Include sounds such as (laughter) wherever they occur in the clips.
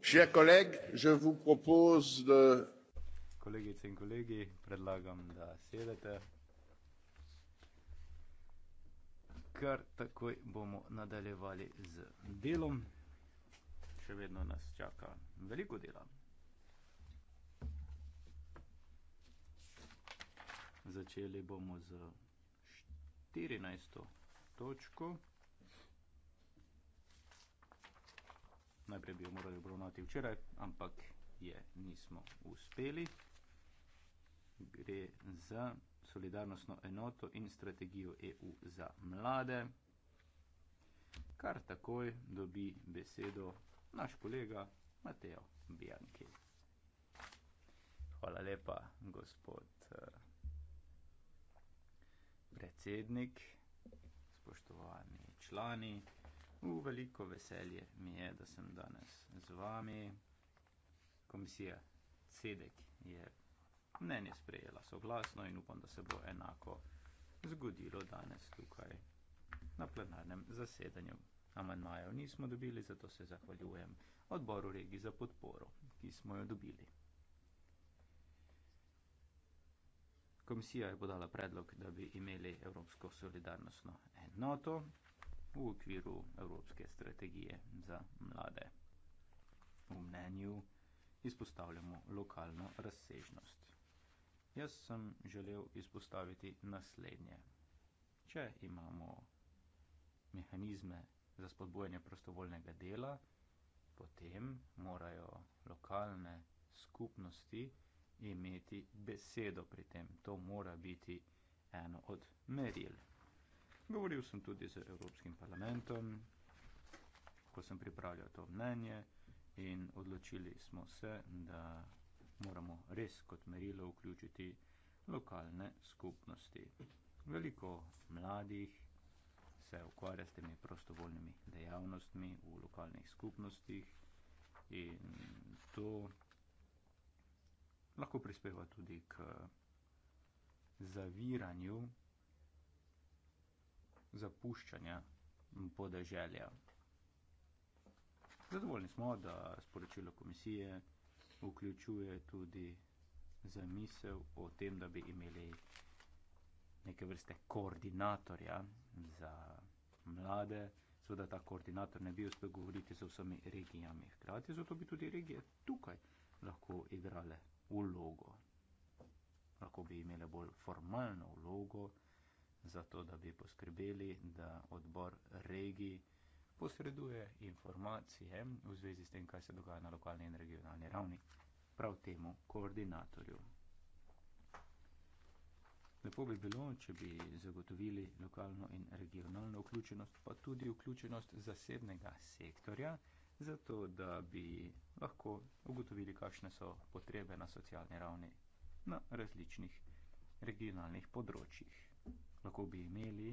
Chers collègues, je vous propose de. Kolegice in kolegi, predlagam, da sedete. Kar takoj bomo nadaljevali z delom. Še vedno nas čaka veliko dela. Začeli bomo z 14. točko. najprej bi jo morali obravnavati včeraj, ampak je nismo uspeli. Gre za solidarnostno enoto in strategijo EU za mlade. Kar takoj dobi besedo naš kolega Mateo Bianchi. Hvala lepa, gospod predsednik, spoštovani člani. V veliko veselje mi je, da sem danes z vami. Komisija CEDEC je mnenje sprejela soglasno in upam, da se bo enako zgodilo danes tukaj na plenarnem zasedanju. Amandmajev nismo dobili, zato se zahvaljujem odboru regi za podporo, ki smo jo dobili. Komisija je podala predlog, da bi imeli Evropsko solidarnostno enoto, v okviru Evropske strategije za mlade. V mnenju izpostavljamo lokalno razsežnost. Jaz sem želel izpostaviti naslednje. Če imamo mehanizme za spodbojanje prostovoljnega dela, potem morajo lokalne skupnosti imeti besedo pri tem. To mora biti eno od meril. Govoril sem tudi z Evropskim parlamentom, ko sem pripravljal to mnenje in odločili smo se, da moramo res kot merilo vključiti lokalne skupnosti. Veliko mladih se ukvarja s temi prostovoljnimi dejavnostmi v lokalnih skupnostih in to lahko prispeva tudi k zaviranju zapuščanja podeželja. Zadovoljni smo, da sporočilo komisije vključuje tudi zamisel o tem, da bi imeli neke vrste koordinatorja za mlade. Seveda ta koordinator ne bi uspel govoriti z vsemi regijami hkrati, zato bi tudi regije tukaj lahko igrale vlogo. Lahko bi imele bolj formalno vlogo zato da bi poskrbeli, da odbor regij posreduje informacije v zvezi s tem, kaj se dogaja na lokalni in regionalni ravni, prav temu koordinatorju. Lepo bi bilo, če bi zagotovili lokalno in regionalno vključenost, pa tudi vključenost zasebnega sektorja, zato da bi lahko ugotovili, kakšne so potrebe na socialni ravni na različnih regionalnih področjih lahko bi imeli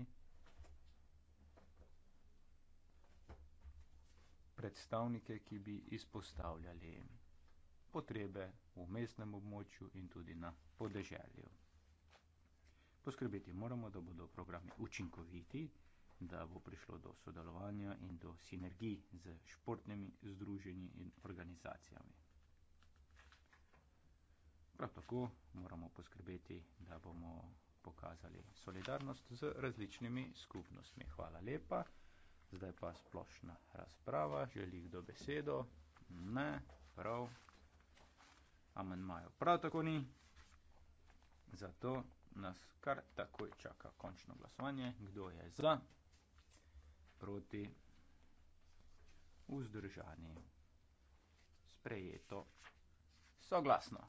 predstavnike, ki bi izpostavljali potrebe v mestnem območju in tudi na podeželju. Poskrbeti moramo, da bodo programi učinkoviti, da bo prišlo do sodelovanja in do sinergij z športnimi združenji in organizacijami. Prav tako moramo poskrbeti, da bomo pokazali solidarnost z različnimi skupnostmi. Hvala lepa. Zdaj pa splošna razprava. Želi kdo besedo? Ne, prav. Amenmajo. Prav tako ni. Zato nas kar takoj čaka končno glasovanje. Kdo je za? Proti? Vzdržani? Sprejeto? Soglasno?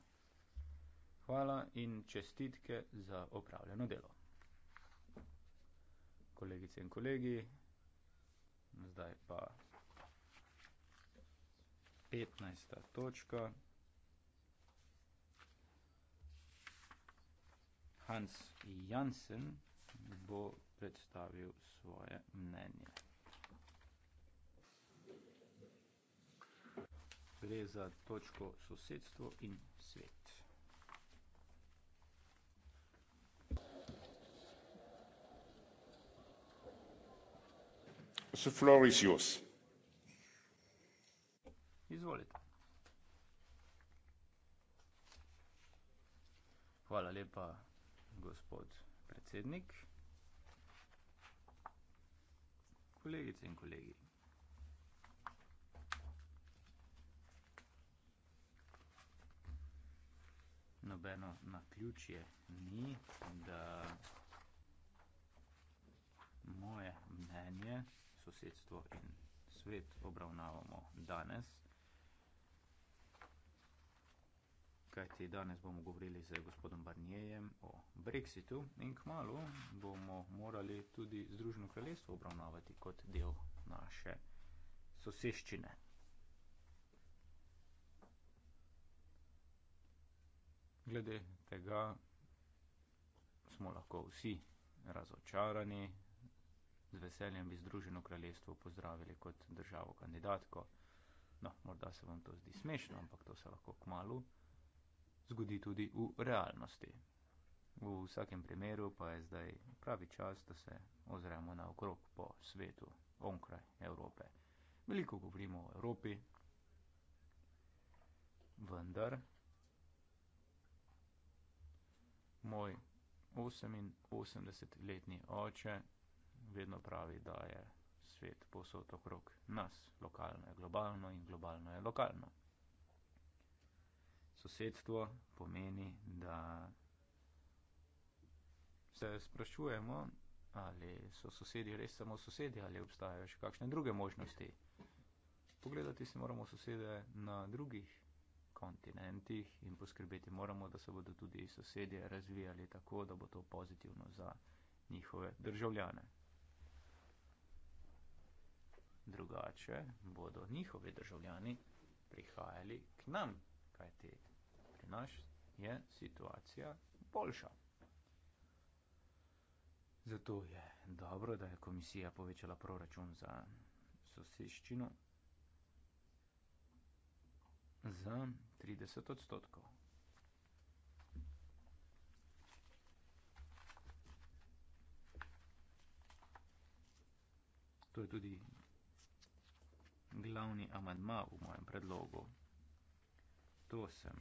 Hvala in čestitke za opravljeno delo. Kolegice in kolegi, zdaj pa 15. točka. Hans Jansen bo predstavil svoje mnenje. Gre za točko sosedstvo in svet. The floor is yours. Izvolite. Hvala lepa, gospod predsednik. Kolegice in kolegi. Nobeno naključje ni, da moje mnenje sosedstvo in svet obravnavamo danes. Kajti danes bomo govorili z gospodom Barnijem o Brexitu in kmalo bomo morali tudi Združeno kraljestvo obravnavati kot del naše soseščine. Glede tega smo lahko vsi razočarani, z veseljem bi Združeno kraljestvo pozdravili kot državo kandidatko. No, morda se vam to zdi smešno, ampak to se lahko k malu zgodi tudi v realnosti. V vsakem primeru pa je zdaj pravi čas, da se ozremo na okrog po svetu, onkraj Evrope. Veliko govorimo o Evropi, vendar moj 88-letni oče vedno pravi, da je svet posod okrog nas. Lokalno je globalno in globalno je lokalno. Sosedstvo pomeni, da se sprašujemo, ali so sosedi res samo sosedi ali obstajajo še kakšne druge možnosti. Pogledati si moramo sosede na drugih kontinentih in poskrbeti moramo, da se bodo tudi sosedje razvijali tako, da bo to pozitivno za njihove državljane drugače bodo njihovi državljani prihajali k nam, kajti pri nas je situacija boljša. Zato je dobro, da je komisija povečala proračun za sosiščino za 30 odstotkov. To je tudi glavni amantma v mojem predlogu. To sem,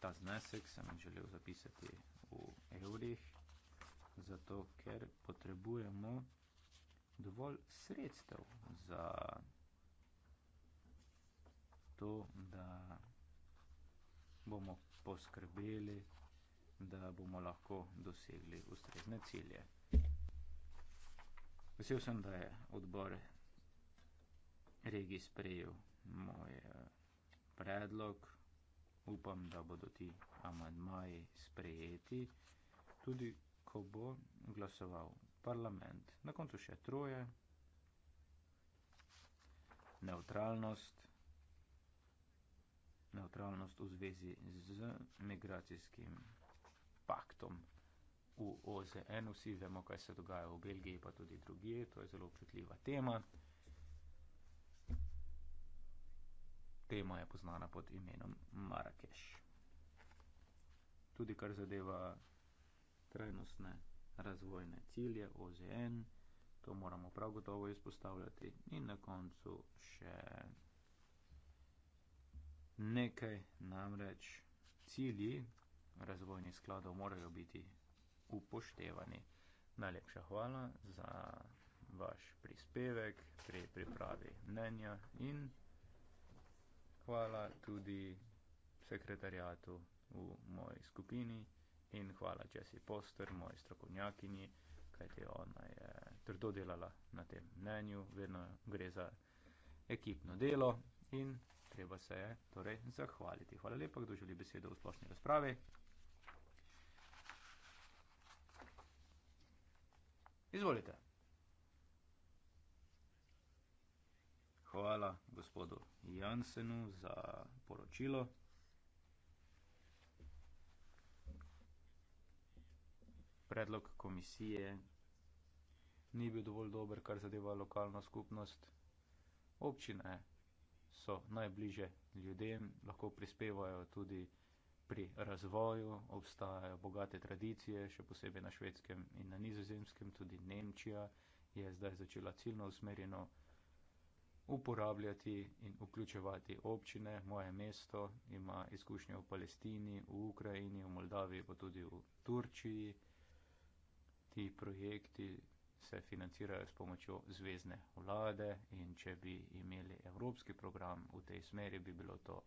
ta znesek sem želel zapisati v evrih, zato ker potrebujemo dovolj sredstev za to, da bomo poskrbeli, da bomo lahko dosegli ustrezne cilje. Vesel sem, da je odbor regi sprejel moj eh, predlog. Upam, da bodo ti amadmaji sprejeti, tudi ko bo glasoval parlament. Na koncu še troje. Neutralnost. Neutralnost v zvezi z migracijskim paktom v OZN. Vsi vemo, kaj se dogaja v Belgiji, pa tudi drugje. To je zelo občutljiva tema. tema je poznana pod imenom Marrakeš. Tudi kar zadeva trajnostne razvojne cilje OZN, to moramo prav gotovo izpostavljati in na koncu še nekaj namreč cilji razvojnih skladov morajo biti upoštevani. Najlepša hvala za vaš prispevek pri pripravi mnenja in hvala tudi sekretarijatu v moji skupini in hvala Jessie Poster, moji strokovnjakinji, kajte ona je trdo delala na tem mnenju, vedno gre za ekipno delo in treba se je torej zahvaliti. Hvala lepa, kdo želi besedo v splošni razpravi. Izvolite. Hvala gospodu Jansenu za poročilo. Predlog komisije ni bil dovolj dober, kar zadeva lokalno skupnost. Občine so najbliže ljudem, lahko prispevajo tudi pri razvoju, obstajajo bogate tradicije, še posebej na švedskem in na nizozemskem, tudi Nemčija je zdaj začela ciljno usmerjeno uporabljati in vključevati občine. Moje mesto ima izkušnje v Palestini, v Ukrajini, v Moldaviji, pa tudi v Turčiji. Ti projekti se financirajo s pomočjo zvezdne vlade in če bi imeli evropski program v tej smeri, bi bilo to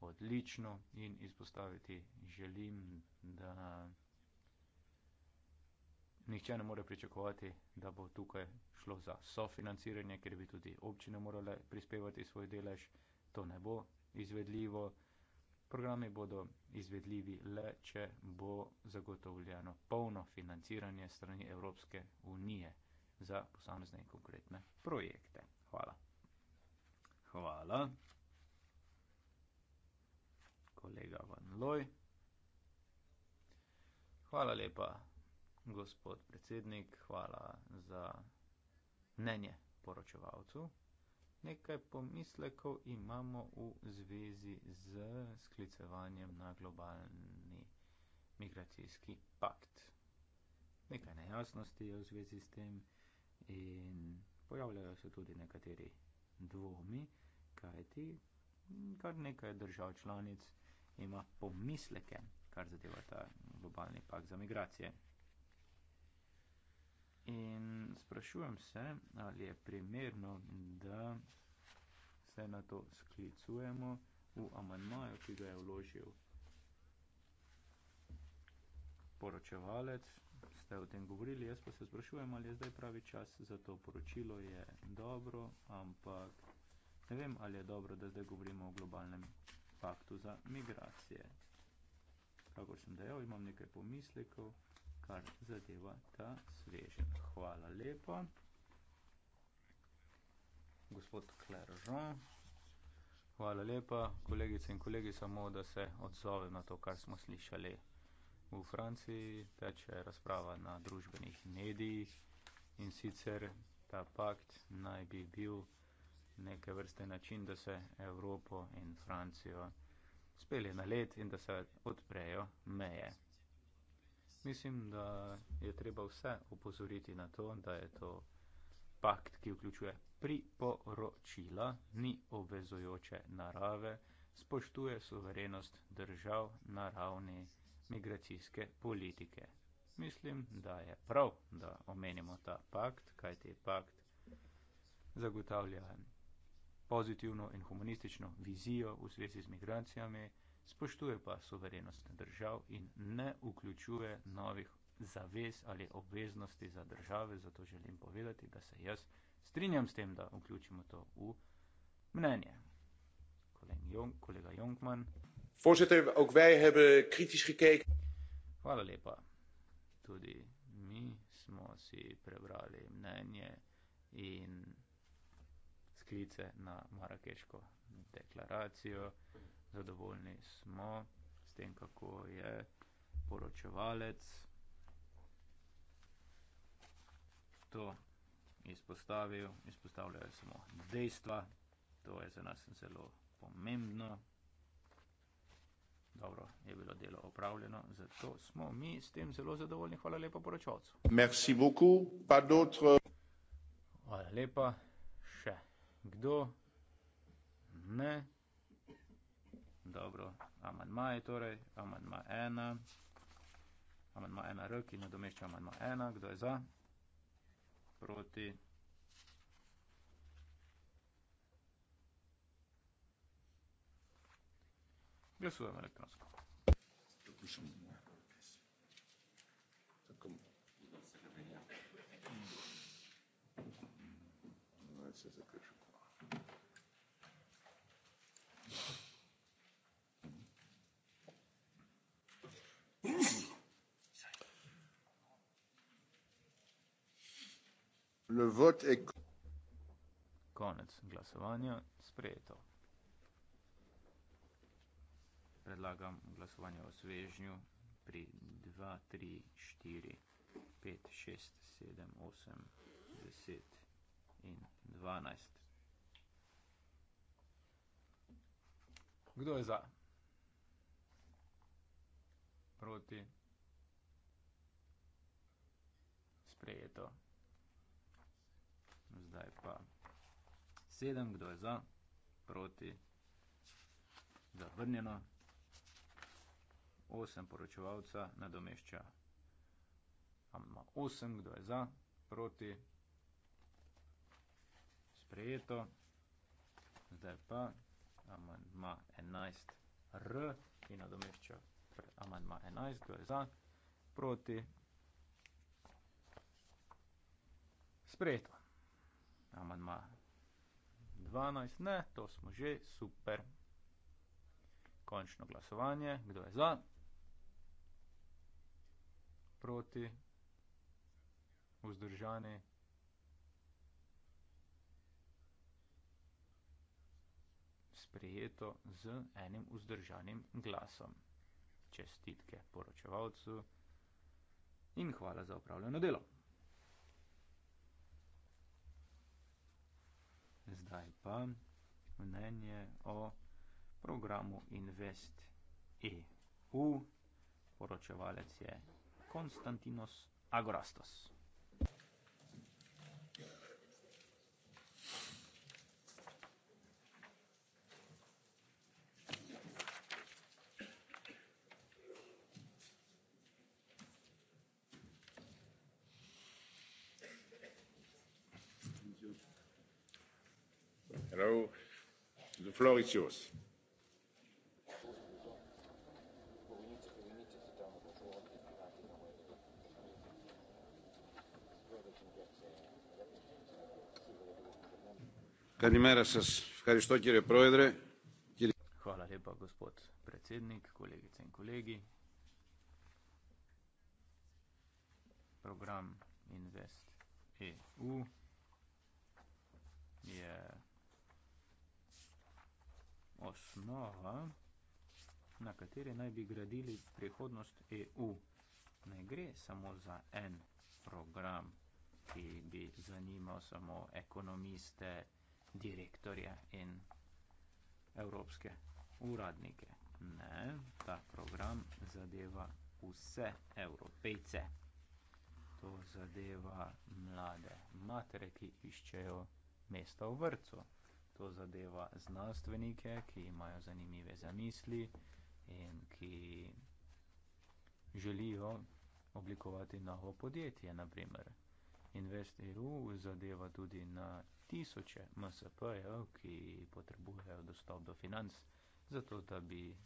odlično in izpostaviti želim, da nihče ne more pričakovati, da bo tukaj šlo za sofinanciranje, ker bi tudi občine morale prispevati svoj delež. To ne bo izvedljivo. Programi bodo izvedljivi le, če bo zagotovljeno polno financiranje strani Evropske unije za posamezne in konkretne projekte. Hvala. Hvala. Kolega Van Loj. Hvala lepa gospod predsednik, hvala za mnenje poročevalcu. Nekaj pomislekov imamo v zvezi z sklicevanjem na globalni migracijski pakt. Nekaj nejasnosti je v zvezi s tem in pojavljajo se tudi nekateri dvomi, kajti kar nekaj držav članic ima pomisleke, kar zadeva ta globalni pakt za migracije. In sprašujem se, ali je primerno, da se na to sklicujemo v amanmaju, ki ga je vložil poročevalec. Ste o tem govorili, jaz pa se sprašujem, ali je zdaj pravi čas za to poročilo, je dobro, ampak ne vem, ali je dobro, da zdaj govorimo o globalnem paktu za migracije. Kako sem dejal, imam nekaj pomislekov kar zadeva ta svežen. Hvala lepa. Gospod Klerožan. Hvala lepa, kolegice in kolegi, samo da se odzovem na to, kar smo slišali. V Franciji teče razprava na družbenih medijih in sicer ta pakt naj bi bil neke vrste način, da se Evropo in Francijo spelje na let in da se odprejo meje. Mislim, da je treba vse upozoriti na to, da je to pakt, ki vključuje priporočila, ni obvezojoče narave, spoštuje suverenost držav na ravni migracijske politike. Mislim, da je prav, da omenimo ta pakt, kaj te pakt zagotavlja pozitivno in humanistično vizijo v zvezi z migracijami spoštuje pa suverenost držav in ne vključuje novih zavez ali obveznosti za države. Zato želim povedati, da se jaz strinjam s tem, da vključimo to v mnenje. Jong, kolega Jonkman. Hvala lepa. Tudi mi smo si prebrali mnenje in sklice na marakeško deklaracijo zadovoljni smo s tem, kako je poročevalec to izpostavil. Izpostavljajo samo dejstva, to je za nas zelo pomembno. Dobro, je bilo delo opravljeno, zato smo mi s tem zelo zadovoljni. Hvala lepa poročevalcu. Merci beaucoup, pa d'autre. Hvala lepa. Še kdo? Ne. Dobro, amandma je torej, amandma ena, amandma ena R, ki nadomešča amandma ena, kdo je za, proti. Glasujemo elektronsko. Zdaj se zaključuje. Le vote est... Konec glasovanja sprejeto. Predlagam glasovanje o svežnju pri 2, 3, 4, 5, 6, 7, 8, 10 in 12. Kdo je za? proti sprejeto. Zdaj pa 7, kdo je za, proti, zavrnjeno, 8 poročevalca nadomešča, ima 8, kdo je za, proti, sprejeto, zdaj pa ima 11 r, ki nadomešča amandma enajst, kdo je za? Proti? Sprejeto. Amandma dvanajst, ne, to smo že, super. Končno glasovanje, kdo je za? Proti? Vzdržani? Sprejeto z enim vzdržanim glasom čestitke poročevalcu in hvala za upravljeno delo. Zdaj pa mnenje o programu InvestEU. Poročevalec je Konstantinos Agorastos. raúl the floor is yours. Hvala lepa, gospod predsednik, kolegice in kolegi. Program InvestEU je osnova, na kateri naj bi gradili prihodnost EU. Ne gre samo za en program, ki bi zanimal samo ekonomiste, direktorje in evropske uradnike. Ne, ta program zadeva vse evropejce. To zadeva mlade matere, ki iščejo mesta v vrtu to zadeva znanstvenike, ki imajo zanimive zamisli in ki želijo oblikovati novo podjetje, naprimer. InvestEU zadeva tudi na tisoče MSP-jev, ki potrebujejo dostop do financ, zato da bi,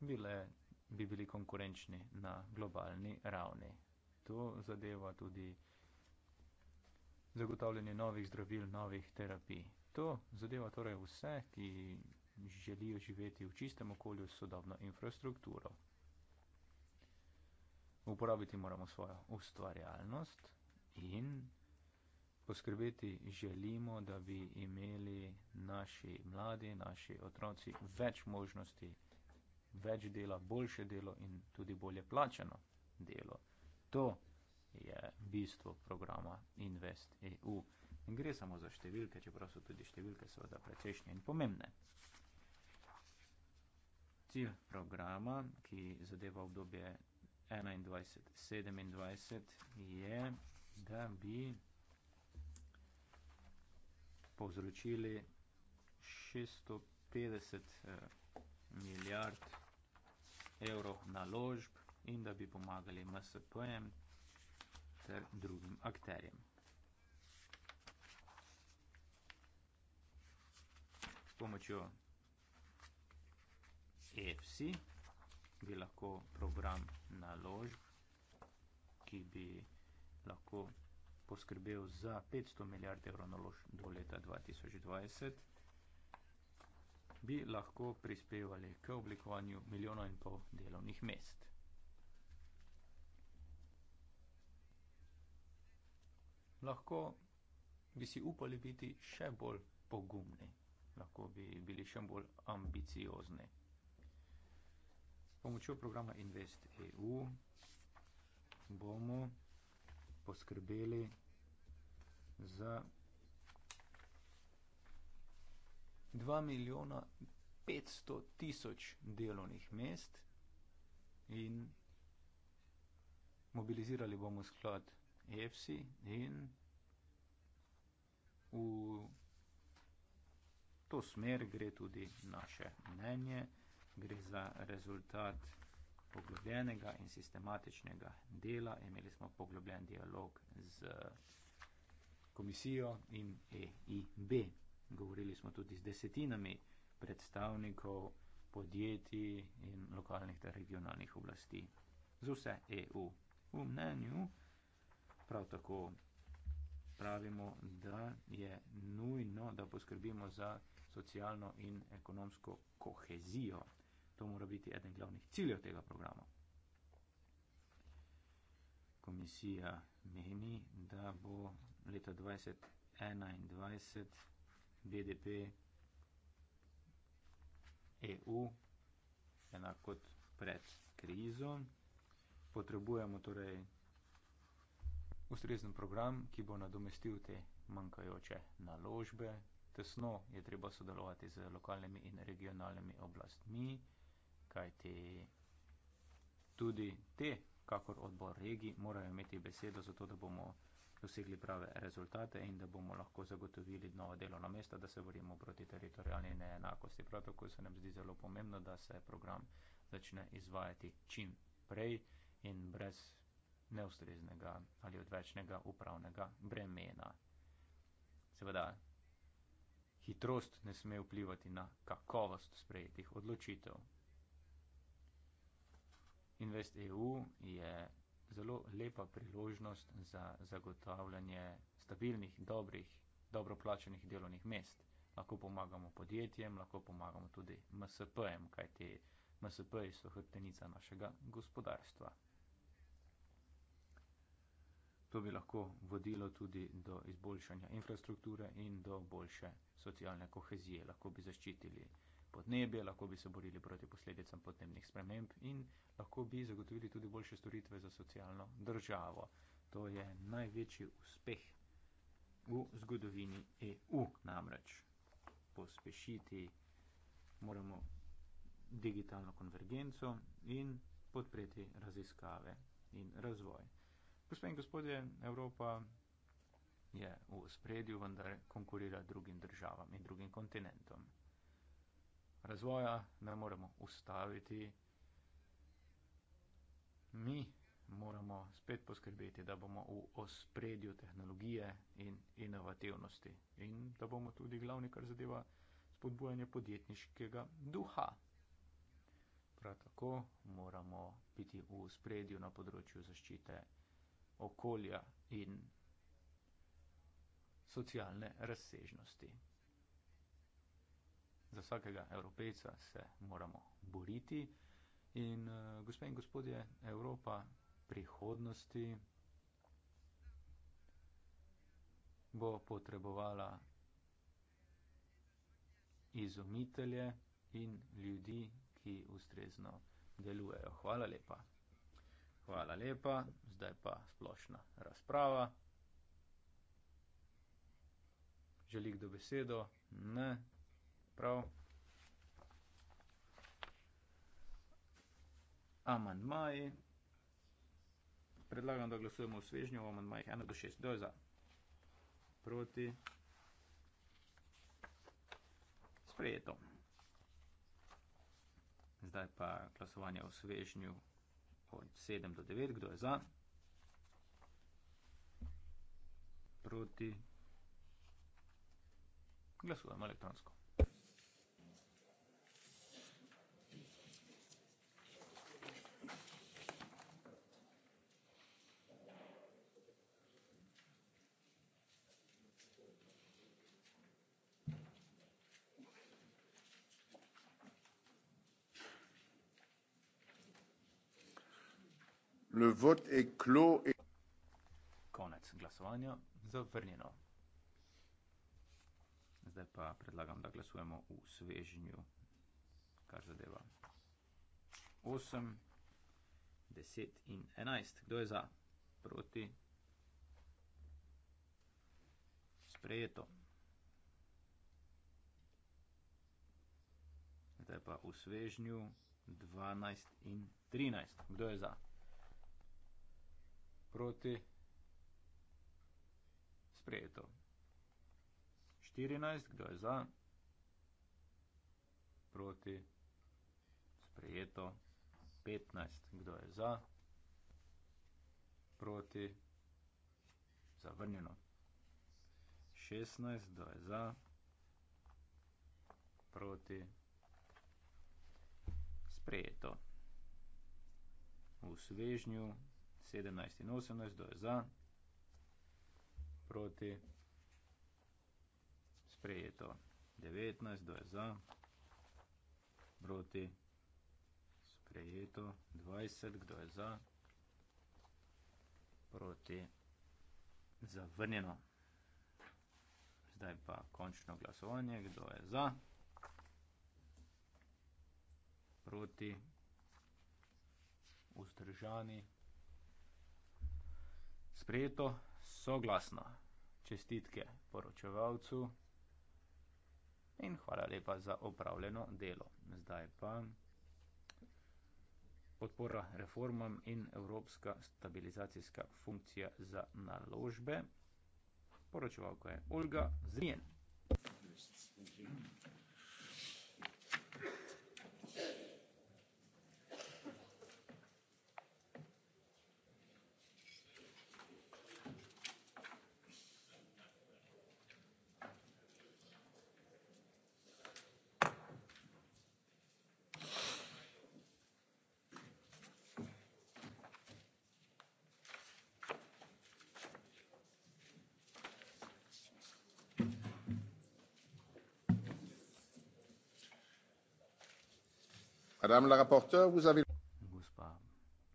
bile, bi bili konkurenčni na globalni ravni. To zadeva tudi zagotavljanje novih zdravil, novih terapij. To zadeva torej vse, ki želijo živeti v čistem okolju s sodobno infrastrukturo. Uporabiti moramo svojo ustvarjalnost in poskrbeti želimo, da bi imeli naši mladi, naši otroci več možnosti, več dela, boljše delo in tudi bolje plačano delo. To je bistvo programa Invest EU. Ne gre samo za številke, čeprav so tudi številke seveda precejšnje in pomembne. Cilj programa, ki zadeva obdobje 21-27, je, da bi povzročili 650 eh, milijard evrov naložb in da bi pomagali MSP-jem ter drugim akterjem. pomočjo EPSI bi lahko program naložb, ki bi lahko poskrbel za 500 milijard evrov naložb do leta 2020, bi lahko prispevali k oblikovanju milijona in pol delovnih mest. Lahko bi si upali biti še bolj pogumni lahko bi bili še bolj ambiciozni. S pomočjo programa InvestEU bomo poskrbeli za 2 milijona 500 tisoč delovnih mest in mobilizirali bomo sklad EFSI in v to smer gre tudi naše mnenje, gre za rezultat poglobljenega in sistematičnega dela. Imeli smo poglobljen dialog z komisijo in EIB. Govorili smo tudi z desetinami predstavnikov podjetij in lokalnih ter regionalnih oblasti z vse EU. V mnenju prav tako pravimo, da je nujno, da poskrbimo za socialno in ekonomsko kohezijo. To mora biti eden glavnih ciljev tega programa. Komisija meni, da bo leta 2021 BDP EU enak kot pred krizo. Potrebujemo torej ustrezen program, ki bo nadomestil te manjkajoče naložbe, tesno je treba sodelovati z lokalnimi in regionalnimi oblastmi, kajti tudi te, kakor odbor regij, morajo imeti besedo za to, da bomo dosegli prave rezultate in da bomo lahko zagotovili nova delovna mesta, da se borimo proti teritorijalni neenakosti. Prav tako se nam zdi zelo pomembno, da se program začne izvajati čim prej in brez neustreznega ali odvečnega upravnega bremena. Seveda, Hitrost ne sme vplivati na kakovost sprejetih odločitev. InvestEU je zelo lepa priložnost za zagotavljanje stabilnih, dobrih, dobro plačenih delovnih mest. Lahko pomagamo podjetjem, lahko pomagamo tudi MSP-jem, kajti MSP-ji so hrbtenica našega gospodarstva. To bi lahko vodilo tudi do izboljšanja infrastrukture in do boljše socialne kohezije. Lahko bi zaščitili podnebje, lahko bi se borili proti posledicam podnebnih sprememb in lahko bi zagotovili tudi boljše storitve za socialno državo. To je največji uspeh v zgodovini EU. Namreč pospešiti moramo digitalno konvergenco in podpreti raziskave in razvoj. Gospe in gospodje, Evropa je v spredju, vendar konkurira drugim državam in drugim kontinentom. Razvoja ne moremo ustaviti. Mi moramo spet poskrbeti, da bomo v ospredju tehnologije in inovativnosti in da bomo tudi glavni, kar zadeva spodbujanje podjetniškega duha. Prav tako moramo biti v ospredju na področju zaščite okolja in socialne razsežnosti. Za vsakega evropejca se moramo boriti in, eh, gospe in gospodje, Evropa prihodnosti bo potrebovala izumitelje in ljudi, ki ustrezno delujejo. Hvala lepa. Hvala lepa. Zdaj pa splošna razprava. Želi kdo besedo? Ne. Prav. Amandmaji. Predlagam, da glasujemo v svežnju v amandmajih 1 do 6. Kdo je za? Proti. Sprejeto. Zdaj pa glasovanje v svežnju od 7 do 9, kdo je za, proti, glasujemo elektronsko. Le vote est clos et... Konec glasovanja, zavrnjeno. Zdaj pa predlagam, da glasujemo v svežnju, kar zadeva 8, 10 in 11. Kdo je za? Proti? Sprejeto. Zdaj pa v svežnju 12 in 13. Kdo je za? Proti? proti sprejeto. 14, kdo je za, proti sprejeto. 15, kdo je za, proti zavrnjeno. 16, kdo je za, proti sprejeto. V svežnju 17 in 18, kdo je za, proti, sprejeto 19, kdo je za, proti, sprejeto 20, kdo je za, proti, zavrnjeno. Zdaj pa končno glasovanje, kdo je za, proti, vzdržani, proti, sprejeto soglasno. Čestitke poročevalcu in hvala lepa za opravljeno delo. Zdaj pa podpora reformam in evropska stabilizacijska funkcija za naložbe. Poročevalka je Olga Zrien. Thank you. Madame la rapporteur, vous avez... Gospa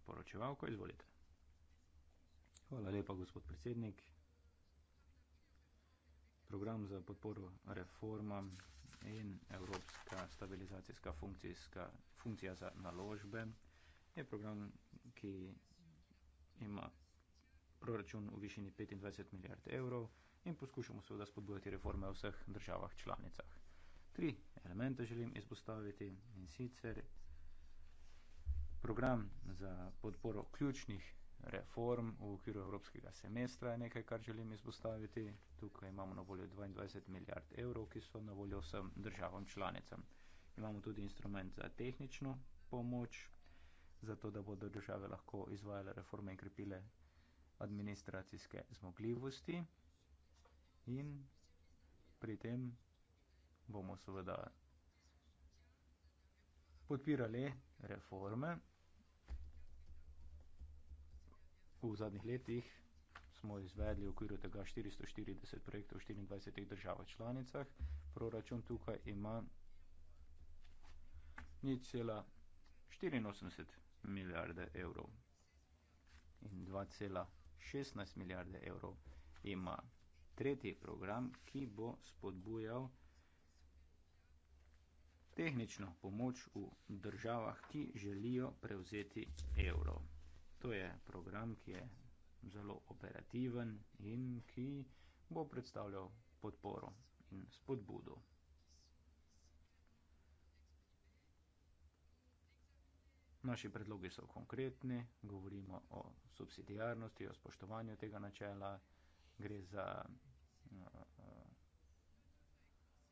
poročevalko, izvolite. Hvala lepa, gospod predsednik. Program za podporo reformam in Evropska stabilizacijska funkcijska funkcija za naložbe je program, ki ima proračun v višini 25 milijard evrov in poskušamo seveda spodbujati reforme v vseh državah članicah. Tri elemente želim izpostaviti in sicer program za podporo ključnih reform v okviru evropskega semestra je nekaj, kar želim izpostaviti. Tukaj imamo na voljo 22 milijard evrov, ki so na voljo vsem državam članicam. Imamo tudi instrument za tehnično pomoč, zato da bodo države lahko izvajale reforme in krepile administracijske zmogljivosti. In pri tem bomo seveda podpirali reforme v zadnjih letih smo izvedli v okviru tega 440 projektov v 24 državah članicah. Proračun tukaj ima 0,84 milijarde evrov in 2,16 milijarde evrov ima tretji program, ki bo spodbujal tehnično pomoč v državah, ki želijo prevzeti evro to je program, ki je zelo operativen in ki bo predstavljal podporo in spodbudo. Naši predlogi so konkretni, govorimo o subsidijarnosti, o spoštovanju tega načela, gre za eh, eh,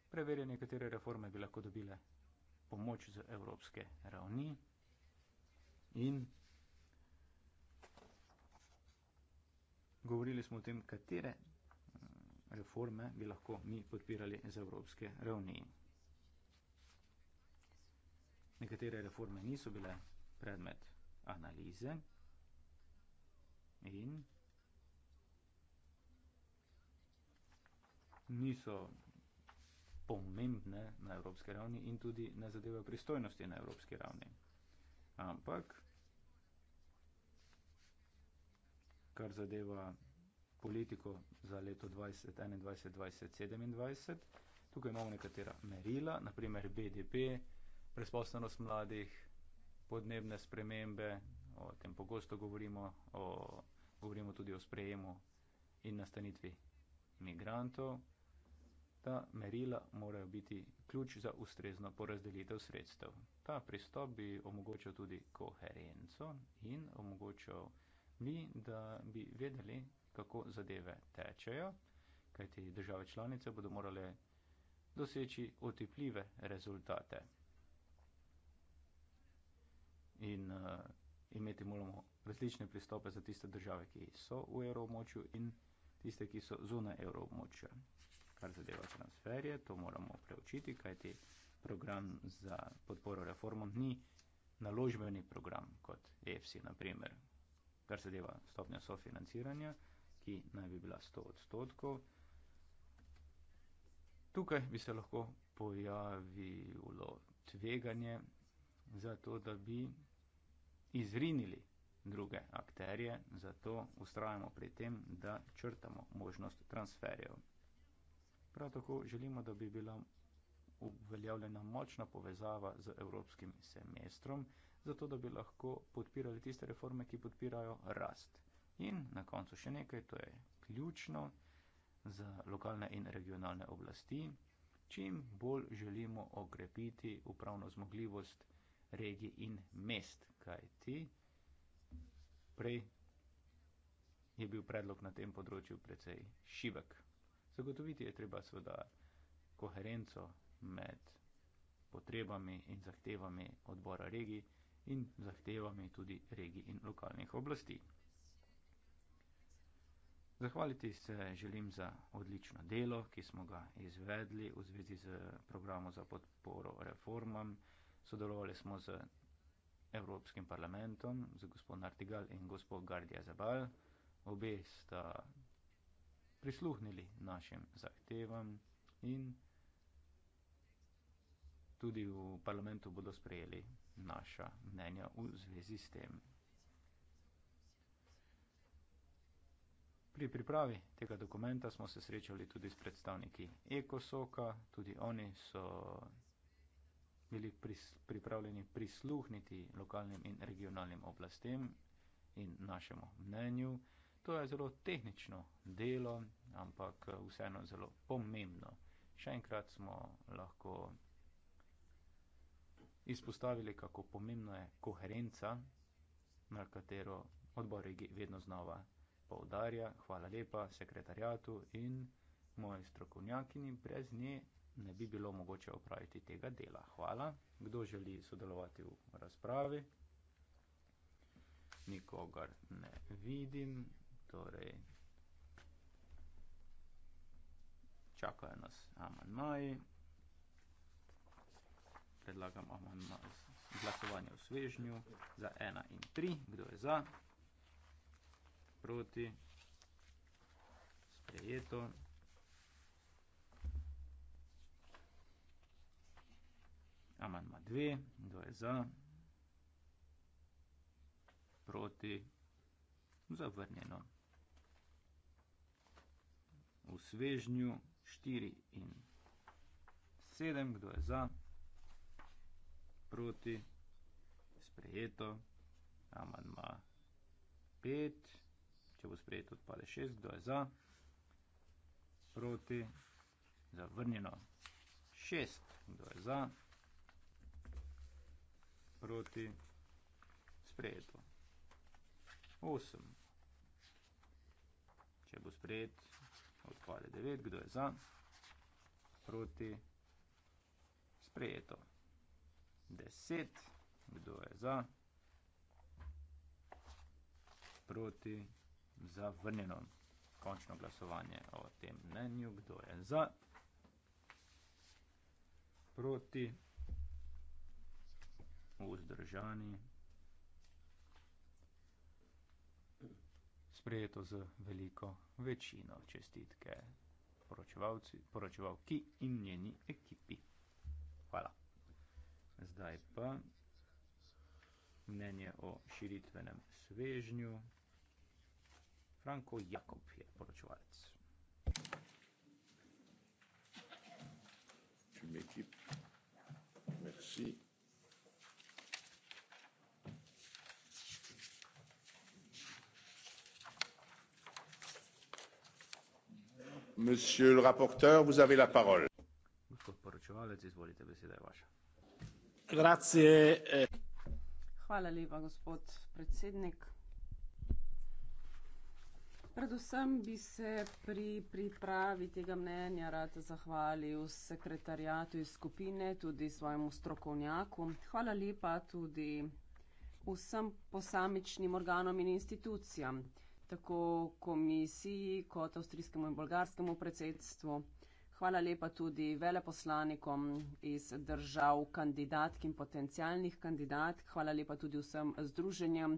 preverjanje, katere reforme bi lahko dobile pomoč z evropske ravni in govorili smo o tem, katere eh, reforme bi lahko mi podpirali z evropske ravni. Nekatere reforme niso bile predmet analize in niso pomembne na evropske ravni in tudi ne zadevajo pristojnosti na evropske ravni. Ampak kar zadeva politiko za leto 2021-2027. Tukaj imamo nekatera merila, naprimer BDP, prespostanost mladih, podnebne spremembe, o tem pogosto govorimo, o, govorimo tudi o sprejemu in nastanitvi migrantov. Ta merila morajo biti ključ za ustrezno porazdelitev sredstev. Ta pristop bi omogočal tudi koherenco in omogočal mi, da bi vedeli, kako zadeve tečejo, kajti države članice bodo morale doseči otipljive rezultate. In uh, imeti moramo različne pristope za tiste države, ki so v evromočju in tiste, ki so zunaj evromočja. Kar zadeva transferje, to moramo preučiti, kajti program za podporo reformom ni naložbeni program kot EFSI, na primer, kar se deva stopnja sofinanciranja, ki naj bi bila 100 odstotkov. Tukaj bi se lahko pojavilo tveganje za to, da bi izrinili druge akterje, zato ustrajamo pri tem, da črtamo možnost transferjev. Prav tako želimo, da bi bila uveljavljena močna povezava z evropskim semestrom, zato da bi lahko podpirali tiste reforme, ki podpirajo rast. In na koncu še nekaj, to je ključno za lokalne in regionalne oblasti. Čim bolj želimo okrepiti upravno zmogljivost regij in mest, kaj ti prej je bil predlog na tem področju precej šivek. Zagotoviti je treba seveda koherenco med potrebami in zahtevami odbora regij in zahtevami tudi regij in lokalnih oblasti. Zahvaliti se želim za odlično delo, ki smo ga izvedli v zvezi z programom za podporo reformam. Sodelovali smo z Evropskim parlamentom, z gospod Nartigal in gospod Gardia Zabal. Obe sta prisluhnili našim zahtevam in tudi v parlamentu bodo sprejeli naša mnenja v zvezi s tem. Pri pripravi tega dokumenta smo se srečali tudi s predstavniki Ekosoka, tudi oni so bili pris, pripravljeni prisluhniti lokalnim in regionalnim oblastem in našemu mnenju. To je zelo tehnično delo, ampak eh, vseeno zelo pomembno. Še enkrat smo lahko izpostavili, kako pomembna je koherenca, na katero odbor regi vedno znova poudarja. Hvala lepa sekretarjatu in moji strokovnjakini, brez nje ne bi bilo mogoče opraviti tega dela. Hvala. Kdo želi sodelovati v razpravi? Nikogar ne vidim, torej čakajo nas amandmaji predlagam amandma z glasovanje v svežnju za ena in tri. Kdo je za? Proti? Sprejeto. Amandma dve. Kdo je za? Proti? Zavrnjeno. V svežnju štiri in sedem. Kdo je za? proti, sprejeto, amandma 5, če bo sprejeto odpade 6, kdo je za, proti, zavrnjeno 6, kdo je za, proti, sprejeto 8, če bo sprejet odpade 9, kdo je za, proti, sprejeto 8. 10, kdo je za, proti, zavrnjeno. Končno glasovanje o tem mnenju, kdo je za, proti, vzdržani, sprejeto z veliko večino čestitke poročevalki in njeni ekipi. Hvala. Zdaj pa mnenje o širitvenem svežnju. Franko Jakob je poročevalec. Monsieur le rapporteur, vous avez la parole. Gospod poročevalec, izvolite, beseda je vaša. Eh. Hvala lepa, gospod predsednik. Predvsem bi se pri pripravi tega mnenja rad zahvalil sekretariatu iz skupine, tudi svojemu strokovnjaku. Hvala lepa tudi vsem posamičnim organom in institucijam, tako komisiji kot avstrijskemu in bolgarskemu predsedstvu. Hvala lepa tudi veleposlanikom iz držav kandidatk in potencijalnih kandidatk. Hvala lepa tudi vsem združenjem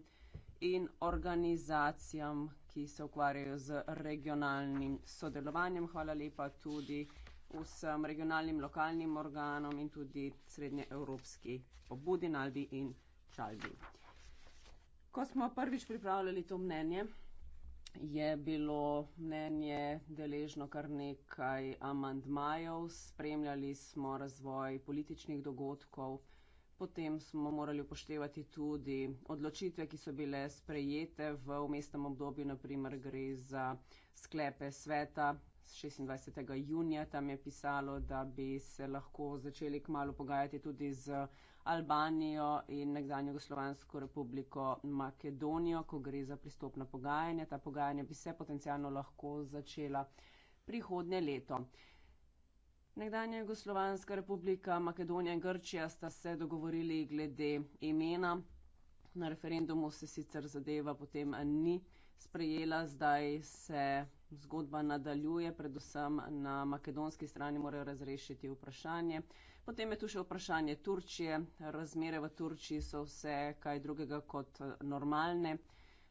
in organizacijam, ki se ukvarjajo z regionalnim sodelovanjem. Hvala lepa tudi vsem regionalnim lokalnim organom in tudi srednjeevropski pobudi Nalbi in Čalbi. Ko smo prvič pripravljali to mnenje, je bilo mnenje deležno kar nekaj amandmajev, spremljali smo razvoj političnih dogodkov, potem smo morali upoštevati tudi odločitve, ki so bile sprejete v umestnem obdobju, naprimer gre za sklepe sveta. 26. junija tam je pisalo, da bi se lahko začeli kmalo pogajati tudi z Albanijo in nekdanje Jugoslovansko republiko Makedonijo, ko gre za pristopna pogajanja. Ta pogajanja bi se potencialno lahko začela prihodnje leto. Nekdanja Jugoslovanska republika Makedonija in Grčija sta se dogovorili glede imena. Na referendumu se sicer zadeva potem ni sprejela, zdaj se zgodba nadaljuje, predvsem na makedonski strani morajo razrešiti vprašanje. Potem je tu še vprašanje Turčije. Razmere v Turčiji so vse kaj drugega kot eh, normalne.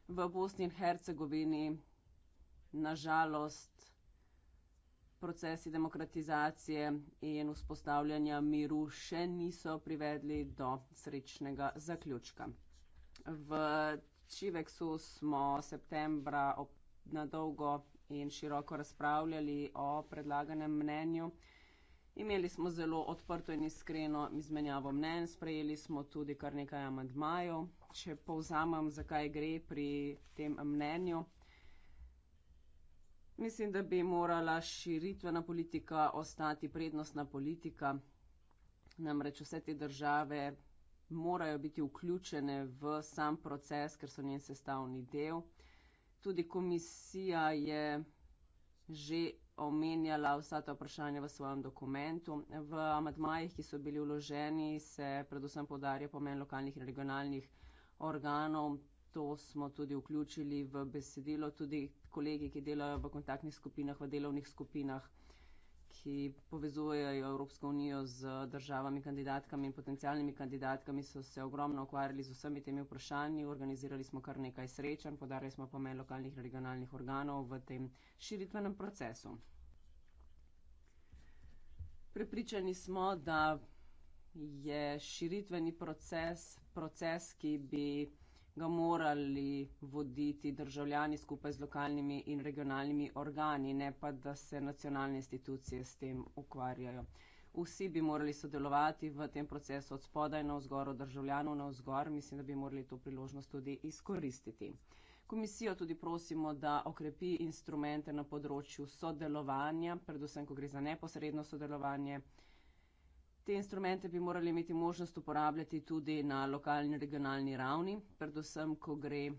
V Bosni in Hercegovini, nažalost, procesi demokratizacije in vzpostavljanja miru še niso privedli do srečnega zaključka. V Čiveksu smo septembra na dolgo in široko razpravljali o predlaganem mnenju. Imeli smo zelo odprto in iskreno izmenjavo mnen, sprejeli smo tudi kar nekaj amadmajev. Če povzamem, zakaj gre pri tem mnenju. Mislim, da bi morala širitvena politika ostati prednostna politika. Namreč vse te države morajo biti vključene v sam proces, ker so njen sestavni del. Tudi komisija je že omenjala vsa ta vprašanja v svojem dokumentu. V amadmajih, ki so bili vloženi, se predvsem podarja pomen lokalnih in regionalnih organov. To smo tudi vključili v besedilo, tudi kolegi, ki delajo v kontaktnih skupinah, v delovnih skupinah ki povezujejo Evropsko unijo z državami, kandidatkami in potencijalnimi kandidatkami, so se ogromno ukvarjali z vsemi temi vprašanji. Organizirali smo kar nekaj srečanj, podarili smo pomen lokalnih in regionalnih organov v tem širitvenem procesu. Prepričani smo, da je širitveni proces proces, ki bi ga morali voditi državljani skupaj z lokalnimi in regionalnimi organi, ne pa da se nacionalne institucije s tem ukvarjajo. Vsi bi morali sodelovati v tem procesu od spodaj na vzgor, od državljanov na vzgor. Mislim, da bi morali to priložnost tudi izkoristiti. Komisijo tudi prosimo, da okrepi instrumente na področju sodelovanja, predvsem, ko gre za neposredno sodelovanje. Te instrumente bi morali imeti možnost uporabljati tudi na lokalni in regionalni ravni, predvsem, ko gre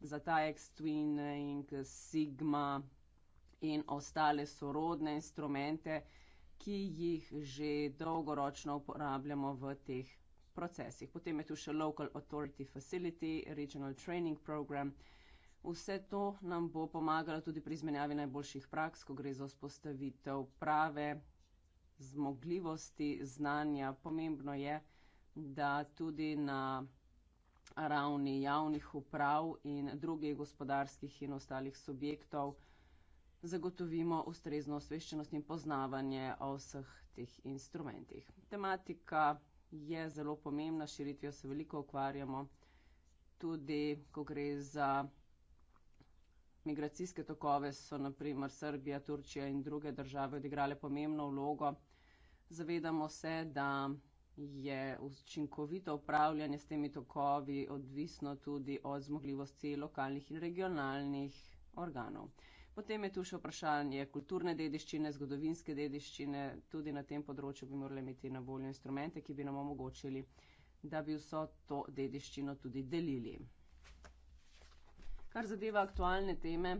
za TAEX, TWIN in SIGMA in ostale sorodne instrumente, ki jih že dolgoročno uporabljamo v teh procesih. Potem je tu še Local Authority Facility, Regional Training Program. Vse to nam bo pomagalo tudi pri izmenjavi najboljših praks, ko gre za vzpostavitev prave zmogljivosti, znanja. Pomembno je, da tudi na ravni javnih uprav in drugih gospodarskih in ostalih subjektov zagotovimo ustrezno osveščenost in poznavanje o vseh teh instrumentih. Tematika je zelo pomembna, širitvijo se veliko ukvarjamo, tudi ko gre za migracijske tokove, so naprimer Srbija, Turčija in druge države odigrale pomembno vlogo. Zavedamo se, da je učinkovito upravljanje s temi tokovi odvisno tudi od zmogljivosti lokalnih in regionalnih organov. Potem je tu še vprašanje kulturne dediščine, zgodovinske dediščine. Tudi na tem področju bi morali imeti na voljo instrumente, ki bi nam omogočili, da bi vso to dediščino tudi delili. Kar zadeva aktualne teme,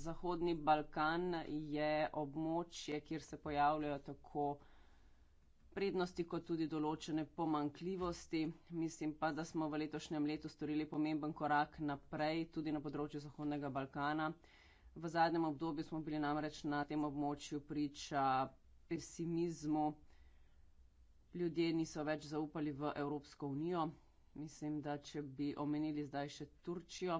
Zahodni Balkan je območje, kjer se pojavljajo tako prednosti kot tudi določene pomankljivosti. Mislim pa, da smo v letošnjem letu storili pomemben korak naprej tudi na področju Zahodnega Balkana. V zadnjem obdobju smo bili namreč na tem območju priča pesimizmu. Ljudje niso več zaupali v Evropsko unijo. Mislim, da če bi omenili zdaj še Turčijo,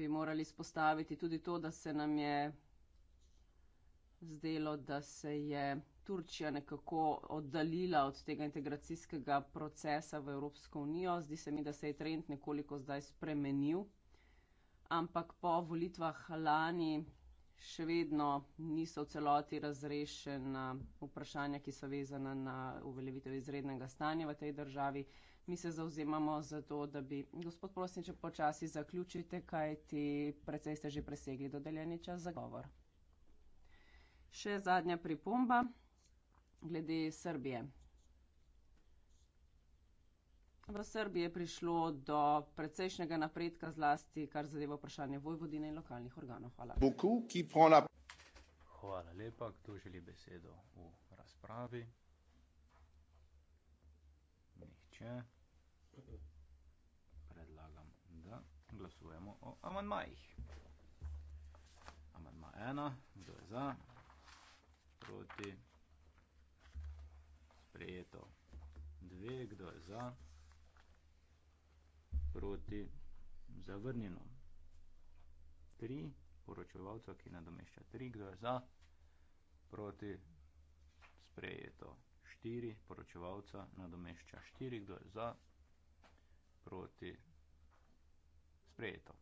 bi morali spostaviti tudi to, da se nam je zdelo, da se je Turčija nekako oddaljila od tega integracijskega procesa v Evropsko unijo. Zdi se mi, da se je trend nekoliko zdaj spremenil, ampak po volitvah lani še vedno niso v celoti razrešena vprašanja, ki so vezana na uveljavitev izrednega stanja v tej državi. Mi se zauzemamo za to, da bi, gospod prosim, če počasi zaključite, kaj ti precej ste že presegli dodeljeni čas za govor. Še zadnja pripomba glede Srbije. V Srbiji je prišlo do precejšnjega napredka zlasti, kar zadeva vprašanje Vojvodine in lokalnih organov. Hvala. Hvala lepa, kdo želi besedo v razpravi? Nihče. Predlagam, da glasujemo o amandmajih. Amandma ena, kdo je za? proti. Sprejeto. Dve, kdo je za? Proti. Zavrnjeno. Tri, poročevalca, ki nadomešča. Tri, kdo je za? Proti. Sprejeto. Štiri, poročevalca, nadomešča. Štiri, kdo je za? Proti. Sprejeto.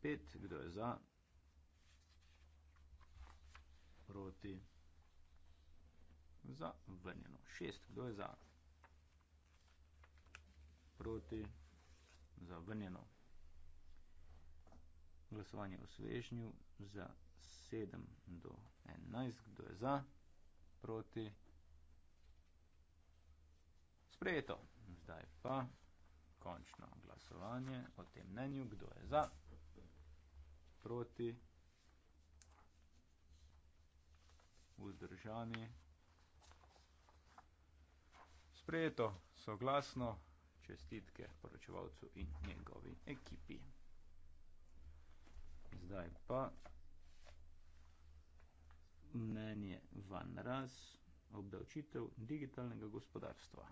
Pet, kdo je za? proti. Za vrnjeno. Šest. Kdo je za? Proti. Za vrnjeno. Glasovanje v svežnju. Za sedem do enajst. Kdo je za? Proti. Sprejeto. Zdaj pa končno glasovanje o tem mnenju. Kdo je za? Proti. Proti. vzdržani. Sprejeto, soglasno, čestitke poročevalcu in njegovi ekipi. Zdaj pa mnenje van raz obdavčitev digitalnega gospodarstva.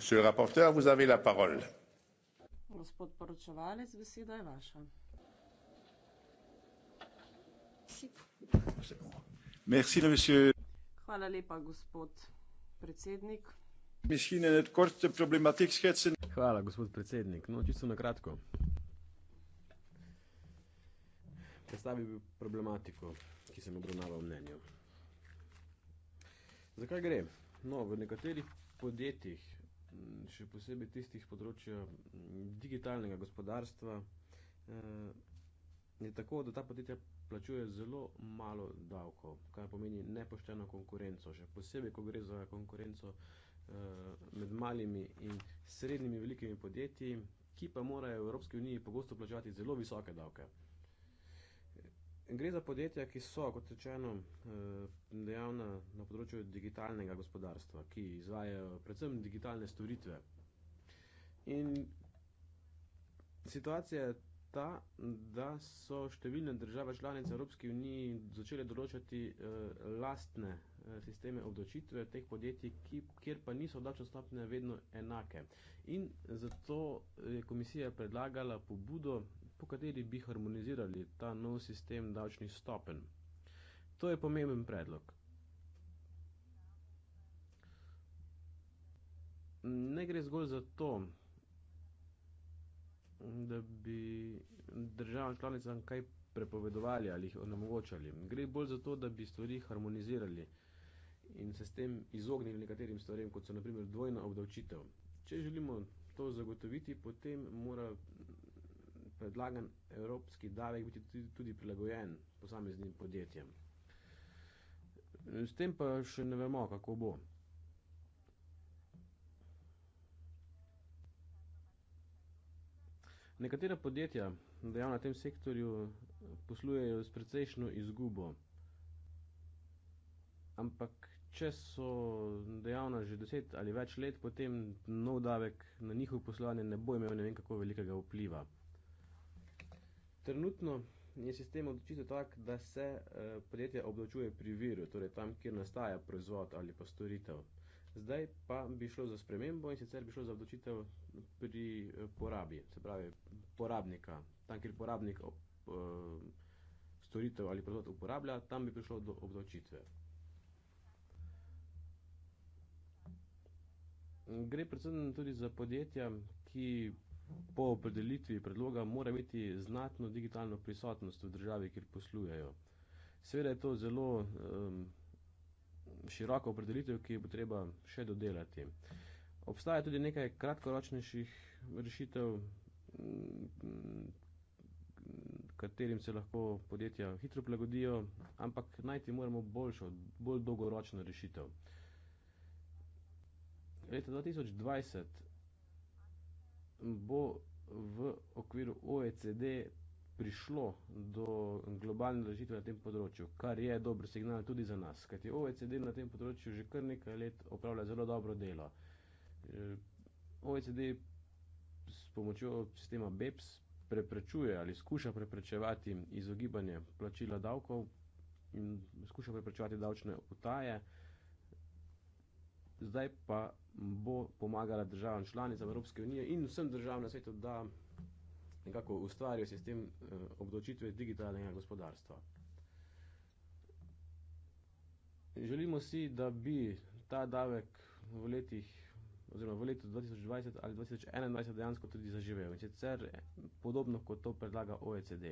Monsieur le rapporteur, vous avez la parole. Gospod poročevalec, beseda je vaša. Merci, monsieur. Hvala lepa, gospod predsednik. Misschien in het kort de problematiek schetsen. Hvala, gospod predsednik. No, čisto na kratko. Predstavil bi problematiko, ki sem obravnaval v mnenju. Za kaj gre? No, v nekaterih podjetjih še posebej tistih področja digitalnega gospodarstva, eh, je tako, da ta podjetja plačuje zelo malo davkov, kar pomeni nepošteno konkurenco, še posebej, ko gre za konkurenco eh, med malimi in srednjimi velikimi podjetji, ki pa morajo v Evropski uniji pogosto plačevati zelo visoke davke. Gre za podjetja, ki so, kot rečeno, eh, dejavna na področju digitalnega gospodarstva, ki izvajajo predvsem digitalne storitve. In situacija je ta, da so številne države članice Evropske unije začele določati eh, lastne eh, sisteme obdočitve teh podjetij, ki, kjer pa niso davčne stopne vedno enake. In zato je komisija predlagala pobudo po kateri bi harmonizirali ta nov sistem davčnih stopen. To je pomemben predlog. Ne gre zgolj za to, da bi državam članicam kaj prepovedovali ali jih onemogočali. Gre bolj za to, da bi stvari harmonizirali in se s tem izognili nekaterim stvarem, kot so naprimer dvojna obdavčitev. Če želimo to zagotoviti, potem mora predlagan evropski davek biti tudi prilagojen posameznim podjetjem. S tem pa še ne vemo, kako bo. Nekatera podjetja, dejavna na tem sektorju, poslujejo s precejšno izgubo. Ampak, če so dejavna že deset ali več let, potem nov davek na njihov poslovanje ne bo imel ne vem kako velikega vpliva. Trenutno je sistem odločitev tak, da se eh, podjetje obdavčuje pri viru, torej tam, kjer nastaja proizvod ali pa storitev. Zdaj pa bi šlo za spremembo in sicer bi šlo za obdavčitev pri eh, porabi, se pravi porabnika. Tam, kjer porabnik eh, storitev ali proizvod uporablja, tam bi prišlo do obdavčitve. Gre predvsem tudi za podjetja, ki Po opredelitvi predloga mora imeti znatno digitalno prisotnost v državi, kjer poslujejo. Seveda je to zelo um, široko opredelitev, ki bo treba še dodelati. Obstaja tudi nekaj kratkoročnejših rešitev, katerim se lahko podjetja hitro prilagodijo, ampak najti moramo boljšo, bolj dolgoročno rešitev. Leta 2020 bo v okviru OECD prišlo do globalne rešitve na tem področju, kar je dober signal tudi za nas. Kajti OECD na tem področju že kar nekaj let opravlja zelo dobro delo. Eh, OECD s pomočjo sistema BEPS preprečuje ali skuša preprečevati izogibanje plačila davkov in skuša preprečevati davčne utaje zdaj pa bo pomagala državam članicam Evropske unije in vsem državam na svetu, da nekako ustvarijo sistem eh, obdočitve digitalnega gospodarstva. Želimo si, da bi ta davek v letih oziroma v letu 2020 ali 2021 dejansko tudi zaživel. In sicer podobno, kot to predlaga OECD.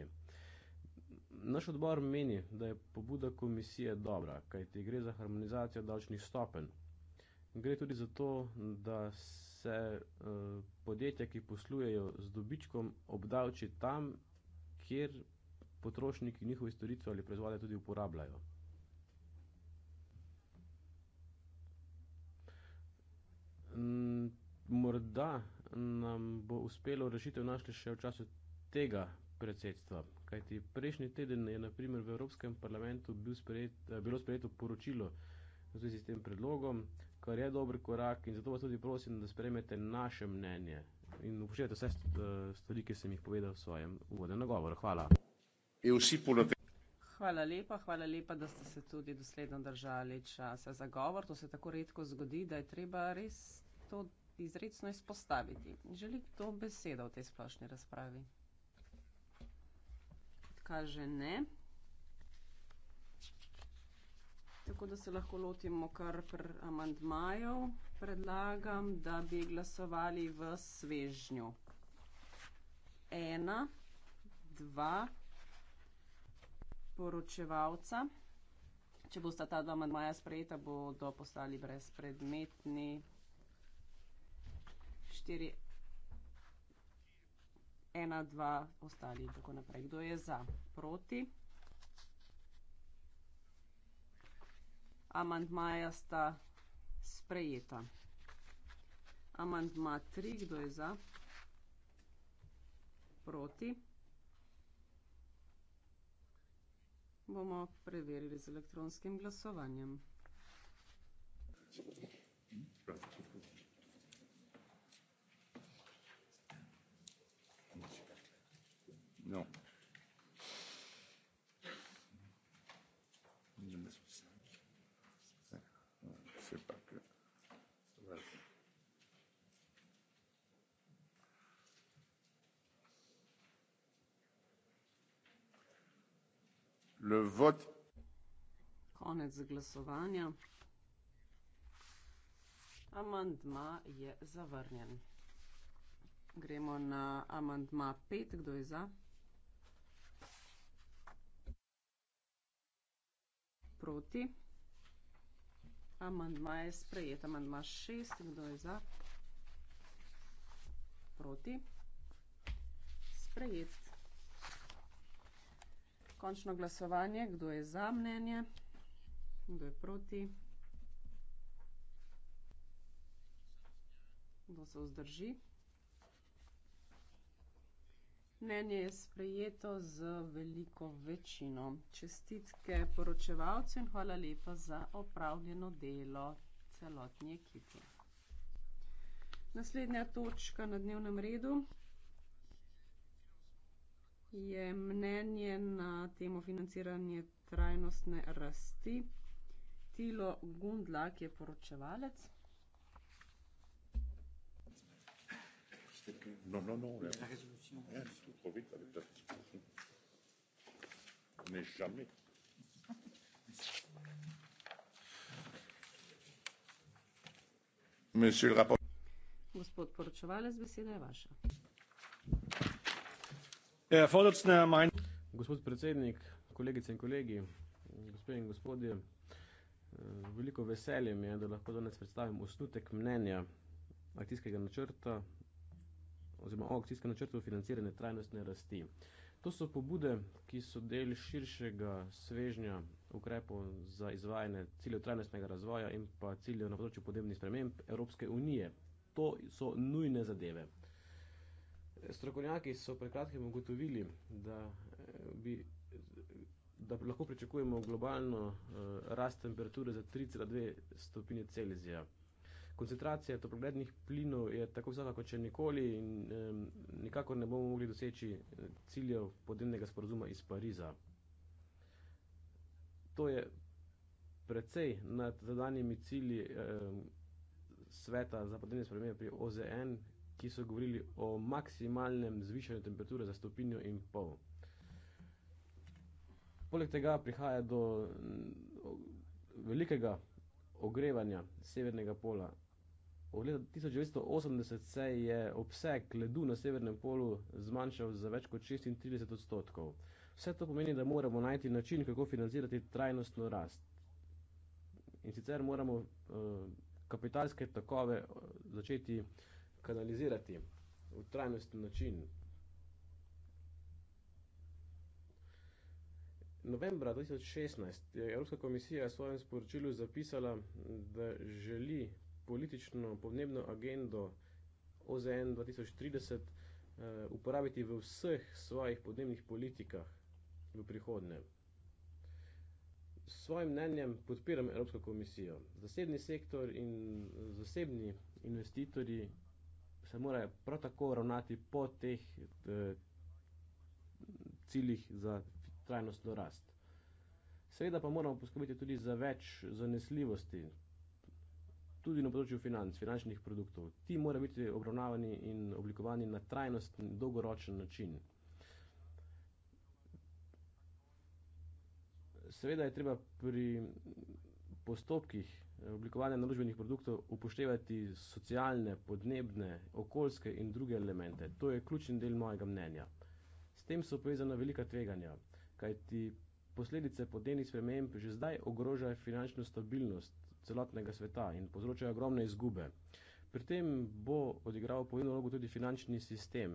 Naš odbor meni, da je pobuda komisije dobra, kajti gre za harmonizacijo davčnih stopenj Gre tudi za to, da se uh, podjetja, ki poslujejo z dobičkom, obdavči tam, kjer potrošniki njihove storitve ali proizvode tudi uporabljajo. Mm, morda nam bo uspelo rešitev našli še v času tega predsedstva. Kajti prejšnji teden je naprimer v Evropskem parlamentu bil sprejet, eh, bilo sprejeto poročilo v zvezi s tem predlogom kar je dober korak in zato vas tudi prosim, da spremete naše mnenje in upoštevajte vse eh, stvari, ki sem jih povedal v svojem uvodnem nagovoru. Hvala. Hvala lepa, hvala lepa, da ste se tudi dosledno držali časa za govor. To se tako redko zgodi, da je treba res to izredno izpostaviti. Želi kdo besedo v tej splošni razpravi? Kaže ne. Tako da se lahko lotimo kar pr amantmajev. Predlagam, da bi glasovali v svežnju. Ena, dva poročevalca. Če bosta ta dva amantmaja sprejeta, bodo postali brezpredmetni. Štiri, ena, dva ostali in tako naprej. Kdo je za? Proti? Amandmaja sta sprejeta. Amandma tri, kdo je za? Proti? Bomo preverili z elektronskim glasovanjem. No. Konec glasovanja. Amandma je zavrnjen. Gremo na amandma pet. Kdo je za? Proti. Amandma je sprejet. Amandma šest. Kdo je za? Proti. Sprejet končno glasovanje, kdo je za mnenje, kdo je proti, kdo se vzdrži. Mnenje je sprejeto z veliko večino. Čestitke poročevalcu in hvala lepa za opravljeno delo celotni ekipi. Naslednja točka na dnevnem redu je mnenje na temo financiranje trajnostne rasti. Tilo Gundlak je poročevalec. No, no, no, Gospod poročevalec, beseda je vaša. Ja, Gospod predsednik, kolegice in kolegi, gospe in gospodje. Eh, veliko veselje mi je, da lahko danes predstavim osnutek mnenja akcijskega načrta oziroma o akcijskem načrtu financiranja trajnostne rasti. To so pobude, ki so del širšega svežnja ukrepov za izvajanje ciljev trajnostnega razvoja in pa ciljev na področju podnebnih sprememb Evropske unije. To so nujne zadeve. Strokovnjaki so pred kratkim ugotovili, da, eh, bi, da lahko pričakujemo globalno uh, rast temperature za 3,2 stopinje Celzija. Koncentracija toplogrednih plinov je tako visoka kot če nikoli in um, nikakor ne bomo mogli doseči eh, ciljev podnebnega sporozuma iz Pariza. To je precej nad zadanjimi cilji um, sveta za podnebne spremembe pri OZN, ki so govorili o maksimalnem zvišanju temperature za stopinjo in pol. Poleg tega prihaja do velikega ogrevanja severnega pola. Od leta 1980 se je obseg ledu na severnem polu zmanjšal za več kot 36 odstotkov. Vse to pomeni, da moramo najti način, kako financirati trajnostno rast. In sicer moramo uh, kapitalske takove eh, začeti uh, kanalizirati v trajnosten način. Novembra 2016 je Evropska komisija v svojem sporočilu zapisala, da želi politično podnebno agendo OZN 2030 eh, uporabiti v vseh svojih podnebnih politikah v prihodnje. S svojim mnenjem podpiram Evropsko komisijo. Zasebni sektor in zasebni investitorji se morajo prav tako ravnati po teh e, ciljih za trajnostno rast. Seveda pa moramo poskrbeti tudi za več zanesljivosti, tudi na področju financ, finančnih produktov. Ti morajo biti obravnavani in oblikovani na trajnostni, dolgoročen način. Seveda je treba pri postopkih Eh, oblikovanja naložbenih produktov upoštevati socialne, podnebne, okoljske in druge elemente. To je ključen del mojega mnenja. S tem so povezana velika tveganja, kajti posledice podnebnih sprememb že zdaj ogrožajo finančno stabilnost celotnega sveta in povzročajo ogromne izgube. Pri tem bo odigral pomembno vlogo tudi finančni sistem.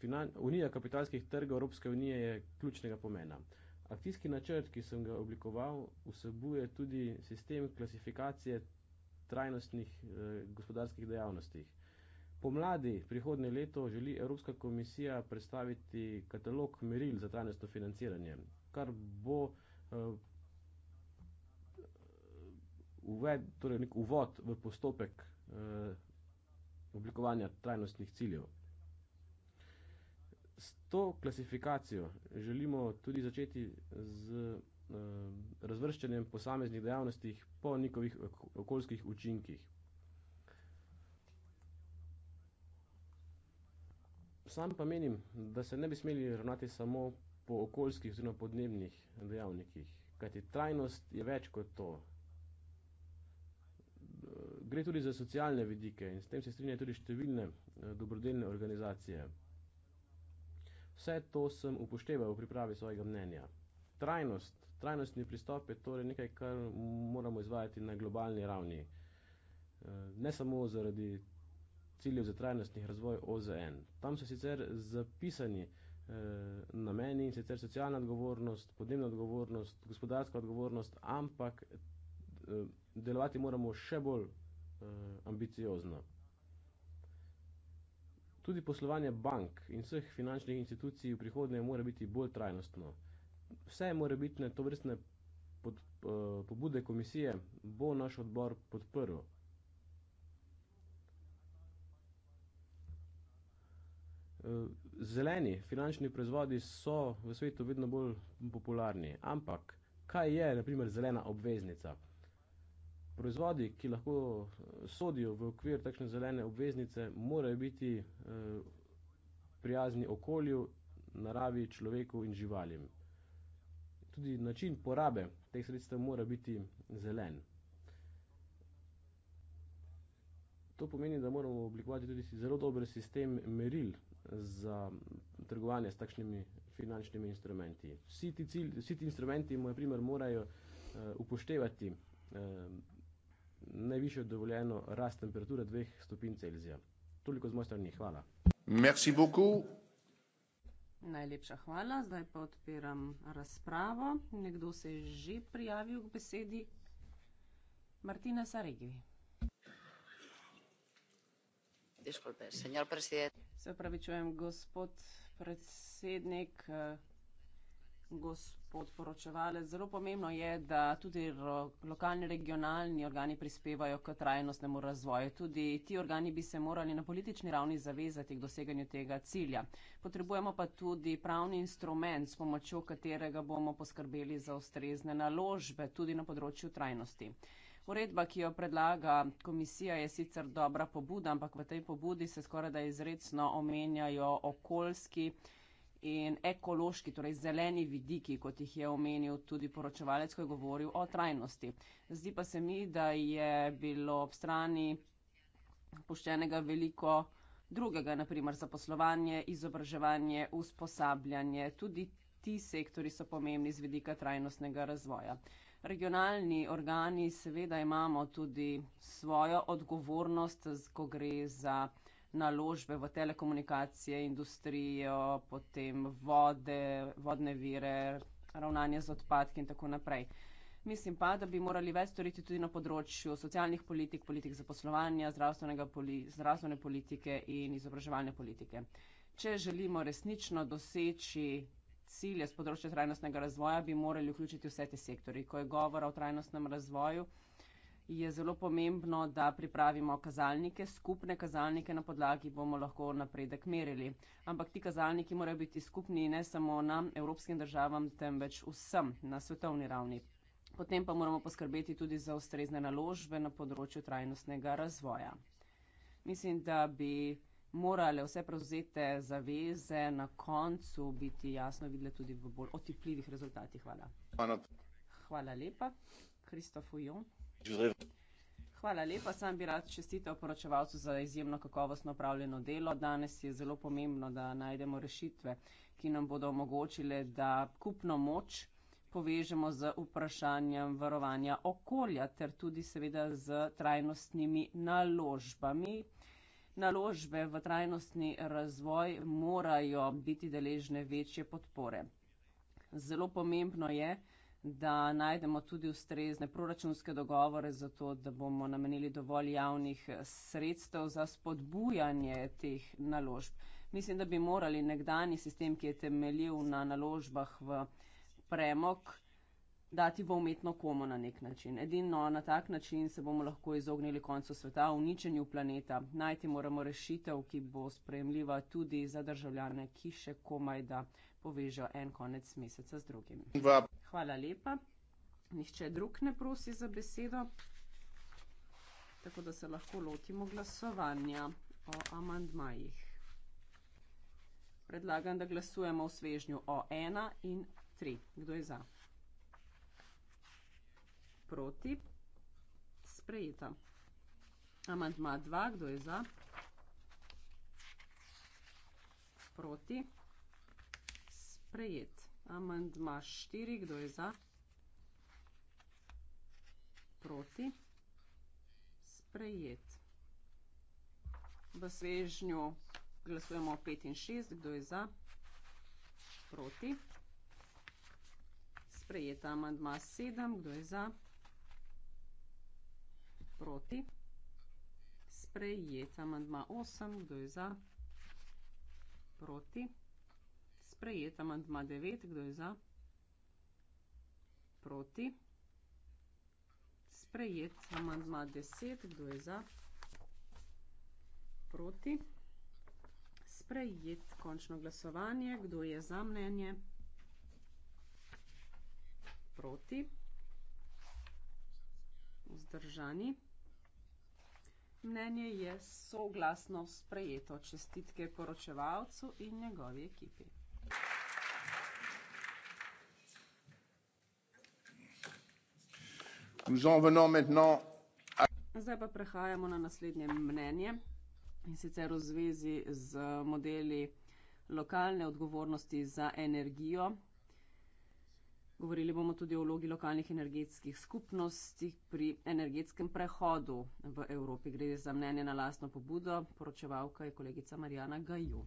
Finan Unija kapitalskih trgov Evropske unije je ključnega pomena. Akcijski načrt, ki sem ga oblikoval, vsebuje tudi sistem klasifikacije trajnostnih eh, gospodarskih dejavnosti. Pomladi prihodnje leto želi Evropska komisija predstaviti katalog meril za trajnostno financiranje, kar bo eh, uved, torej nek uvod v postopek eh, oblikovanja trajnostnih ciljev s to klasifikacijo želimo tudi začeti z eh, razvrščanjem posameznih dejavnostih po njihovih okoljskih učinkih. Sam pa menim, da se ne bi smeli ravnati samo po okoljskih oziroma podnebnih dejavnikih, kajti trajnost je več kot to. Gre tudi za socialne vidike in s tem se strinjajo tudi številne eh, dobrodelne organizacije. Vse to sem upošteval v pripravi svojega mnenja. Trajnost, trajnostni pristop je torej nekaj, kar moramo izvajati na globalni ravni. Eh, ne samo zaradi ciljev za trajnostni razvoj OZN. Tam so sicer zapisani eh, nameni in sicer socialna odgovornost, podnebna odgovornost, gospodarska odgovornost, ampak eh, delovati moramo še bolj ambiciozno. Tudi poslovanje bank in vseh finančnih institucij v prihodnje mora biti bolj trajnostno. Vse mora biti na to vrstne pod, eh, pobude komisije, bo naš odbor podprl. Eh, zeleni finančni proizvodi so v svetu vedno bolj popularni, ampak kaj je, naprimer, zelena obveznica? Proizvodi, ki lahko eh, sodijo v okvir takšne zelene obveznice, morajo biti eh, prijazni okolju, naravi, človeku in živalim. Tudi način porabe teh sredstev mora biti zelen. To pomeni, da moramo oblikovati tudi zelo dober sistem meril za trgovanje s takšnimi finančnimi instrumenti. Vsi ti, cilj, vsi ti instrumenti, moj primer, morajo uh, upoštevati uh, najvišjo dovoljeno rast temperature dveh stopinj Celzija. Toliko z moje strani, hvala. Merci beaucoup. Najlepša hvala, zdaj pa odpiram razpravo. Nekdo se je že prijavil k besedi. Martina Saregivi. Se opravičujem, gospod predsednik, eh, Gospod poročevalec, zelo pomembno je, da tudi ro, lokalni regionalni organi prispevajo k trajnostnemu razvoju. Tudi ti organi bi se morali na politični ravni zavezati k doseganju tega cilja. Potrebujemo pa tudi pravni instrument, s pomočjo katerega bomo poskrbeli za ustrezne naložbe tudi na področju trajnosti. Uredba, ki jo predlaga komisija, je sicer dobra pobuda, ampak v tej pobudi se skoraj da izredno omenjajo okoljski in ekološki, torej zeleni vidiki, kot jih je omenil tudi poročevalec, ko je govoril o trajnosti. Zdi pa se mi, da je bilo ob strani puščenega veliko drugega, naprimer zaposlovanje, izobraževanje, usposabljanje, tudi ti sektori so pomembni z vidika trajnostnega razvoja. Regionalni organi seveda imamo tudi svojo odgovornost, ko gre za naložbe v telekomunikacije, industrijo, potem vode, vodne vire, ravnanje z odpadki in tako naprej. Mislim pa, da bi morali več storiti tudi na področju socialnih politik, politik zaposlovanja, zdravstvene politike in izobraževalne politike. Če želimo resnično doseči cilje z področja trajnostnega razvoja, bi morali vključiti vse te sektori. Ko je govora o trajnostnem razvoju, je zelo pomembno, da pripravimo kazalnike, skupne kazalnike, na podlagi bomo lahko napredek merili. Ampak ti kazalniki morajo biti skupni ne samo nam, evropskim državam, temveč vsem na svetovni ravni. Potem pa moramo poskrbeti tudi za ustrezne naložbe na področju trajnostnega razvoja. Mislim, da bi morale vse prevzete zaveze na koncu biti jasno videle tudi v bolj otipljivih rezultatih. Hvala. Hvala lepa, Kristofu Jon. Hvala lepa, sam bi rad čestitev poročevalcu za izjemno kakovostno upravljeno delo. Danes je zelo pomembno, da najdemo rešitve, ki nam bodo omogočile, da kupno moč povežemo z vprašanjem varovanja okolja ter tudi seveda z trajnostnimi naložbami. Naložbe v trajnostni razvoj morajo biti deležne večje podpore. Zelo pomembno je, da najdemo tudi ustrezne proračunske dogovore za to, da bomo namenili dovolj javnih eh, sredstev za spodbujanje teh naložb. Mislim, da bi morali nekdani sistem, ki je temeljil na naložbah v premok, dati v umetno komo na nek način. Edino na tak način se bomo lahko izognili koncu sveta, uničenju planeta. Najti moramo rešitev, ki bo sprejemljiva tudi za državljane, ki še komaj da povežejo en konec meseca z drugim. Dva. Hvala lepa. Nihče drug ne prosi za besedo, tako da se lahko lotimo glasovanja o amandmajih. Predlagam, da glasujemo v svežnju o ena in tri. Kdo je za? Proti. Sprejeta. Amandma dva. Kdo je za? Proti sprejet. Amandma štiri, kdo je za? Proti. Sprejet. V svežnju glasujemo pet in šest, kdo je za? Proti. Sprejet amandma sedem, kdo je za? Proti. Sprejet amandma osem, kdo je za? Proti sprejet amandma 9. Kdo je za? Proti. Sprejet amandma 10. Kdo je za? Proti. Sprejet končno glasovanje. Kdo je za mnenje? Proti. Vzdržani. Mnenje je soglasno sprejeto. Čestitke poročevalcu in njegovi ekipi. Zdaj pa prehajamo na naslednje mnenje, in sicer v zvezi z modeli lokalne odgovornosti za energijo. Govorili bomo tudi o vlogi lokalnih energetskih skupnosti pri energetskem prehodu v Evropi. Gre za mnenje na lastno pobudo, poročevalka je kolegica Marijana Gaju.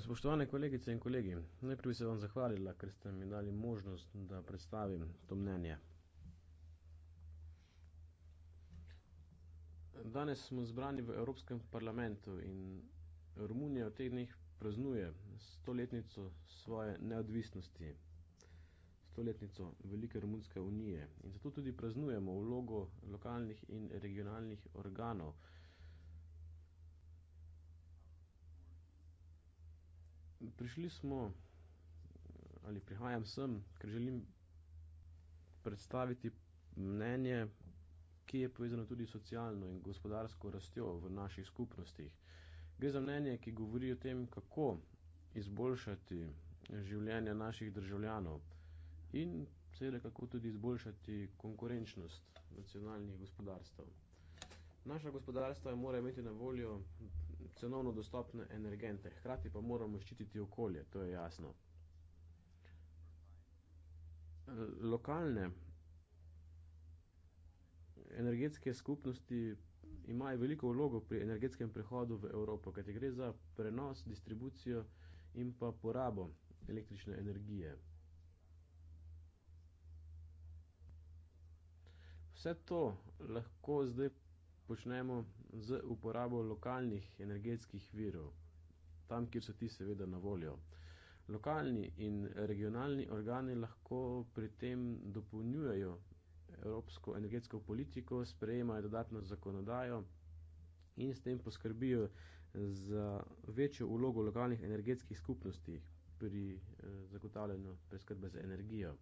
Spoštovane kolegice in kolegi, najprej bi se vam zahvalila, ker ste mi dali možnost, da predstavim to mnenje. Danes smo zbrani v Evropskem parlamentu in Romunija v teh dneh praznuje stoletnico svoje neodvisnosti, stoletnico Velike Romunske unije. In zato tudi praznujemo vlogo lokalnih in regionalnih organov, prišli smo ali prihajam sem, ker želim predstaviti mnenje, ki je povezano tudi socialno in gospodarsko rastjo v naših skupnostih. Gre za mnenje, ki govori o tem, kako izboljšati življenje naših državljanov in seveda kako tudi izboljšati konkurenčnost nacionalnih gospodarstv. Naša gospodarstva mora imeti na voljo cenovno dostopne energente, hkrati pa moramo ščititi okolje, to je jasno. Lokalne energetske skupnosti imajo veliko vlogo pri energetskem prehodu v Evropo, kajti gre za prenos, distribucijo in pa porabo električne energije. Vse to lahko zdaj počnemo z uporabo lokalnih energetskih virov, tam, kjer so ti seveda na voljo. Lokalni in regionalni organi lahko pri tem dopolnjujejo evropsko energetsko politiko, sprejemajo dodatno zakonodajo in s tem poskrbijo za večjo vlogo lokalnih energetskih skupnosti pri eh, zagotavljanju preskrbe z energijo.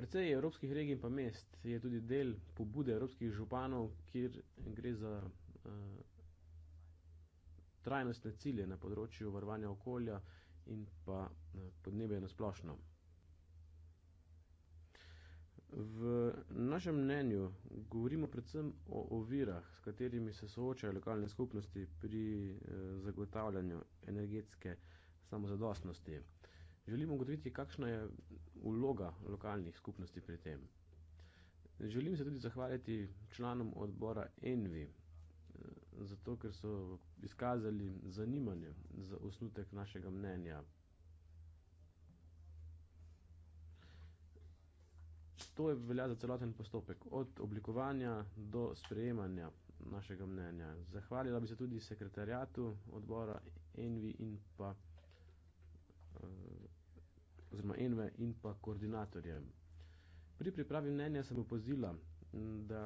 Precej evropskih regij in pa mest je tudi del pobude evropskih županov, kjer gre za uh, trajnostne cilje na področju varovanja okolja in pa eh, podnebja na splošno. V našem mnenju govorimo predvsem o ovirah, s katerimi se soočajo lokalne skupnosti pri eh, zagotavljanju energetske samozadostnosti. Želim ugotoviti, kakšna je vloga lokalnih skupnosti pri tem. Želim se tudi zahvaliti članom odbora Envi, eh, zato ker so izkazali zanimanje za osnutek našega mnenja. To je velja za celoten postopek, od oblikovanja do sprejemanja našega mnenja. Zahvalila bi se tudi sekretarjatu odbora Envi in pa oziroma enve in pa koordinatorje. Pri pripravi mnenja sem opozila, da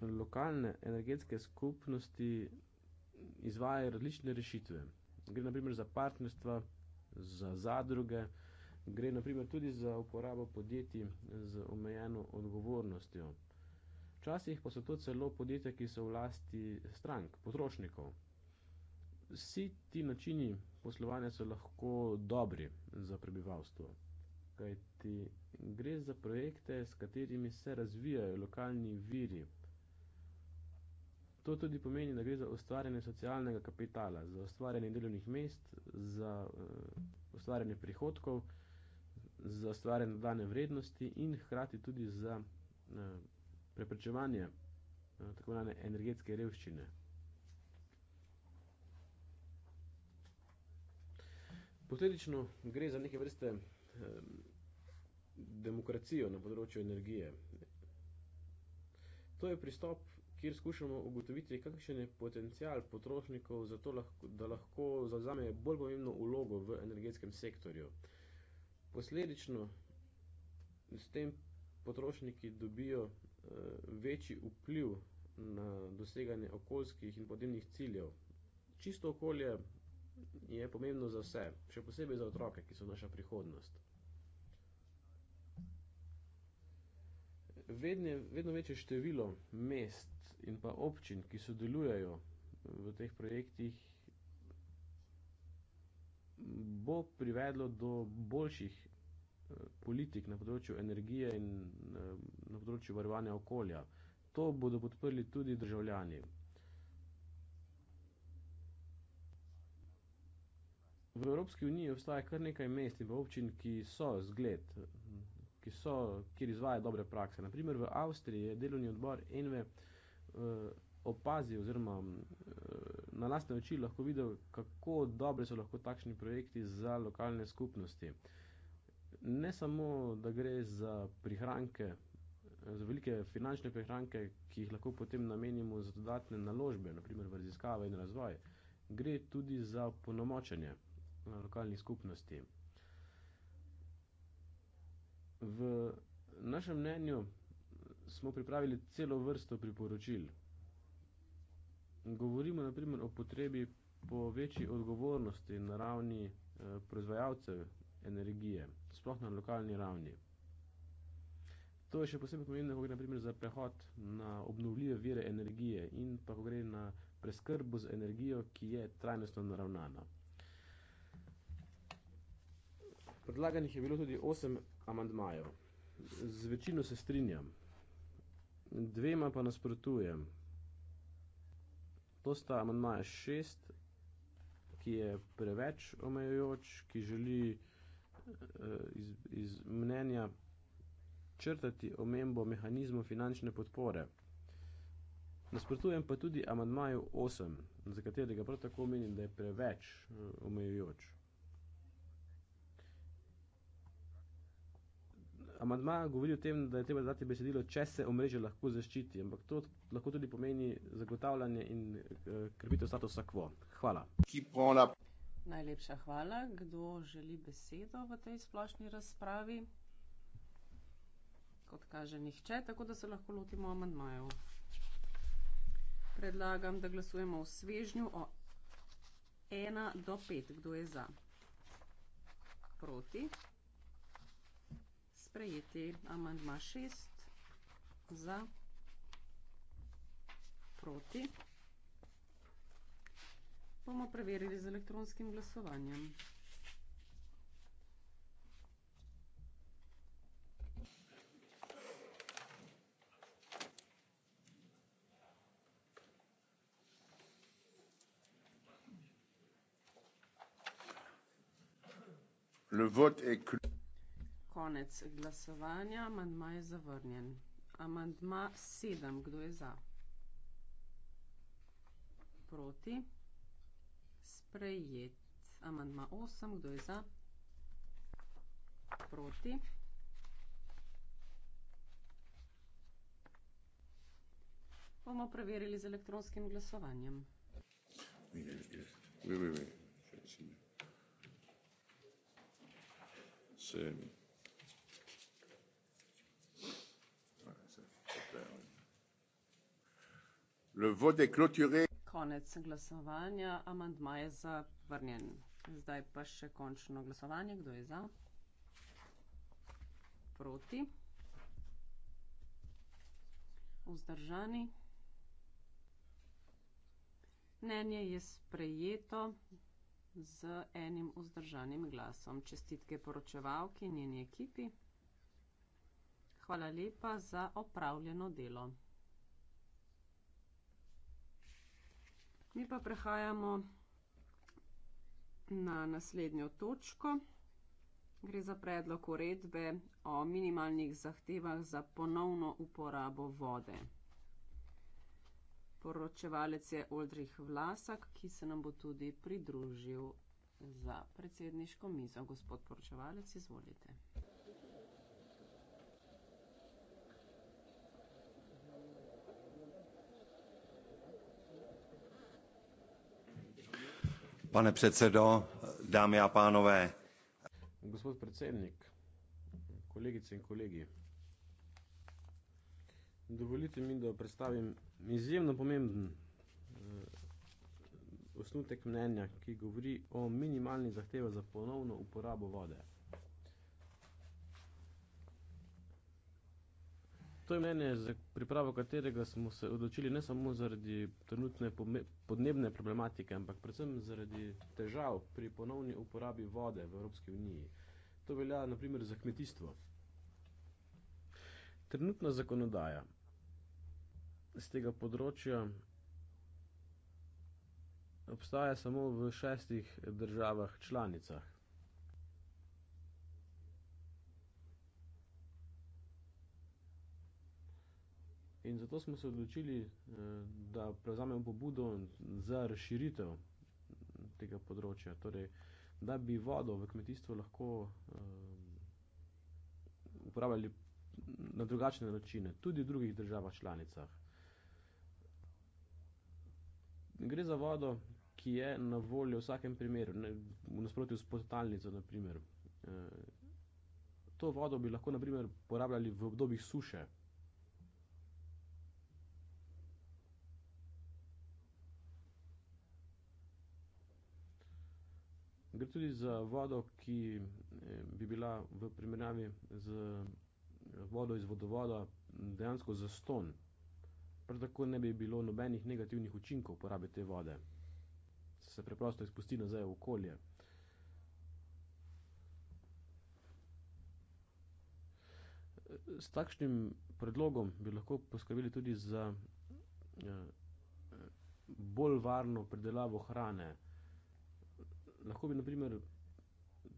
lokalne energetske skupnosti izvajajo različne rešitve. Gre naprimer za partnerstva, za zadruge, gre naprimer tudi za uporabo podjetij z omejeno odgovornostjo. Včasih pa so to celo podjetja, ki so v lasti strank, potrošnikov vsi ti načini poslovanja so lahko dobri za prebivalstvo. Kajti gre za projekte, s katerimi se razvijajo lokalni viri. To tudi pomeni, da gre za ustvarjanje socialnega kapitala, za ustvarjanje delovnih mest, za uh, ustvarjanje prihodkov, za ustvarjanje dodane vrednosti in hkrati tudi za uh, preprečevanje uh, tako imenovane energetske revščine. Posledično gre za neke vrste demokracijo na področju energije. To je pristop, kjer skušamo ugotoviti, kakšen je potencial potrošnikov, zato lahko, da lahko zavzamejo bolj pomembno ulogo v energetskem sektorju. Posledično s tem potrošniki dobijo uh, večji vpliv na doseganje okoljskih in podnebnih ciljev. Čisto okolje je pomembno za vse, še posebej za otroke, ki so naša prihodnost. Vedne, vedno večje število mest in pa občin, ki sodelujejo v teh projektih, bo privedlo do boljših eh, politik na področju energije in eh, na področju varovanja okolja. To bodo podprli tudi državljani. V Evropski uniji obstaja kar nekaj mest in pa občin, ki so zgled, ki so, kjer izvaja dobre prakse. Naprimer v Avstriji je delovni odbor Enve eh, opazil oziroma eh, na lastne oči lahko videl, kako dobre so lahko takšni projekti za lokalne skupnosti. Ne samo, da gre za prihranke, za velike finančne prihranke, ki jih lahko potem namenimo za dodatne naložbe, naprimer v raziskave in razvoj, gre tudi za ponomočenje lokalni skupnosti. V našem mnenju smo pripravili celo vrsto priporočil. Govorimo naprimer o potrebi po večji odgovornosti na ravni eh, proizvajalcev energije, sploh na lokalni ravni. To je še posebej pomembno, ko gre naprimer za prehod na obnovljive vire energije in pa ko gre na preskrbo z energijo, ki je trajnostno naravnana. Predlaganih je bilo tudi osem amandmajev. Z večino se strinjam. Dvema pa nasprotujem. To sta amandmaja šest, ki je preveč omejujoč, ki želi uh, iz, iz mnenja črtati omembo mehanizmov finančne podpore. Nasprotujem pa tudi amandmaju 8, za katerega prav tako menim, da je preveč eh, omejujoč. amadma govori o tem, da je treba dati besedilo, če se omrežje lahko zaščiti, ampak to lahko tudi pomeni zagotavljanje in eh, krepitev statusa quo. Hvala. Najlepša hvala. Kdo želi besedo v tej splošni razpravi? Kot kaže nihče, tako da se lahko lotimo amadmajev. Predlagam, da glasujemo v svežnju o 1 do 5. Kdo je za? Proti sprejeti amandma šest za proti. Bomo preverili z elektronskim glasovanjem. Le vote est clos konec glasovanja. Amandma je zavrnjen. Amandma 7. Kdo je za? Proti. Sprejet. Amandma 8. Kdo je za? Proti. Bomo preverili z elektronskim glasovanjem. Vi, vi, vi. Same. le vote est clôturé. Konec glasovanja, amandma je zavrnjen. Zdaj pa še končno glasovanje, kdo je za? Proti? Vzdržani? Mnenje je sprejeto z enim vzdržanim glasom. Čestitke poročevalki in njeni ekipi. Hvala lepa za opravljeno delo. Mi pa prehajamo na naslednjo točko. Gre za predlog uredbe o minimalnih zahtevah za ponovno uporabo vode. Poročevalec je Oldrih Vlasak, ki se nam bo tudi pridružil za predsedniško mizo. Gospod poročevalec, izvolite. Pane predsedo, dame a pánové. Gospod predsednik, kolegice in kolegi. Dovolite mi, da predstavim izjemno pomemben, eh, osnutek mnenja, ki govori o minimalnih zahtevah za ponovno uporabo vode. To je mnenje, za pripravo katerega smo se odločili ne samo zaradi trenutne podnebne problematike, ampak predvsem zaradi težav pri ponovni uporabi vode v Evropski uniji. To velja naprimer za kmetijstvo. Trenutna zakonodaja z tega področja obstaja samo v šestih državah članicah. In zato smo se odločili, eh, da prevzamemo pobudo za razširitev tega področja, torej, da bi vodo v kmetijstvu lahko um, uporabljali na drugačne načine, tudi v drugih državah članicah. Gre za vodo, ki je na voljo v vsakem primeru, ne, v nasprotju s potalnico, na primer. E, to vodo bi lahko, na primer, porabljali v obdobjih suše, Gre tudi za vodo, ki eh, bi bila v primerjavi z eh, vodo iz vodovoda dejansko za ston. Prav tako ne bi bilo nobenih negativnih učinkov porabe te vode. Se preprosto izpusti nazaj v okolje. S takšnim predlogom bi lahko poskrbeli tudi za eh, bolj varno predelavo hrane lahko bi naprimer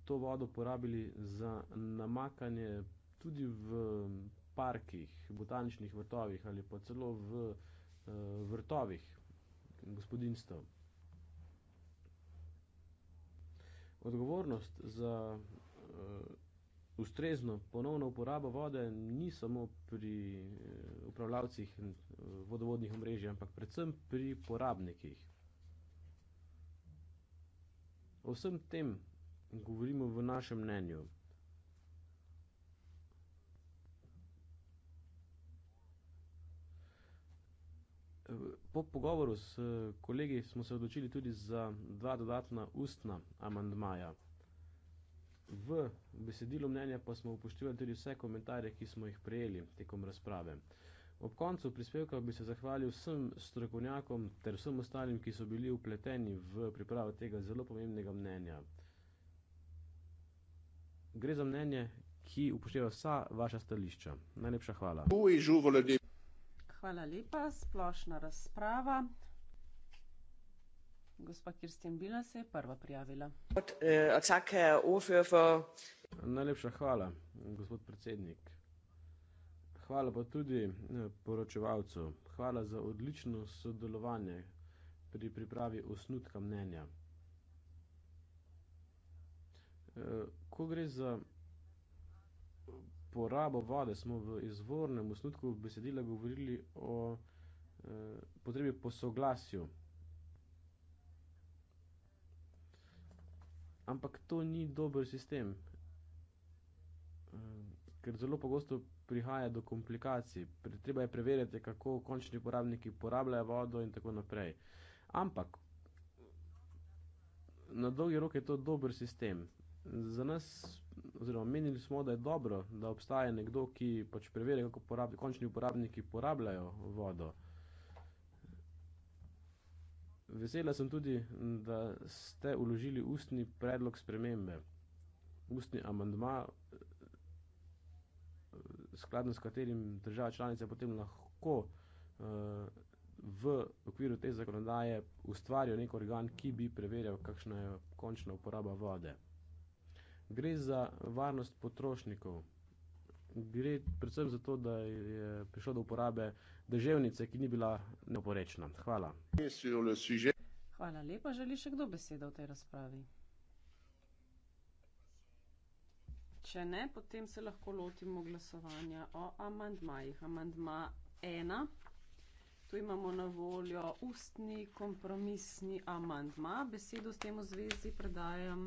to vodo porabili za namakanje tudi v parkih, botaničnih vrtovih ali pa celo v uh, vrtovih gospodinstv. Odgovornost za uh, ustrezno ponovno uporabo vode ni samo pri eh, upravljavcih vodovodnih omrežij, ampak predvsem pri porabnikih. O vsem tem govorimo v našem mnenju. Po pogovoru s kolegi smo se odločili tudi za dva dodatna ustna amandmaja. V besedilu mnenja pa smo upoštevali tudi vse komentarje, ki smo jih prejeli tekom razprave. Ob koncu prispevka bi se zahvalil vsem strokovnjakom ter vsem ostalim, ki so bili upleteni v pripravo tega zelo pomembnega mnenja. Gre za mnenje, ki upošteva vsa vaša stališča. Najlepša hvala. Hvala lepa, splošna razprava. Gospa Kirsten Bila se je prva prijavila. Eh, Najlepša hvala, gospod predsednik. Hvala pa tudi eh, poročevalcu. Hvala za odlično sodelovanje pri pripravi osnutka mnenja. Eh, ko gre za porabo vode, smo v izvornem osnutku besedila govorili o eh, potrebi po soglasju. Ampak to ni dober sistem, ker zelo pogosto prihaja do komplikacij. Treba je preveriti, kako končni uporabniki uporabljajo vodo in tako naprej. Ampak na dolgi rok je to dober sistem. Za nas, oziroma menili smo, da je dobro, da obstaja nekdo, ki pač preveri, kako porab, končni uporabniki uporabljajo vodo. Vesela sem tudi, da ste uložili ustni predlog spremembe, ustni amandma skladno s katerim država članica potem lahko eh, v okviru te zakonodaje ustvarijo nek organ, ki bi preverjal, kakšna je končna uporaba vode. Gre za varnost potrošnikov. Gre predvsem za to, da je prišlo do uporabe državnice, ki ni bila neoporečna. Hvala. Hvala lepa. Želi še kdo besedo v tej razpravi? Če ne, potem se lahko lotimo glasovanja o amandmajih. Amandma ena. Tu imamo na voljo ustni kompromisni amandma. Besedo s tem v zvezi predajam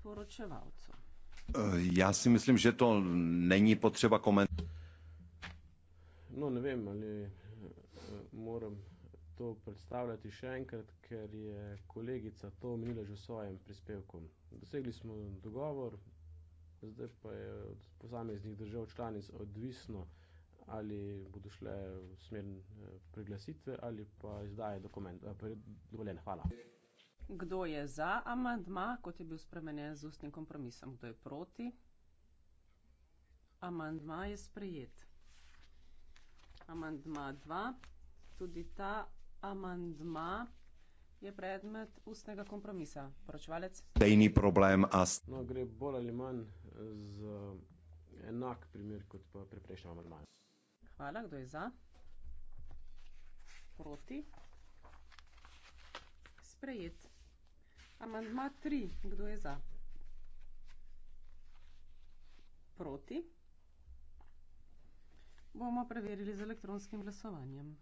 poročevalcu. Ja si mislim, že to není potreba komentirati. No, ne vem, ali e, moram to predstavljati še enkrat, ker je kolegica to omenila že v svojem prispevku. Dosegli smo dogovor, zdaj pa je od posameznih držav članic odvisno, ali bodo šle v smer eh, priglasitve ali pa izdaje dokumenta. Eh, Dovoljene, hvala. Kdo je za amandma, kot je bil spremenjen z ustnim kompromisom? Kdo je proti? Amandma je sprejet. Amandma 2. Tudi ta amandma je predmet ustnega kompromisa. Poročevalec. No, gre bolj ali manj uh, z enak primer kot pa pri prejšnjem amandmaju. Hvala. Kdo je za? Proti? Sprejet. Amandma tri. Kdo je za? Proti? Bomo preverili z elektronskim glasovanjem.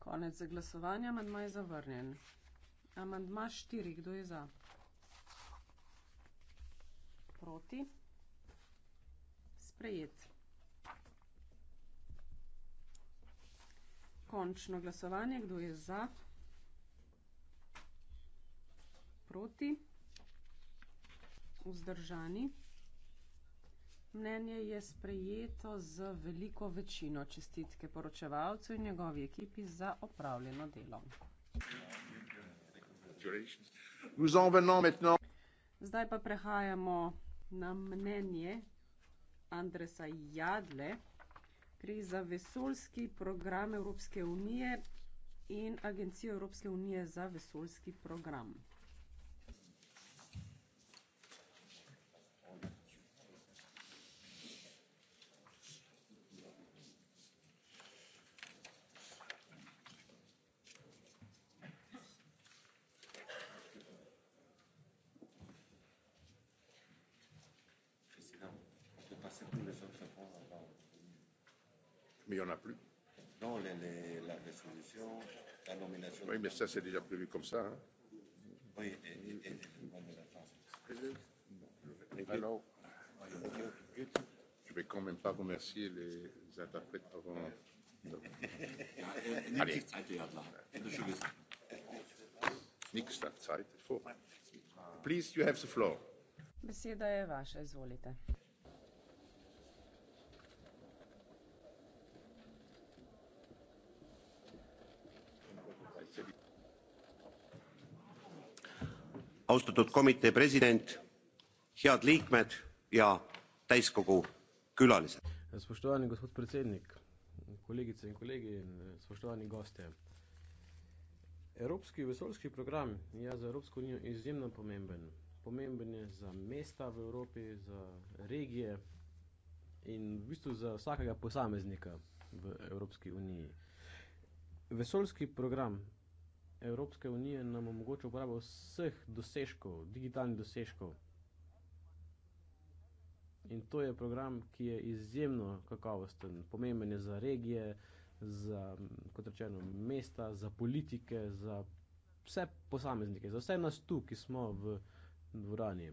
Konec za glasovanje, amandma je zavrnjen. Amandma štiri, kdo je za? Proti? Sprejet. Končno glasovanje, kdo je za? Proti? Vzdržani? mnenje je sprejeto z veliko večino. Čestitke poročevalcu in njegovi ekipi za opravljeno delo. Zdaj pa prehajamo na mnenje Andresa Jadle. Gre za vesoljski program Evropske unije in Agencijo Evropske unije za vesoljski program. Mais il n'y en a plus. Non, les, les, la résolution, la nomination. Oui, mais ça, c'est déjà prévu comme ça. Hein. Oui, et. et, et Alors, je ne vais quand même pas remercier les interprètes avant. (laughs) Ah, Allez. Nixta, Zeit, vor. Please, you have the floor. Beseda je vaša, izvolite. austatud komitee president head liikmed ja täiskogu külalised. Evropski vesoljski program je za Evropsko unijo izjemno pomemben. Pomemben je za mesta v Evropi, za regije in v bistvu za vsakega posameznika v Evropski uniji. Vesoljski program Evropske unije nam omogoča uporabo vseh dosežkov, digitalnih dosežkov. In to je program, ki je izjemno kakovosten, pomemben je za regije, za, kot rečeno, mesta, za politike, za vse posameznike, za vse nas tu, ki smo v dvorani.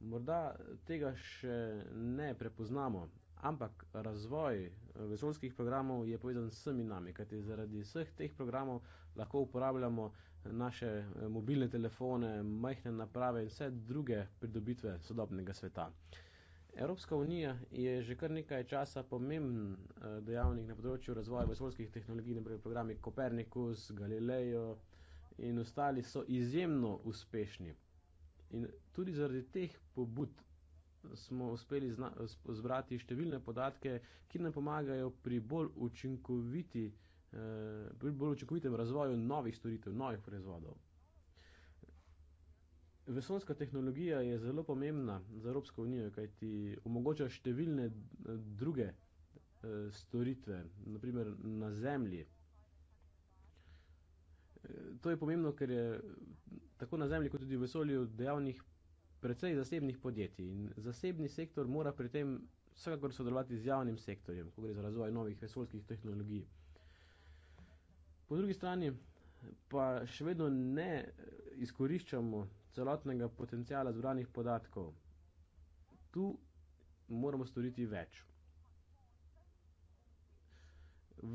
Morda tega še ne prepoznamo, ampak razvoj eh, vesoljskih programov je povezan s sami nami, kajti zaradi vseh teh programov lahko uporabljamo eh, naše eh, mobilne telefone, majhne naprave in vse druge pridobitve sodobnega sveta. Evropska unija je že kar nekaj časa pomemben dejavnik na področju razvoja vesoljskih tehnologij, naprej programi Copernicus, Galileo in ostali so izjemno uspešni. In tudi zaradi teh pobud smo uspeli zbrati številne podatke, ki nam pomagajo pri bolj, eh, pri bolj učinkovitem razvoju novih storitev, novih proizvodov. Vesonska tehnologija je zelo pomembna za Evropsko unijo, kaj ti omogoča številne eh, druge eh, storitve, naprimer na zemlji. To je pomembno, ker je tako na zemlji kot tudi v vesolju dejavnih precej zasebnih podjetij. In zasebni sektor mora pri tem vsekakor sodelovati z javnim sektorjem, ko gre za razvoj novih vesoljskih tehnologij. Po drugi strani pa še vedno ne izkoriščamo celotnega potencijala zbranih podatkov. Tu moramo storiti več.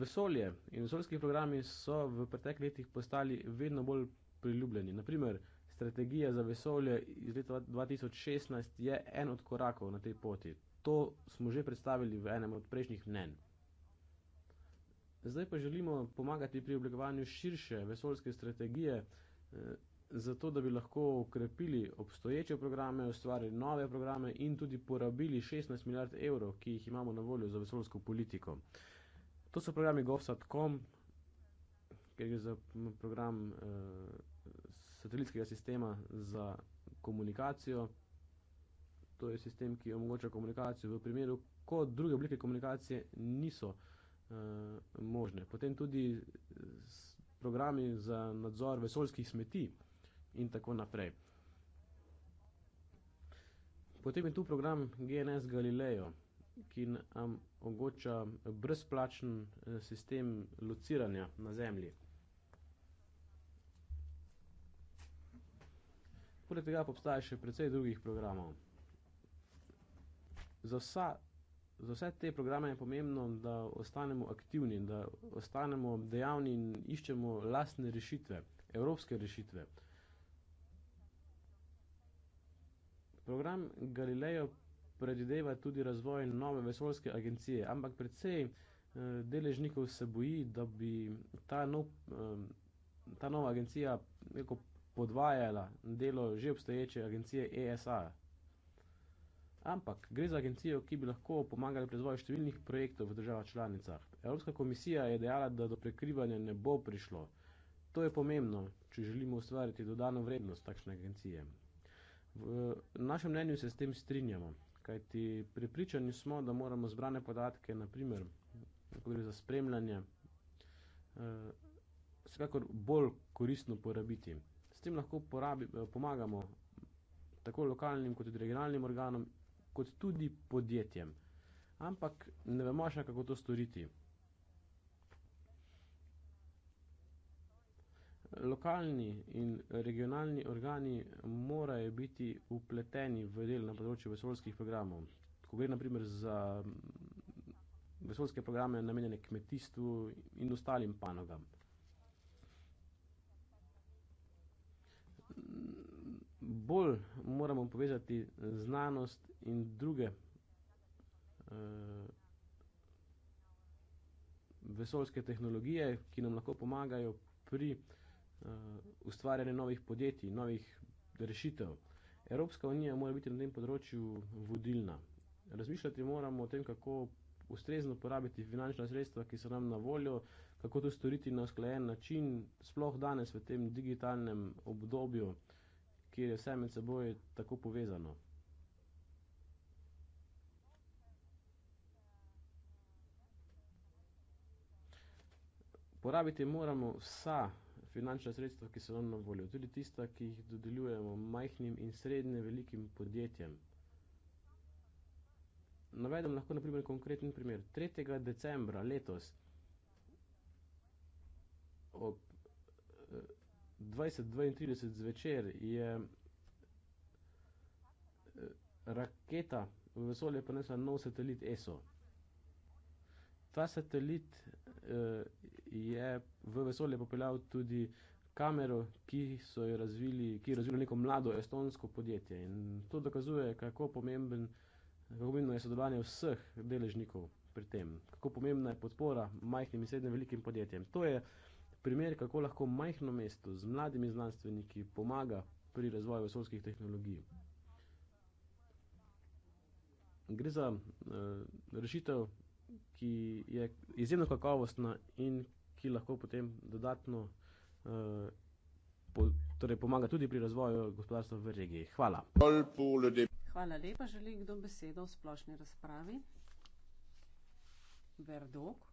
Vesolje in vesoljski programi so v preteklih letih postali vedno bolj priljubljeni. Naprimer, strategija za vesolje iz leta 2016 je en od korakov na tej poti. To smo že predstavili v enem od prejšnjih mnen. Zdaj pa želimo pomagati pri oblikovanju širše vesolske strategije, eh, zato da bi lahko ukrepili obstoječe programe, ustvarili nove programe in tudi porabili 16 milijard evrov, ki jih imamo na voljo za vesolsko politiko. To so programi GovSat.com, ker je za program. Eh, satelitskega sistema za komunikacijo. To je sistem, ki omogoča komunikacijo v primeru, ko druge oblike komunikacije niso uh, možne. Potem tudi eh, s, programi za nadzor vesolskih smeti in tako naprej. Potem je tu program GNS Galileo, ki nam omogoča brezplačen eh, sistem lociranja na Zemlji. Poleg tega pa obstaja še precej drugih programov. Za, vsa, za vse te programe je pomembno, da ostanemo aktivni, da ostanemo dejavni in iščemo lastne rešitve, evropske rešitve. Program Galileo predideva tudi razvoj nove vesoljske agencije, ampak precej eh, deležnikov se boji, da bi ta, nov, eh, ta nova agencija podvajala delo že obstoječe agencije ESA. Ampak gre za agencijo, ki bi lahko pomagala pri razvoju številnih projektov v državah članicah. Evropska komisija je dejala, da do prekrivanja ne bo prišlo. To je pomembno, če želimo ustvariti dodano vrednost takšne agencije. V našem mnenju se s tem strinjamo, kajti prepričani smo, da moramo zbrane podatke, naprimer, ko gre za spremljanje, eh, vsekakor bolj koristno porabiti. S tem lahko porabi, eh, pomagamo tako lokalnim kot tudi regionalnim organom, kot tudi podjetjem. Ampak ne vemo še, kako to storiti. Lokalni in regionalni organi morajo biti upleteni v del na področju vesolskih programov. Ko gre naprimer za mm, vesolske programe namenjene kmetijstvu in ostalim panogam. bolj moramo povezati eh, znanost in druge uh, vesoljske tehnologije, ki nam lahko pomagajo pri uh, ustvarjanju novih podjetij, novih rešitev. Evropska unija mora biti na tem področju vodilna. Razmišljati moramo o tem, kako ustrezno porabiti finančna sredstva, ki so nam na voljo, kako to storiti na usklajen način, sploh danes v tem digitalnem obdobju kjer je vse med seboj tako povezano. Porabiti moramo vsa finančna sredstva, ki so nam na voljo, tudi tista, ki jih dodeljujemo majhnim in srednje velikim podjetjem. Navedem lahko na primer konkreten primer. 3. decembra letos ob 2032 zvečer je eh, raketa v vesolje prinesla nov satelit ESO. Ta satelit eh, je v vesolje popeljal tudi kamero, ki so jo razvili, ki je razvilo neko mlado estonsko podjetje. In to dokazuje, kako pomemben, kako pomembno je sodelovanje vseh deležnikov pri tem. Kako pomembna je podpora majhnim in srednjim velikim podjetjem. To je eh, primer, kako lahko majhno mesto z mladimi znanstveniki pomaga pri razvoju vesolskih tehnologij. Gre za uh, rešitev, ki je izjemno kakovostna in ki lahko potem dodatno uh, po, torej pomaga tudi pri razvoju gospodarstva v regiji. Hvala. Hvala lepa. Želi kdo besedo v splošni razpravi? Verdok,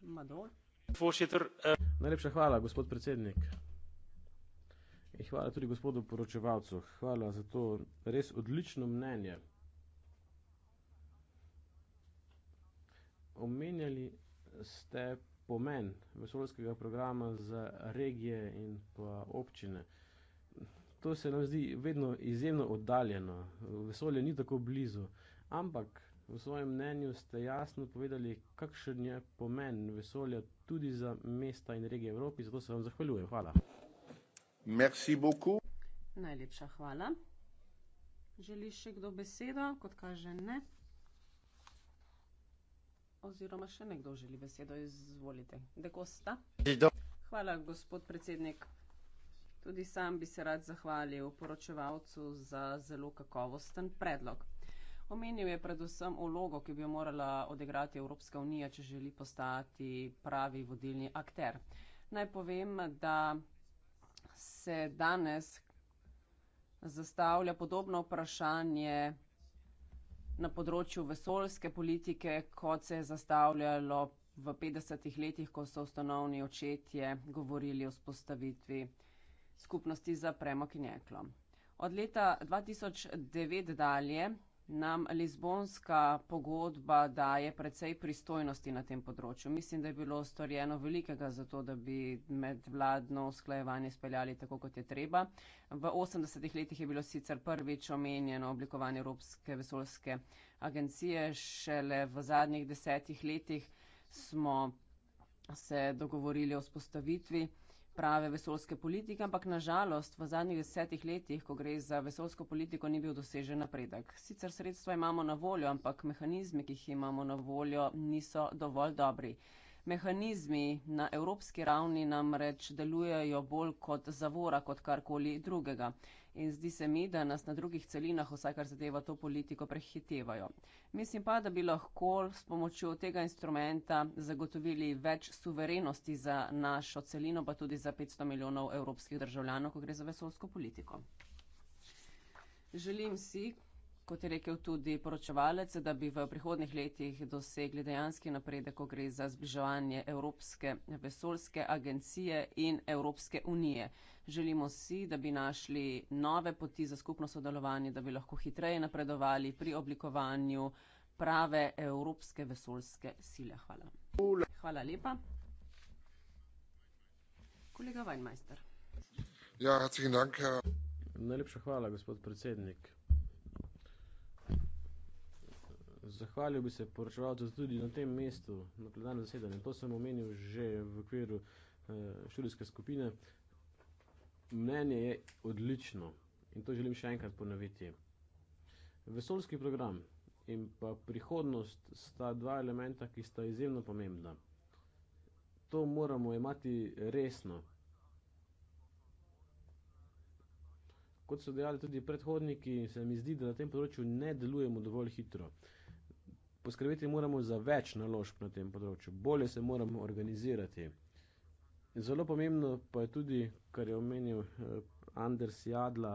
Mador. Fošetr, uh... Eh, Najlepša hvala, gospod predsednik. In hvala tudi gospodu poročevalcu. Hvala za to res odlično mnenje. Omenjali ste pomen vesolskega programa za regije in pa občine. To se nam zdi vedno izjemno oddaljeno. Vesolje ni tako blizu. Ampak V svojem mnenju ste jasno povedali, kakšen je pomen vesolja tudi za mesta in regije Evropi, zato se vam zahvaljujem. Hvala. Merci beaucoup. Najlepša hvala. Želi še kdo besedo? Kot kaže ne. Oziroma še nekdo želi besedo, izvolite. De Costa. Hvala, gospod predsednik. Tudi sam bi se rad zahvalil poročevalcu za zelo kakovosten predlog. Omenil je predvsem vlogo, ki bi jo morala odigrati Evropska unija, če želi postati pravi vodilni akter. Naj povem, da se danes zastavlja podobno vprašanje na področju vesolske politike, kot se je zastavljalo v 50-ih letih, ko so ustanovni očetje govorili o spostavitvi skupnosti za premok in jeklo. Od leta 2009 dalje nam Lizbonska pogodba daje precej pristojnosti na tem področju. Mislim, da je bilo storjeno velikega za to, da bi medvladno usklajevanje speljali tako, kot je treba. V 80-ih letih je bilo sicer prvič omenjeno oblikovanje Evropske vesoljske agencije, šele v zadnjih desetih letih smo se dogovorili o spostavitvi prave vesoljske politike, ampak nažalost v zadnjih desetih letih, ko gre za vesoljsko politiko, ni bil dosežen napredek. Sicer sredstva imamo na voljo, ampak mehanizmi, ki jih imamo na voljo, niso dovolj dobri. Mehanizmi na evropski ravni namreč delujejo bolj kot zavora, kot karkoli drugega in zdi se mi, da nas na drugih celinah vsaj kar zadeva to politiko prehitevajo. Mislim pa, da bi lahko s pomočjo tega instrumenta zagotovili več suverenosti za našo celino, pa tudi za 500 milijonov evropskih državljanov, ko gre za vesolsko politiko. Želim si, kot je rekel tudi poročevalec, da bi v prihodnih letih dosegli dejanski napredek, ko gre za zbliževanje Evropske vesoljske agencije in Evropske unije. Želimo si, da bi našli nove poti za skupno sodelovanje, da bi lahko hitreje napredovali pri oblikovanju prave Evropske vesoljske sile. Hvala. Hvala lepa. Kolega Weinmeister. Ja, herzlichen Dank. Najlepša hvala, gospod predsednik. Zahvalil bi se poročevalcu tudi na tem mestu, na plenarnem zasedanju. To sem omenil že v okviru uh, študijske skupine. Mnenje je odlično in to želim še enkrat ponoviti. Vesolski program in pa prihodnost sta dva elementa, ki sta izjemno pomembna. To moramo imati resno. Kot so dejali tudi predhodniki, se mi zdi, da na tem področju ne delujemo dovolj hitro. Uh, poskrbeti moramo za več naložb na tem področju, bolje se moramo organizirati. Zelo pomembno pa je tudi, kar je omenil eh, Anders Jadla,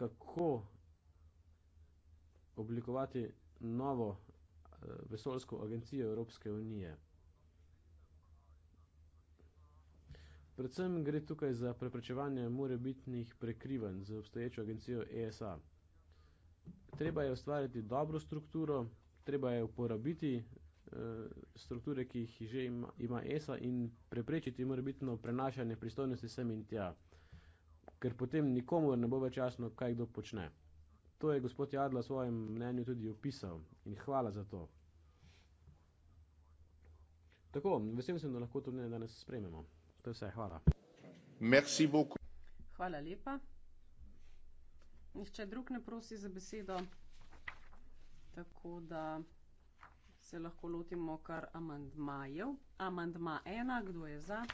kako oblikovati novo eh, vesolsko agencijo Evropske unije. Predvsem gre tukaj za preprečevanje morebitnih prekrivanj z obstoječo agencijo ESA treba je ustvariti dobro strukturo, treba je uporabiti uh, strukture, ki jih že ima, ima ESA in preprečiti morbitno prenašanje pristojnosti sem in tja, ker potem nikomu ne bo več jasno, kaj kdo počne. To je gospod Jadla v svojem mnenju tudi opisal in hvala za to. Tako, vesel sem, da lahko to mnenje danes sprememo. To je vse, hvala. Merci beaucoup. Hvala lepa. Nihče drug ne prosi za besedo, tako da se lahko lotimo kar amandmajev. Amandma ena, kdo je za?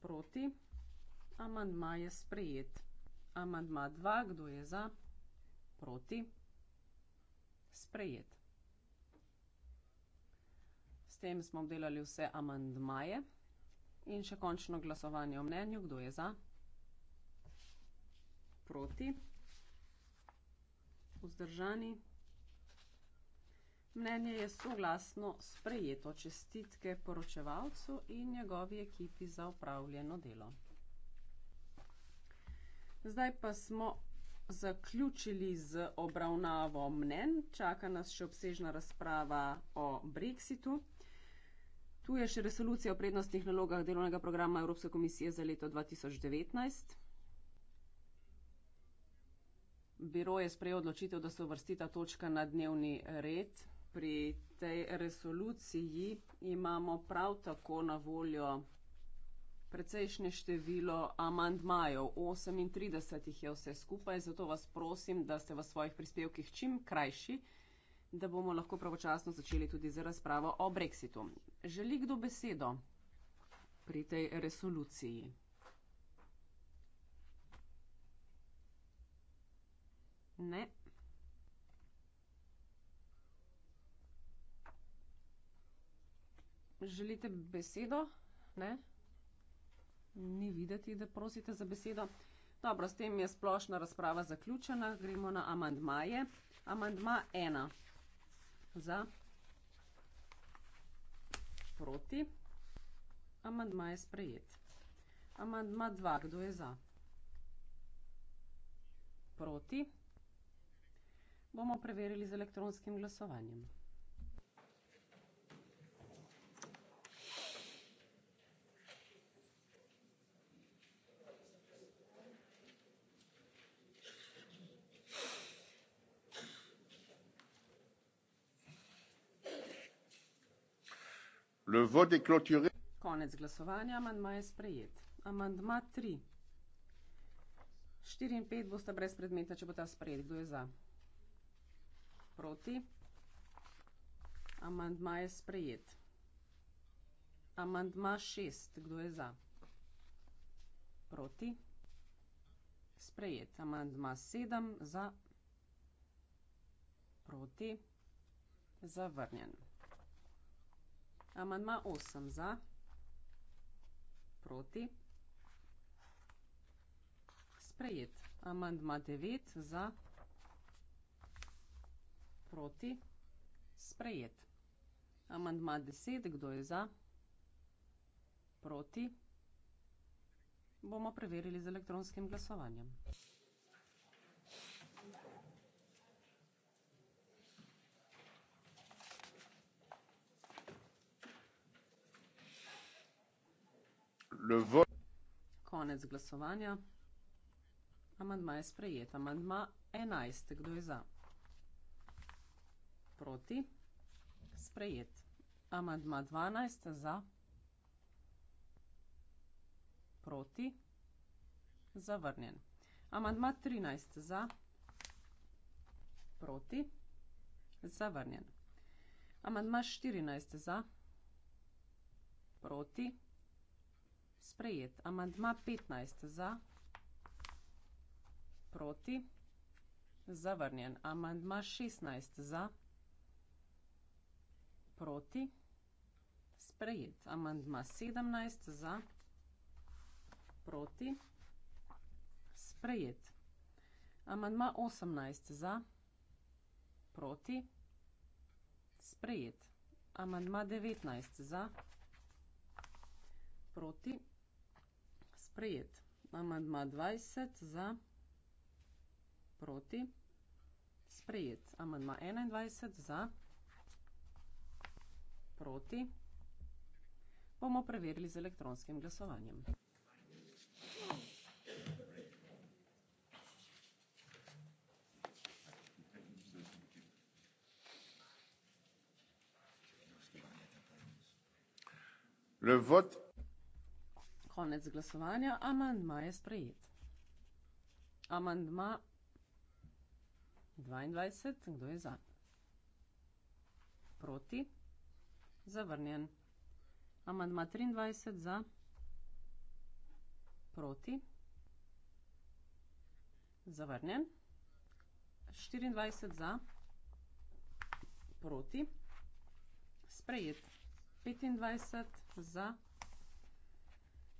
Proti. Amandma je sprejet. Amandma dva, kdo je za? Proti. Sprejet. S tem smo obdelali vse amandmaje. In še končno glasovanje o mnenju, kdo je za? proti, vzdržani. Mnenje je soglasno sprejeto čestitke poročevalcu in njegovi ekipi za upravljeno delo. Zdaj pa smo zaključili z obravnavo mnen. Čaka nas še obsežna razprava o Brexitu. Tu je še resolucija o prednostnih nalogah delovnega programa Evropske komisije za leto 2019. Biro je sprejel odločitev, da se uvrsti ta točka na dnevni red. Pri tej resoluciji imamo prav tako na voljo precejšnje število amandmajev, 38 jih je vse skupaj, zato vas prosim, da ste v svojih prispevkih čim krajši, da bomo lahko pravočasno začeli tudi z razpravo o brexitu. Želi kdo besedo pri tej resoluciji? Ne. Želite besedo? Ne. Ni videti, da prosite za besedo. Dobro, s tem je splošna razprava zaključena. Gremo na amandmaje. Amandma ena. Za. Proti. Amandma je sprejet. Amandma dva. Kdo je za? Proti bomo preverili z elektronskim glasovanjem. Le vote est clôturé. Konec glasovanja, amandma je sprejet. Amandma tri. Štiri in pet bosta brez predmeta, če bo ta sprejet. Kdo je za? proti. Amandma je sprejet. Amandma šest, kdo je za? Proti. Sprejet. Amandma sedem, za. Proti. Zavrnjen. Amandma osem, za. Proti. Sprejet. Amandma devet, za. Proti proti sprejet. Amandma deset, kdo je za? Proti. Bomo preverili z elektronskim glasovanjem. Konec glasovanja. Amandma je sprejet. Amandma enajst, kdo je za? proti. Sprejet. Amadma 12 za. Proti. Zavrnjen. Amadma 13 za. Proti. Zavrnjen. Amadma 14 za. Proti. Sprejet. Amadma 15 za. Proti. Zavrnjen. Amadma 16 za. Proti proti. Sprejet. Amandma 17 za proti. Sprejet. Amandma 18 za proti. Sprejet. Amandma 19 za proti. Sprejet. Amandma 20 za proti. Sprejet. Amandma 21 za proti proti, bomo preverili z elektronskim glasovanjem. Le vote. Konec glasovanja, amandma je sprejet. Amandma dvaindvajset, kdo je za? Proti? zavrnjen. Amandma 23 za, proti, zavrnjen. 24 za, proti, sprejet. 25 za,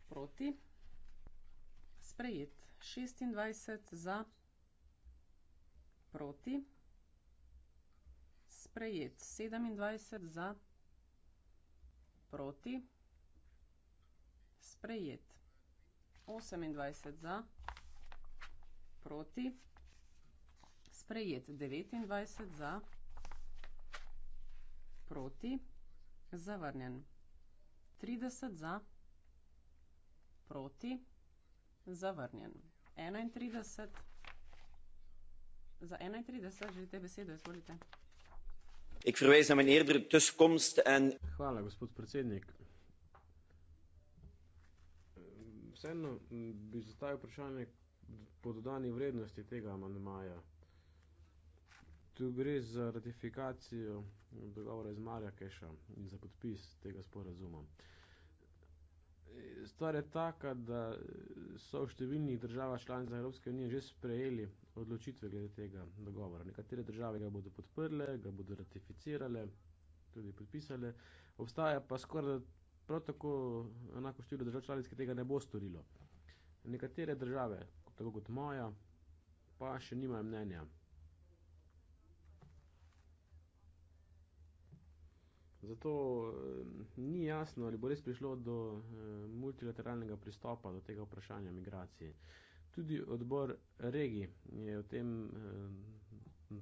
proti, sprejet. 26 za, proti, sprejet. 27 za, proti proti. Sprejet. 28 za. Proti. Sprejet. 29 za. Proti. Zavrnjen. 30 za. Proti. Zavrnjen. 31. Za 31 želite besedo, izvolite. Ik verwijs naar mijn eerdere tussenkomst en... Hvala, gospod predsednik. Vseeno bi zastavil vprašanje po dodani vrednosti tega amandmaja. Tu gre za ratifikacijo dogovora iz Marjakeša in za podpis tega sporazuma. Stvar je taka, da so v številnih državah članicah Evropske unije že sprejeli odločitve glede tega dogovora. Nekatere države ga bodo podprle, ga bodo ratificirale, tudi podpisale. Obstaja pa skoraj prav tako enako število držav članic, ki tega ne bo storilo. Nekatere države, tako kot moja, pa še nimajo mnenja Zato eh, ni jasno, ali bo res prišlo do eh, multilateralnega pristopa do tega vprašanja migracije. Tudi odbor regi je o tem eh,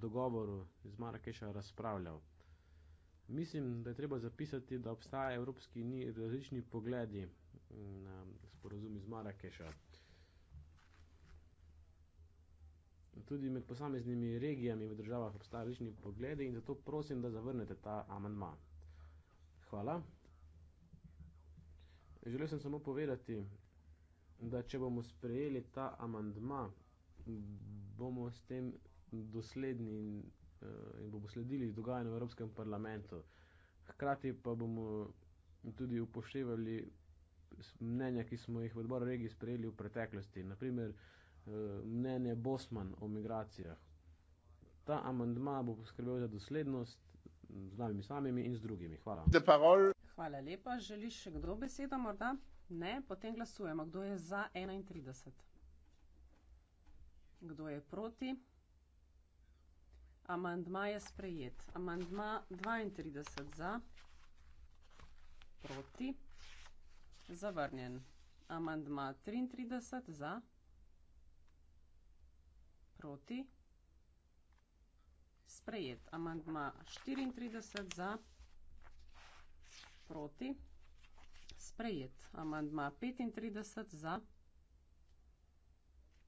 dogovoru iz Marakeša razpravljal. Mislim, da je treba zapisati, da obstaja evropski ni različni pogledi mm, na sporozum iz Marakeša. Tudi med posameznimi regijami v državah obstaja različni pogledi in zato prosim, da zavrnete ta amandma. Hvala. Želel sem samo povedati, da če bomo sprejeli ta amandma, bomo s tem dosledni in, eh, in bomo sledili dogajanju v Evropskem parlamentu. Hkrati pa bomo tudi upoštevali mnenja, ki smo jih v odboru regij sprejeli v preteklosti. Naprimer, eh, mnenje Bosman o migracijah. Ta amandma bo poskrbel za doslednost z nami samimi in z drugimi. Hvala. Hvala lepa. Želiš še kdo besedo morda? Ne, potem glasujemo. Kdo je za 31? Kdo je proti? Amandma je sprejet. Amandma 32 za, proti, zavrnjen. Amandma 33 za, proti sprejet. Amandma 34 za, proti, sprejet. Amandma 35 za,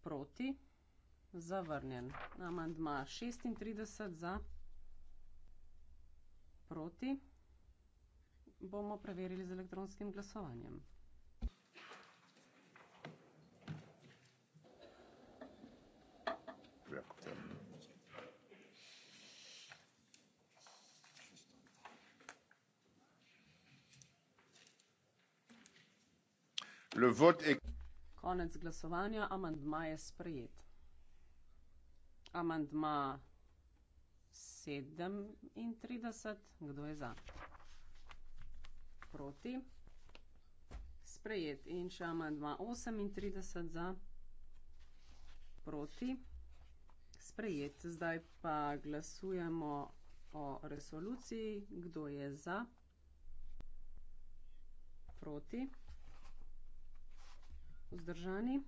proti, zavrnjen. Amandma 36 za, proti, bomo preverili z elektronskim glasovanjem. Le vote est... Konec glasovanja, amandma je sprejet. Amandma 37, kdo je za? Proti. Sprejet in še amandma 38 za. Proti. Sprejet. Zdaj pa glasujemo o resoluciji, kdo je za? Proti vzdržani.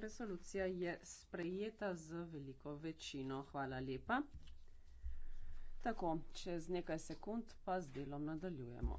Resolucija je sprejeta z veliko večino. Hvala lepa. Tako, čez nekaj sekund pa z delom nadaljujemo.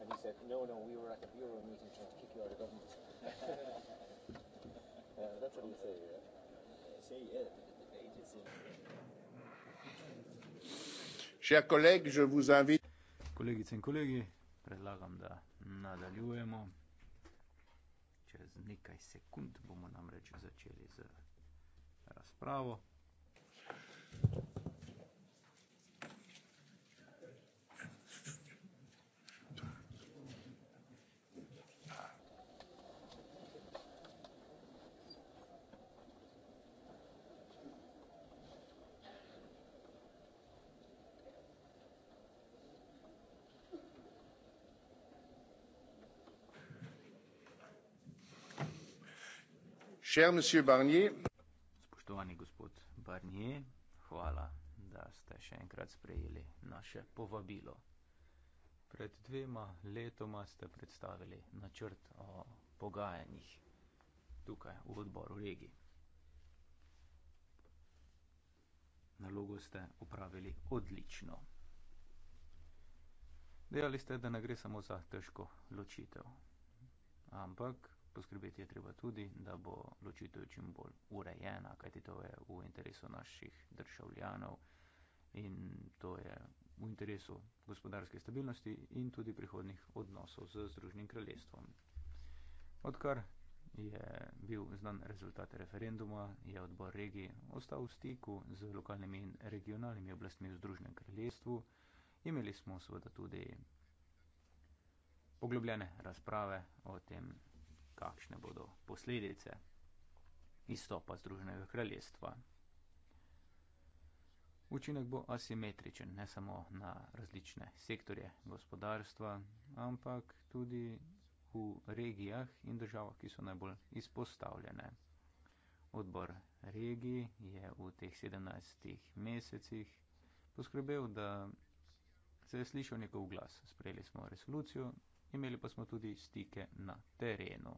And he said, no, no, we were at the bureau meeting trying to kick you out of government. (laughs) uh, that's what he say, yeah? Uh, say, yeah, the debate is in... Čeha kolegi, že v zavi. Kolegice in kolegi, predlagam, da nadaljujemo. Čez nekaj sekund bomo namreč začeli z razpravo. Spoštovani gospod Barnier, hvala, da ste še enkrat sprejeli naše povabilo. Pred dvema letoma ste predstavili načrt o pogajanjih tukaj v odboru regi. Nalogo ste upravili odlično. Dejali ste, da ne gre samo za težko ločitev, ampak poskrbeti je treba tudi, da bo ločitev čim bolj urejena, kajti to je v interesu naših državljanov in to je v interesu gospodarske stabilnosti in tudi prihodnih odnosov z Združenim kraljestvom. Odkar je bil znan rezultat referenduma, je odbor regij ostal v stiku z lokalnimi in regionalnimi oblastmi v Združenem kraljestvu. Imeli smo seveda tudi poglobljene razprave o tem kakšne bodo posledice izstopa Združenega kraljestva. Učinek bo asimetričen ne samo na različne sektorje gospodarstva, ampak tudi v regijah in državah, ki so najbolj izpostavljene. Odbor regij je v teh 17 mesecih poskrbel, da se je slišal njegov glas. Sprejeli smo resolucijo, imeli pa smo tudi stike na terenu.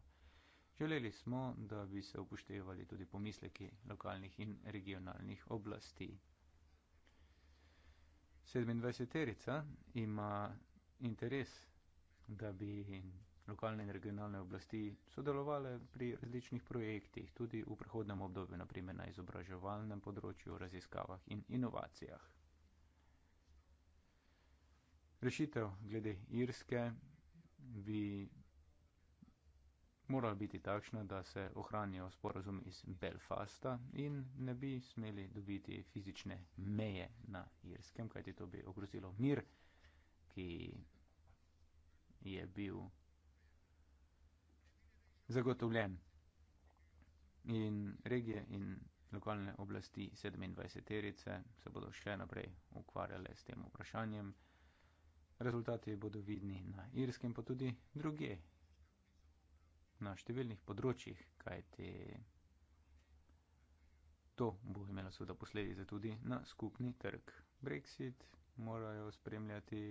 Želeli smo, da bi se upoštevali tudi pomisleki lokalnih in regionalnih oblasti. 27-terica ima interes, da bi lokalne in regionalne oblasti sodelovali pri različnih projektih, tudi v prihodnem obdobju, naprimer na izobraževalnem področju, raziskavah in inovacijah. Rešitev glede Irske bi morala biti takšna, da se ohranijo sporozum iz Belfasta in ne bi smeli dobiti fizične meje na Irskem, kajti to bi ogrozilo mir, ki je bil zagotovljen. In regije in lokalne oblasti 27 terice se bodo še naprej ukvarjale s tem vprašanjem. Rezultati bodo vidni na Irskem, pa tudi druge na številnih področjih, kajti to bo imelo seveda posledice tudi na skupni trg. Brexit morajo spremljati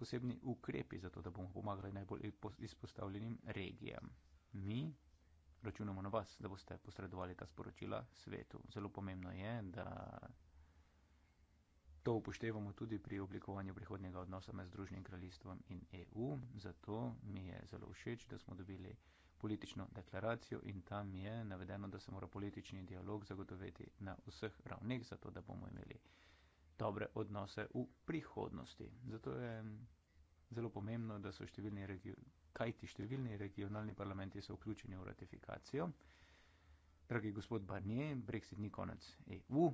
posebni ukrepi, zato da bomo pomagali najbolj izpostavljenim regijam. Mi računamo na vas, da boste posredovali ta sporočila svetu. Zelo pomembno je, da to upoštevamo tudi pri oblikovanju prihodnjega odnosa med Združenim kraljestvom in EU, zato mi je zelo všeč, da smo dobili politično deklaracijo in tam je navedeno, da se mora politični dialog zagotoviti na vseh ravneh, zato da bomo imeli dobre odnose v prihodnosti. Zato je zelo pomembno, da so številni, regi kajti številni regionalni parlamenti so vključeni v ratifikacijo. Dragi gospod Barnier, Brexit ni konec EU.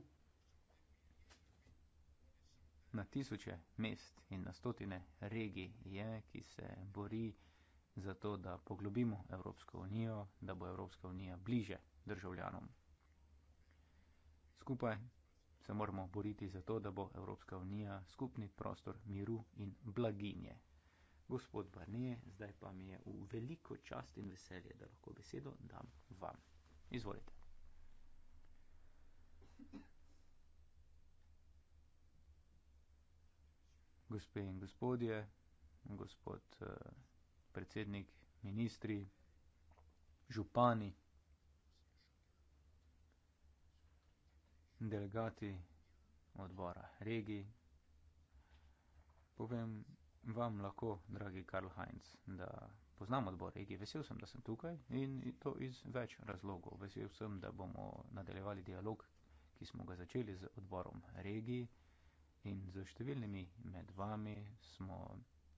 Na tisoče mest in na stotine regij je, ki se bori za to, da poglobimo Evropsko unijo, da bo Evropska unija bliže državljanom. Skupaj se moramo boriti za to, da bo Evropska unija skupni prostor miru in blaginje. Gospod Barnije, zdaj pa mi je v veliko čast in veselje, da lahko besedo dam vam. Izvolite. Gospe in gospodje, gospod. Uh, predsednik, ministri, župani, delegati odbora regij. Povem vam lahko, dragi Karl Heinz, da poznam odbor regij. Vesel sem, da sem tukaj in to iz več razlogov. Vesel sem, da bomo nadaljevali dialog, ki smo ga začeli z odborom regij. In z številnimi med vami smo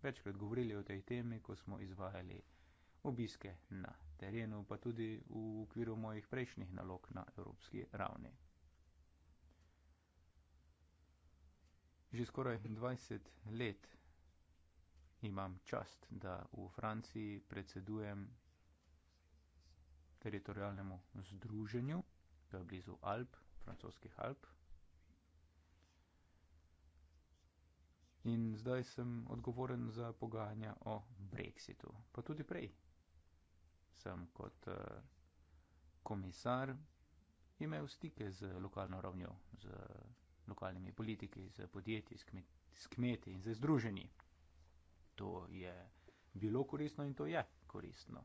večkrat govorili o tej temi, ko smo izvajali obiske na terenu, pa tudi v okviru mojih prejšnjih nalog na evropski ravni. Že skoraj 20 let imam čast, da v Franciji predsedujem teritorijalnemu združenju, ki je blizu Alp, francoskih Alp, In zdaj sem odgovoren za pogajanja o Brexitu. Pa tudi prej sem kot eh, komisar imel stike z lokalno ravnjo, z lokalnimi politiki, z podjetji, s kmeti in z združeni. To je bilo koristno in to je koristno.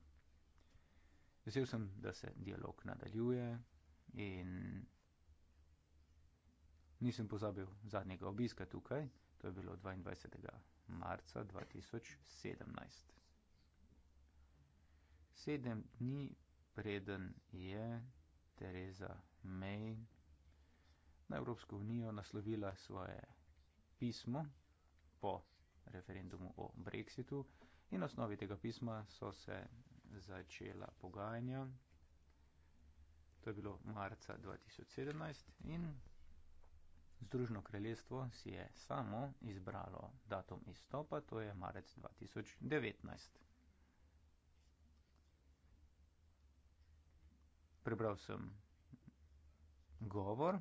Vesel sem, da se dialog nadaljuje in nisem pozabil zadnjega obiska tukaj. To je bilo 22. marca 2017. Sedem dni preden je Tereza May na Evropsko unijo naslovila svoje pismo po referendumu o Brexitu in na osnovi tega pisma so se začela pogajanja. To je bilo marca 2017 in Združno kraljestvo si je samo izbralo datum izstopa, to je marec 2019. Prebral sem govor,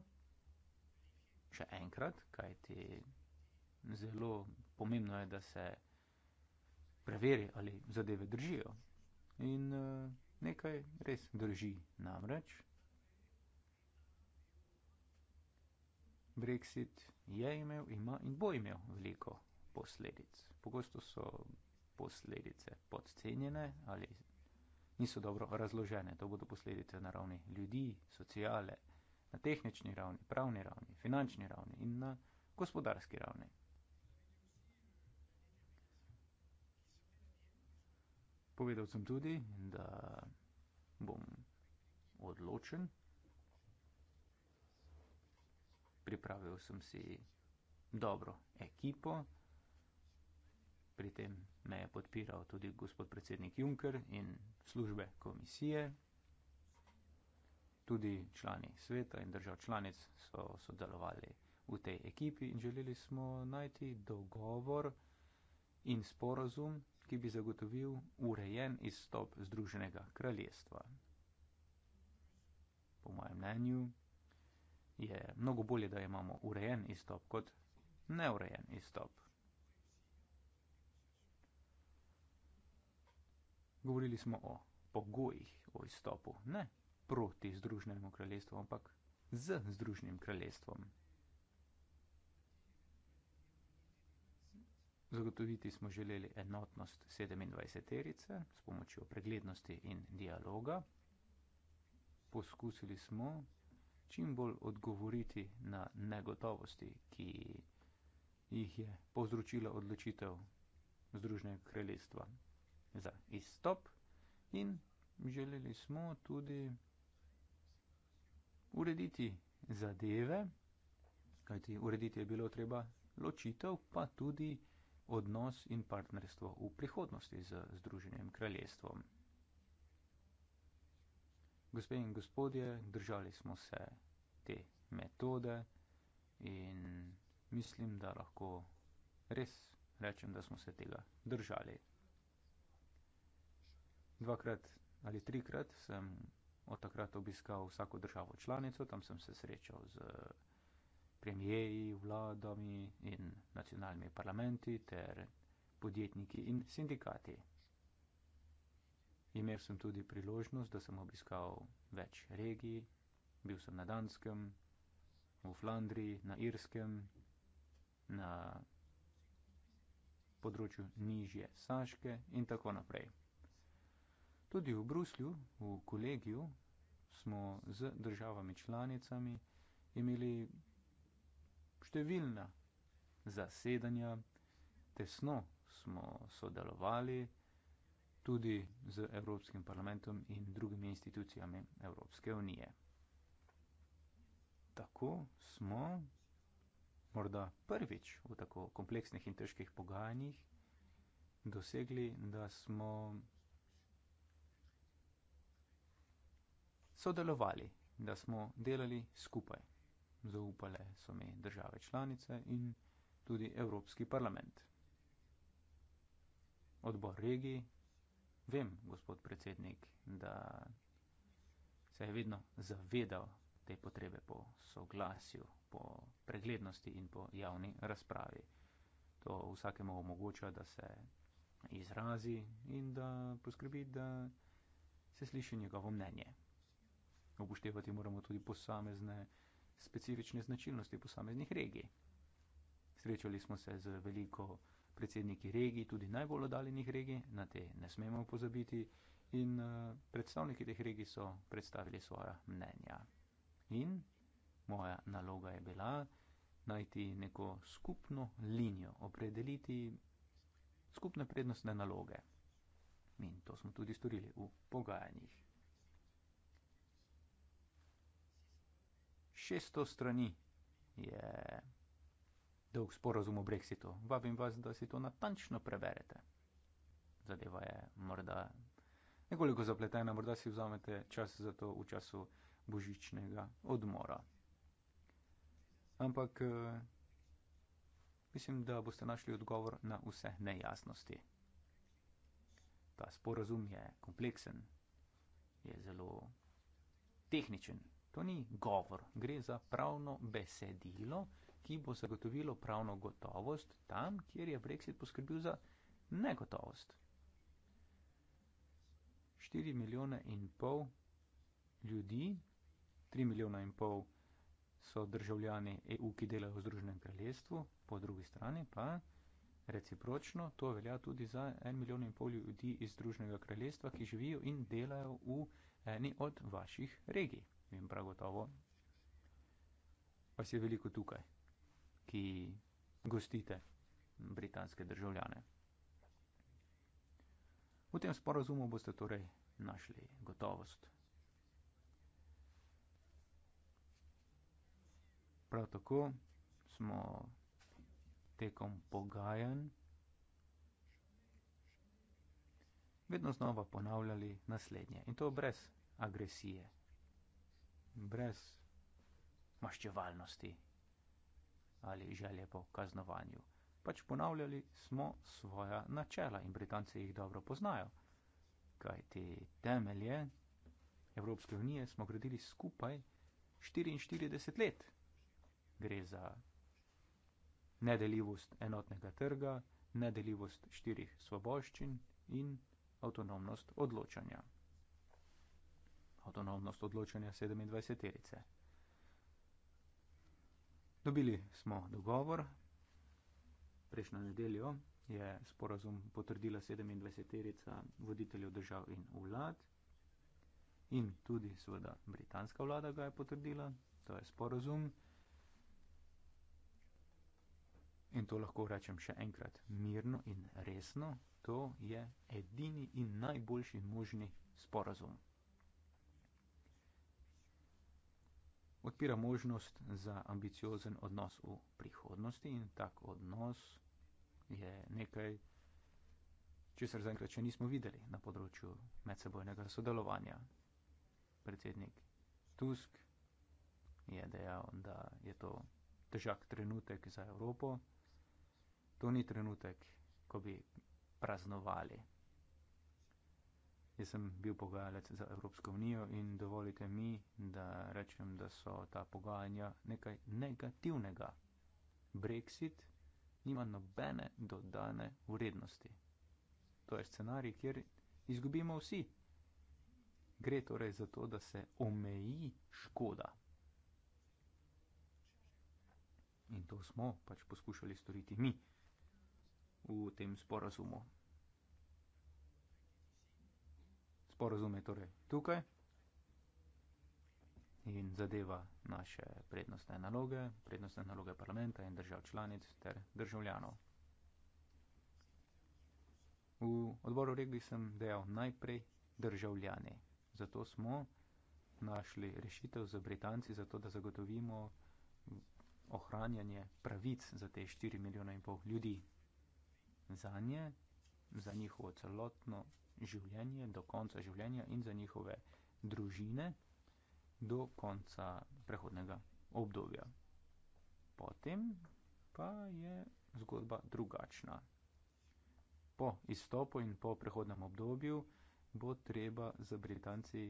še enkrat, kajti zelo pomembno je, da se preveri, ali zadeve držijo. In eh, nekaj res drži namreč. Brexit je imel, ima in bo imel veliko posledic. Pogosto so posledice podcenjene ali niso dobro razložene. To bodo posledice na ravni ljudi, sociale, na tehnični ravni, pravni ravni, finančni ravni in na gospodarski ravni. Povedal sem tudi, da bom odločen pripravil sem si dobro ekipo, pri tem me je podpiral tudi gospod predsednik Juncker in službe komisije. Tudi člani sveta in držav članic so sodelovali v tej ekipi in želeli smo najti dogovor in sporazum, ki bi zagotovil urejen izstop Združenega kraljestva. Po mojem mnenju, je mnogo bolje, da imamo urejen izstop kot neurejen izstop. Govorili smo o pogojih o izstopu, ne proti Združenemu kraljestvu, ampak z Združenim kraljestvom. Zagotoviti smo želeli enotnost 27-terice s pomočjo preglednosti in dialoga. Poskusili smo čim bolj odgovoriti na negotovosti ki jih je povzročila odločitev združenega kraljestva za izstop in želeli smo tudi urediti zadeve kajti urediti je bilo treba ločitev pa tudi odnos in partnerstvo v prihodnosti z združenim kraljestvom gospe in gospodje, držali smo se te metode in mislim, da lahko res rečem, da smo se tega držali. Dvakrat ali trikrat sem od takrat obiskal vsako državo članico, tam sem se srečal z premijeji, vladami in nacionalnimi parlamenti ter podjetniki in sindikati. Imel sem tudi priložnost, da sem obiskal več regij, bil sem na Danskem, v Flandriji, na Irskem, na področju nižje Saške in tako naprej. Tudi v Bruslju, v kolegiju, smo z državami članicami imeli številna zasedanja, tesno smo sodelovali tudi z Evropskim parlamentom in drugimi institucijami Evropske unije. Tako smo morda prvič v tako kompleksnih in težkih pogajanjih dosegli, da smo sodelovali, da smo delali skupaj. Zaupale so mi države članice in tudi Evropski parlament. Odbor regij Vem, gospod predsednik, da se je vedno zavedal te potrebe po soglasju, po preglednosti in po javni razpravi. To vsakemu omogoča, da se izrazi in da poskrbi, da se sliši njegovo mnenje. Upoštevati moramo tudi posamezne specifične značilnosti posameznih regij. Srečali smo se z veliko predsedniki regij, tudi najbolj oddaljenih regij, na te ne smemo pozabiti, in eh, predstavniki teh regij so predstavili svoja mnenja. In moja naloga je bila najti neko skupno linijo, opredeliti skupne prednostne naloge. In to smo tudi storili v pogajanjih. 600 strani je dolg sporozum o brexitu. Vabim vas, da si to natančno preberete. Zadeva je morda nekoliko zapletena, morda si vzamete čas za to v času božičnega odmora. Ampak eh, mislim, da boste našli odgovor na vse nejasnosti. Ta sporozum je kompleksen, je zelo tehničen. To ni govor, gre za pravno besedilo, ki bo zagotovilo pravno gotovost tam, kjer je Brexit poskrbil za negotovost. 4 milijone in pol ljudi, 3 milijona in pol so državljani EU, ki delajo v Združenem kraljestvu, po drugi strani pa recipročno to velja tudi za 1 milijon in pol ljudi iz Združenega kraljestva, ki živijo in delajo v eni od vaših regij. Vem prav gotovo, vas je veliko tukaj ki gostite britanske državljane. V tem sporozumu boste torej našli gotovost. Prav tako smo tekom pogajanj vedno znova ponavljali naslednje in to brez agresije, brez maščevalnosti ali želje po kaznovanju. Pač ponavljali smo svoja načela in Britanci jih dobro poznajo. Kaj te temelje Evropske unije smo gradili skupaj 44 let. Gre za nedeljivost enotnega trga, nedeljivost štirih svoboščin in avtonomnost odločanja. Avtonomnost odločanja 27. -terice. Dobili smo dogovor. Prejšnjo nedeljo je sporazum potrdila 27-erica voditeljev držav in vlad. In tudi, seveda, britanska vlada ga je potrdila, to je sporazum. In to lahko rečem še enkrat mirno in resno, to je edini in najboljši možni sporazum. odpira možnost za ambiciozen odnos v prihodnosti in tak odnos je nekaj, česar zaenkrat še nismo videli na področju medsebojnega sodelovanja. Predsednik Tusk je dejal, da je to težak trenutek za Evropo. To ni trenutek, ko bi praznovali Jaz sem bil pogajalec za Evropsko unijo in dovolite mi, da rečem, da so ta pogajanja nekaj negativnega. Brexit nima nobene dodane vrednosti. To je scenarij, kjer izgubimo vsi. Gre torej za to, da se omeji škoda. In to smo pač poskušali storiti mi v tem sporazumu. sporozume torej tukaj in zadeva naše prednostne naloge, prednostne naloge parlamenta in držav članic ter državljanov. V odboru regli sem dejal najprej državljani. Zato smo našli rešitev z Britanci, zato da zagotovimo ohranjanje pravic za te 4 milijone in pol ljudi. Za nje, za njihovo celotno življenje, do konca življenja in za njihove družine do konca prehodnega obdobja. Potem pa je zgodba drugačna. Po izstopu in po prehodnem obdobju bo treba z Britanci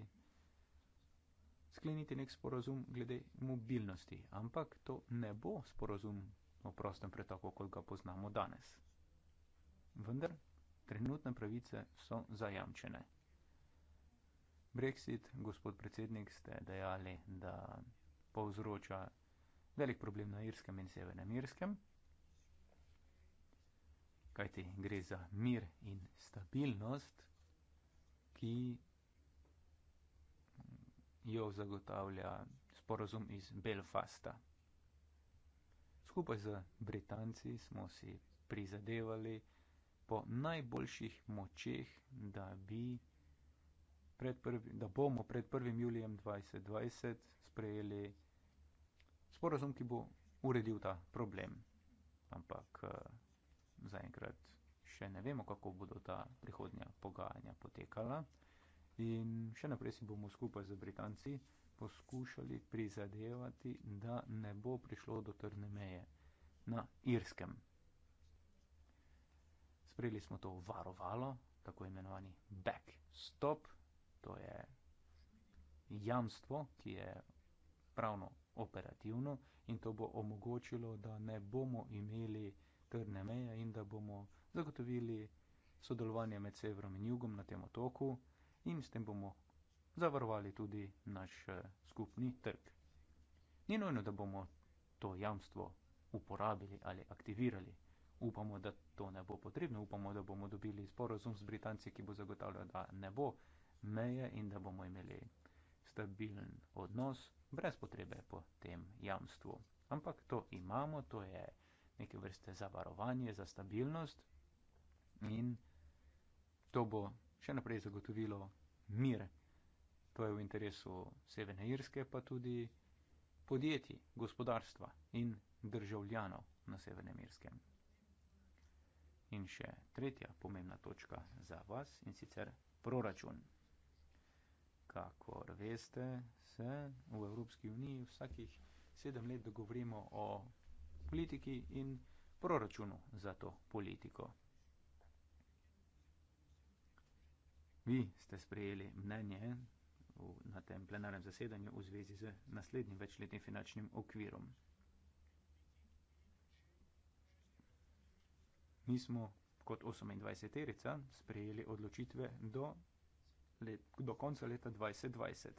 skleniti nek sporozum glede mobilnosti, ampak to ne bo sporozum o prostem pretoku, kot ga poznamo danes. Vendar Trenutne pravice so zajamčene. Brexit, gospod predsednik, ste dejali, da povzroča velik problem na Irskem in Severnem Irskem, kajti gre za mir in stabilnost, ki jo zagotavlja sporozum iz Belfasta. Skupaj z Britanci smo si prizadevali, po najboljših močeh, da, bi pred prvi, da bomo pred 1. julijem 2020 sprejeli sporozum, ki bo uredil ta problem. Ampak eh, zaenkrat še ne vemo, kako bodo ta prihodnja pogajanja potekala. In še naprej si bomo skupaj z Britanci poskušali prizadevati, da ne bo prišlo do trne meje na Irskem sprejeli smo to varovalo, tako imenovani backstop, to je jamstvo, ki je pravno operativno in to bo omogočilo, da ne bomo imeli trdne meje in da bomo zagotovili sodelovanje med severom in jugom na tem otoku in s tem bomo zavarovali tudi naš eh, skupni trg. Ni nujno, da bomo to jamstvo uporabili ali aktivirali upamo, da to ne bo potrebno, upamo, da bomo dobili sporozum z Britanci, ki bo zagotavljal, da ne bo meje in da bomo imeli stabilen odnos, brez potrebe po tem jamstvu. Ampak to imamo, to je neke vrste zavarovanje za stabilnost in to bo še naprej zagotovilo mir. To je v interesu Severne Irske, pa tudi podjetij, gospodarstva in državljanov na Severnem Irskem. In še tretja pomembna točka za vas in sicer proračun. Kakor veste, se v Evropski uniji vsakih sedem let dogovorimo o politiki in proračunu za to politiko. Vi ste sprejeli mnenje na tem plenarnem zasedanju v zvezi z naslednjim večletnim finančnim okvirom. mi smo kot 28-terica sprejeli odločitve do, let, do konca leta 2020.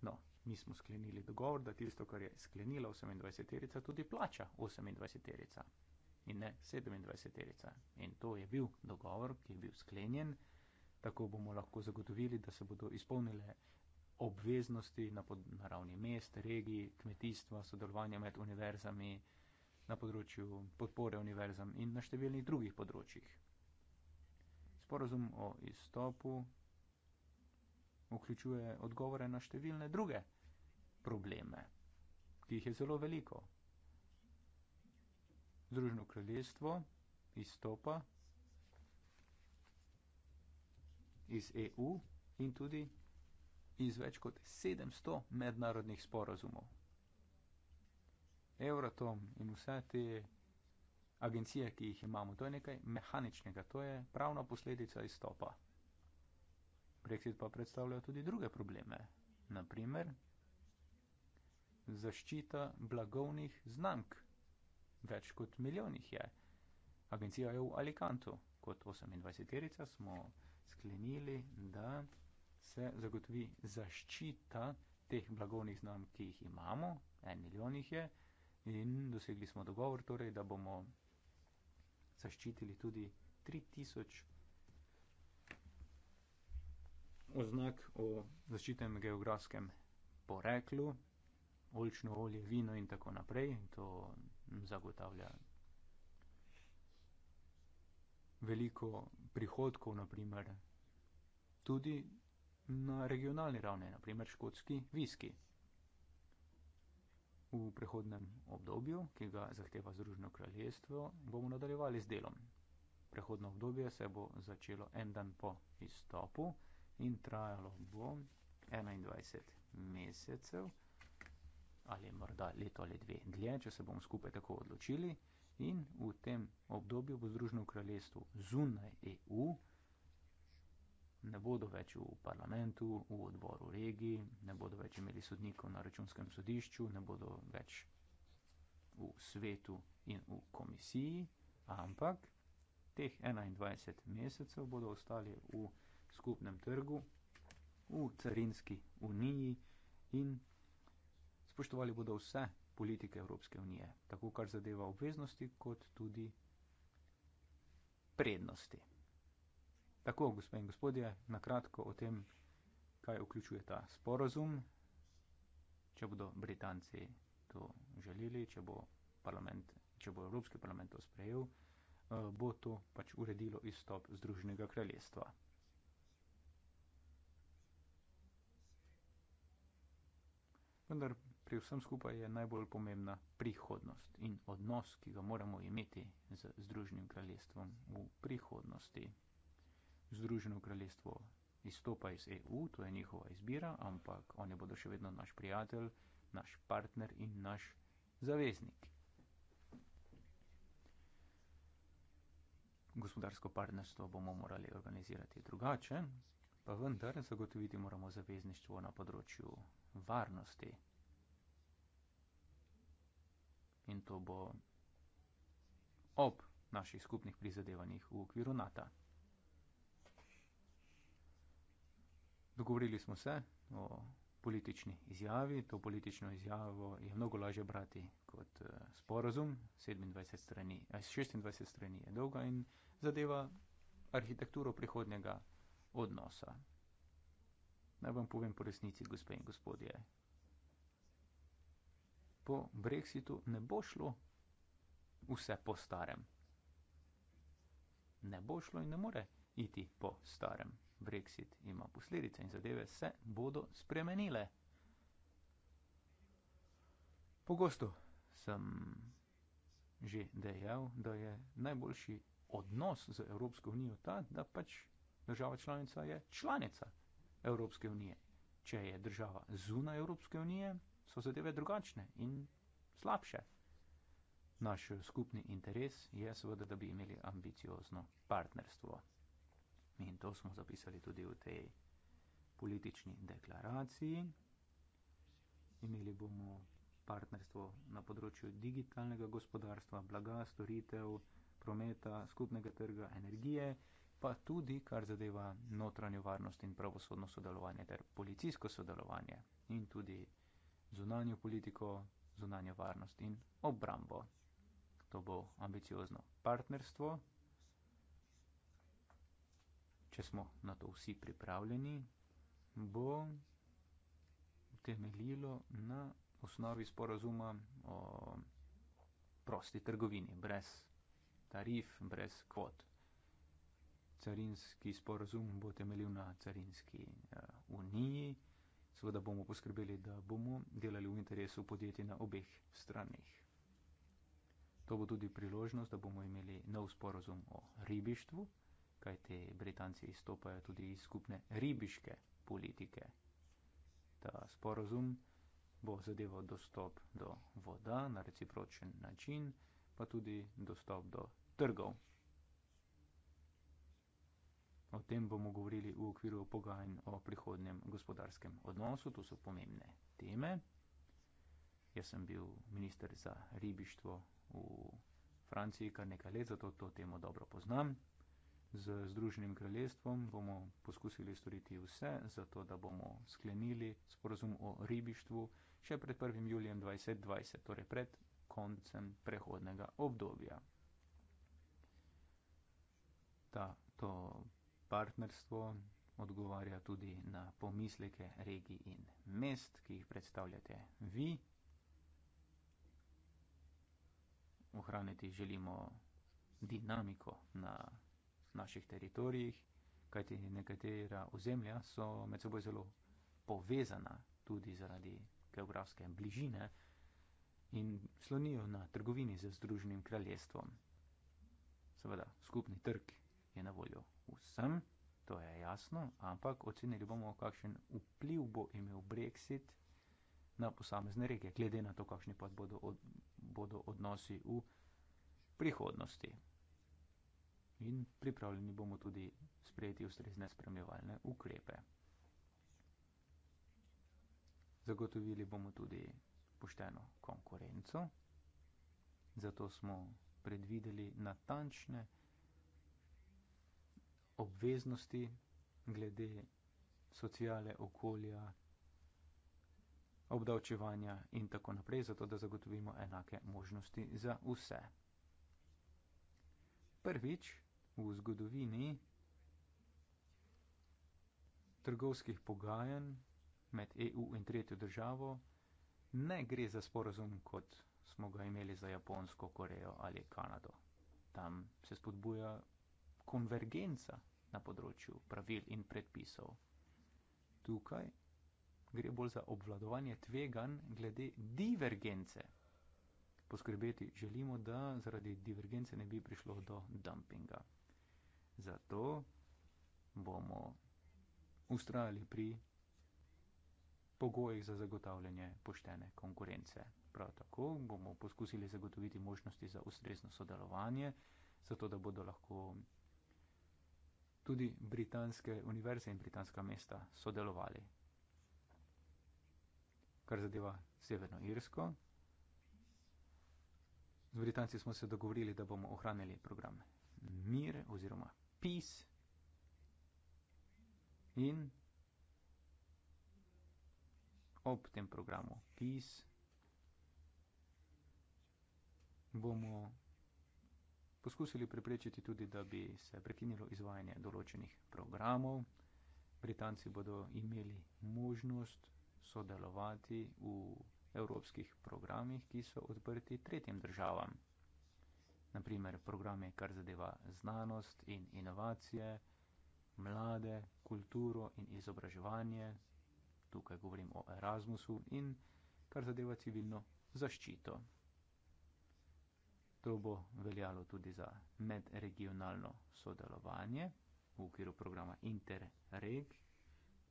No, mi smo sklenili dogovor, da tisto, kar je sklenila 28-terica, tudi plača 28-terica in ne 27-terica. In to je bil dogovor, ki je bil sklenjen, tako bomo lahko zagotovili, da se bodo izpolnile obveznosti na, pod, na ravni mest, regij, kmetijstva, sodelovanja med univerzami, na področju podpore univerzam in na številnih drugih področjih. Sporazum o izstopu vključuje odgovore na številne druge probleme, ki jih je zelo veliko. Združeno kraljestvo izstopa iz EU in tudi iz več kot 700 mednarodnih sporazumov. Euratom in vse te agencije, ki jih imamo, to je nekaj mehaničnega, to je pravna posledica izstopa. Brexit pa predstavlja tudi druge probleme, naprimer zaščita blagovnih znamk. Več kot milijonih je. Agencija je v Alicantu, kot 28-erica smo sklenili, da se zagotovi zaščita teh blagovnih znamk, ki jih imamo, en milijon jih je. In dosegli smo dogovor, torej, da bomo zaščitili tudi 3000 oznak o zaščitem geografskem poreklu, olčno olje, vino in tako naprej. To zagotavlja veliko prihodkov, naprimer tudi na regionalni ravni, naprimer škotski viski v prihodnem obdobju, ki ga zahteva Združeno kraljestvo, bomo nadaljevali z delom. Prehodno obdobje se bo začelo en dan po izstopu in trajalo bo 21 mesecev ali morda leto ali dve dlje, če se bomo skupaj tako odločili. In v tem obdobju bo Združeno kraljestvo zunaj EU ne bodo več v parlamentu, v odboru regij, ne bodo več imeli sodnikov na računskem sodišču, ne bodo več v svetu in v komisiji, ampak teh 21 mesecev bodo ostali v skupnem trgu, v carinski uniji in spoštovali bodo vse politike Evropske unije, tako kar zadeva obveznosti, kot tudi prednosti. Tako, gospe in gospodje, na kratko o tem, kaj vključuje ta sporozum, če bodo Britanci to želeli, če bo, parlament, če bo Evropski parlament to sprejel, eh, bo to pač uredilo izstop Združenega kraljestva. Vendar pri vsem skupaj je najbolj pomembna prihodnost in odnos, ki ga moramo imeti z Združenim kraljestvom v prihodnosti. Združeno kraljestvo izstopa iz EU, to je njihova izbira, ampak oni bodo še vedno naš prijatelj, naš partner in naš zaveznik. Gospodarsko partnerstvo bomo morali organizirati drugače, pa vendar zagotoviti moramo zavezništvo na področju varnosti. In to bo ob naših skupnih prizadevanjih v okviru NATO. Dogovorili smo se o politični izjavi. To politično izjavo je mnogo lažje brati kot eh, sporozum. 27 strani, 26 eh, strani je dolga in zadeva arhitekturo prihodnjega odnosa. Naj vam povem po resnici, gospe in gospodje. Po brexitu ne bo šlo vse po starem. Ne bo šlo in ne more iti po starem. Brexit ima posledice in zadeve se bodo spremenile. Pogosto sem že dejal, da je najboljši odnos z Evropsko unijo ta, da pač država članica je članica Evropske unije. Če je država zuna Evropske unije, so zadeve drugačne in slabše. Naš skupni interes je seveda, da bi imeli ambiciozno partnerstvo. In to smo zapisali tudi v tej politični deklaraciji. Imeli bomo partnerstvo na področju digitalnega gospodarstva, blaga, storitev, prometa, skupnega trga, energije, pa tudi kar zadeva notranjo varnost in pravosodno sodelovanje ter policijsko sodelovanje in tudi zunanjo politiko, zunanjo varnost in obrambo. To bo ambiciozno partnerstvo če smo na to vsi pripravljeni, bo temeljilo na osnovi sporazuma o prosti trgovini, brez tarif, brez kvot. Carinski sporazum bo temeljil na carinski uh, uniji, seveda bomo poskrbeli, da bomo delali v interesu podjetij na obeh stranih. To bo tudi priložnost, da bomo imeli nov sporazum o ribištvu kaj te Britanci izstopajo tudi iz skupne ribiške politike. Ta sporozum bo zadeval dostop do voda na recipročen način, pa tudi dostop do trgov. O tem bomo govorili v okviru pogajanj o prihodnjem gospodarskem odnosu, to so pomembne teme. Jaz sem bil minister za ribištvo v Franciji kar nekaj let, zato to temo dobro poznam z Združenim kraljestvom bomo poskusili storiti vse, zato da bomo sklenili sporozum o ribištvu še pred 1. julijem 2020, torej pred koncem prehodnega obdobja. Ta, to partnerstvo odgovarja tudi na pomisleke regij in mest, ki jih predstavljate vi. Ohraniti želimo dinamiko na naših teritorijih, kajti nekatera ozemlja so med seboj zelo povezana tudi zaradi geografske bližine in slonijo na trgovini z Združenim kraljestvom. Seveda, skupni trg je na voljo vsem, to je jasno, ampak ocenili bomo, kakšen vpliv bo imel Brexit na posamezne reke, glede na to, kakšni pa bodo, od, bodo odnosi v prihodnosti in pripravljeni bomo tudi sprejeti ustrezne spremljevalne ukrepe. Zagotovili bomo tudi pošteno konkurenco, zato smo predvideli natančne obveznosti glede sociale, okolja, obdavčevanja in tako naprej, zato da zagotovimo enake možnosti za vse. Prvič, v zgodovini trgovskih pogajanj med EU in tretjo državo ne gre za sporazum, kot smo ga imeli za Japonsko, Korejo ali Kanado. Tam se spodbuja konvergenca na področju pravil in predpisov. Tukaj gre bolj za obvladovanje tvegan glede divergence. Poskrbeti želimo, da zaradi divergence ne bi prišlo do dumpinga. Zato bomo ustrajali pri pogojih za zagotavljanje poštene konkurence. Prav tako bomo poskusili zagotoviti možnosti za ustrezno sodelovanje, zato da bodo lahko tudi britanske univerze in britanska mesta sodelovali. Kar zadeva Severno Irsko, z Britanci smo se dogovorili, da bomo ohranili program mir oziroma peace in ob tem programu peace bomo poskusili preprečiti tudi, da bi se prekinilo izvajanje določenih programov. Britanci bodo imeli možnost sodelovati v evropskih programih, ki so odprti tretjim državam naprimer programe, kar zadeva znanost in inovacije, mlade, kulturo in izobraževanje, tukaj govorim o Erasmusu in kar zadeva civilno zaščito. To bo veljalo tudi za medregionalno sodelovanje v okviru programa Interreg.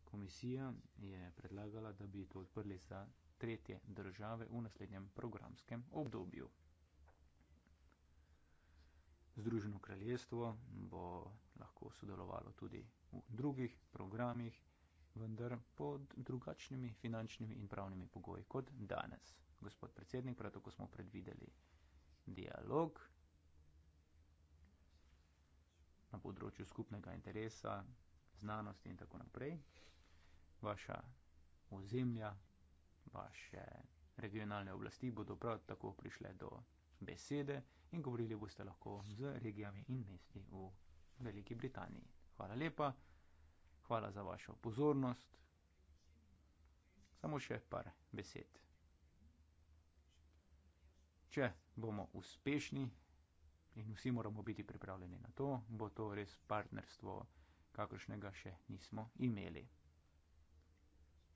Komisija je predlagala, da bi to odprli za tretje države v naslednjem programskem obdobju. Združeno kraljestvo bo lahko sodelovalo tudi v drugih programih, vendar pod drugačnimi finančnimi in pravnimi pogoji kot danes. Gospod predsednik, prav tako smo predvideli dialog na področju skupnega interesa, znanosti in tako naprej. Vaša ozemlja, vaše regionalne oblasti bodo prav tako prišle do besede in govorili boste lahko z regijami in mesti v Veliki Britaniji. Hvala lepa, hvala za vašo pozornost. Samo še par besed. Če bomo uspešni in vsi moramo biti pripravljeni na to, bo to res partnerstvo, kakršnega še nismo imeli.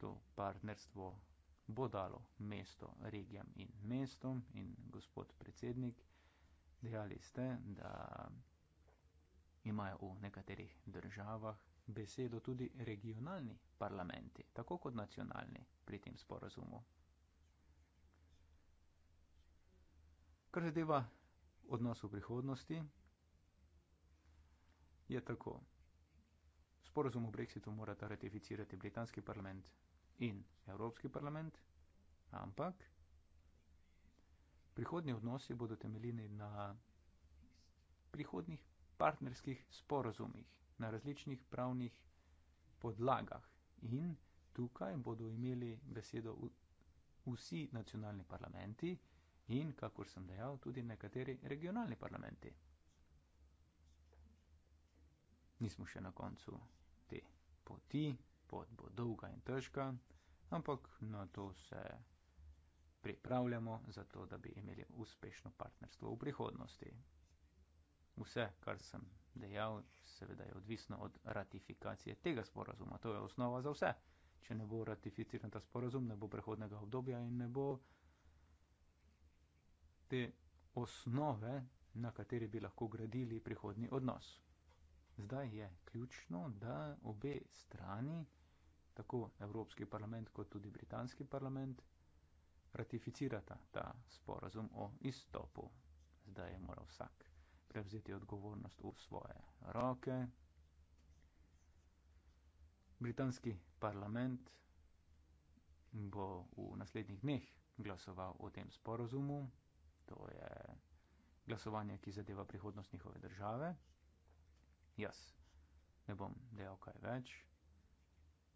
To partnerstvo bo dalo mesto regijam in mestom in gospod predsednik Dejali ste, da imajo v nekaterih državah besedo tudi regionalni parlamenti, tako kot nacionalni pri tem sporazumu. Kar zadeva odnos v prihodnosti, je tako. Sporazum o Brexitu morata ratificirati britanski parlament in evropski parlament, ampak Prihodni odnosi bodo temeljini na prihodnih partnerskih sporozumih, na različnih pravnih podlagah in tukaj bodo imeli besedo vsi nacionalni parlamenti in, kakor sem dejal, tudi nekateri regionalni parlamenti. Nismo še na koncu te poti, pot bo dolga in težka, ampak na to se pripravljamo za to, da bi imeli uspešno partnerstvo v prihodnosti. Vse, kar sem dejal, seveda je odvisno od ratifikacije tega sporazuma. To je osnova za vse. Če ne bo ratificiran ta sporazum, ne bo prehodnega obdobja in ne bo te osnove, na kateri bi lahko gradili prihodni odnos. Zdaj je ključno, da obe strani, tako Evropski parlament kot tudi Britanski parlament, ratificirata ta sporazum o izstopu. Zdaj je moral vsak prevzeti odgovornost v svoje roke. Britanski parlament bo v naslednjih dneh glasoval o tem sporazumu. To je glasovanje, ki zadeva prihodnost njihove države. Jaz ne bom dejal kaj več,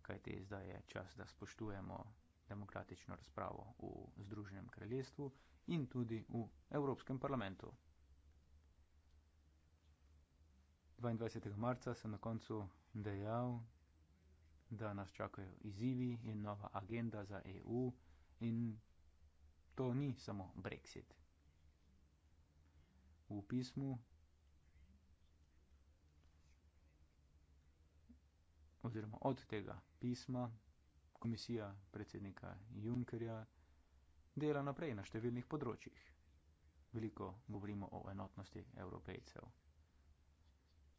kaj te zdaj je čas, da spoštujemo demokratično razpravo v Združenem kraljestvu in tudi v Evropskem parlamentu. 22. marca sem na koncu dejal, da nas čakajo izzivi in nova agenda za EU in to ni samo Brexit. V pismu oziroma od tega pisma komisija predsednika Junckerja dela naprej na številnih področjih. Veliko govorimo o enotnosti evropejcev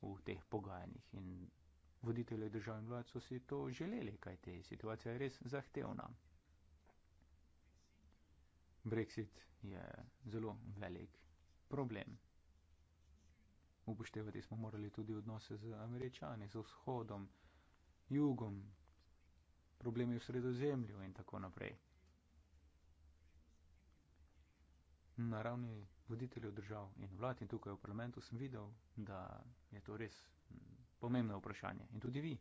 v teh pogajanjih in voditelji držav in vlad so si to želeli, kaj te situacija je res zahtevna. Brexit je zelo velik problem. Upoštevati smo morali tudi odnose z američani, z vzhodom, jugom, problemi v sredozemlju in tako naprej. Na ravni voditeljev držav in vlad in tukaj v parlamentu sem videl, da je to res pomembno vprašanje in tudi vi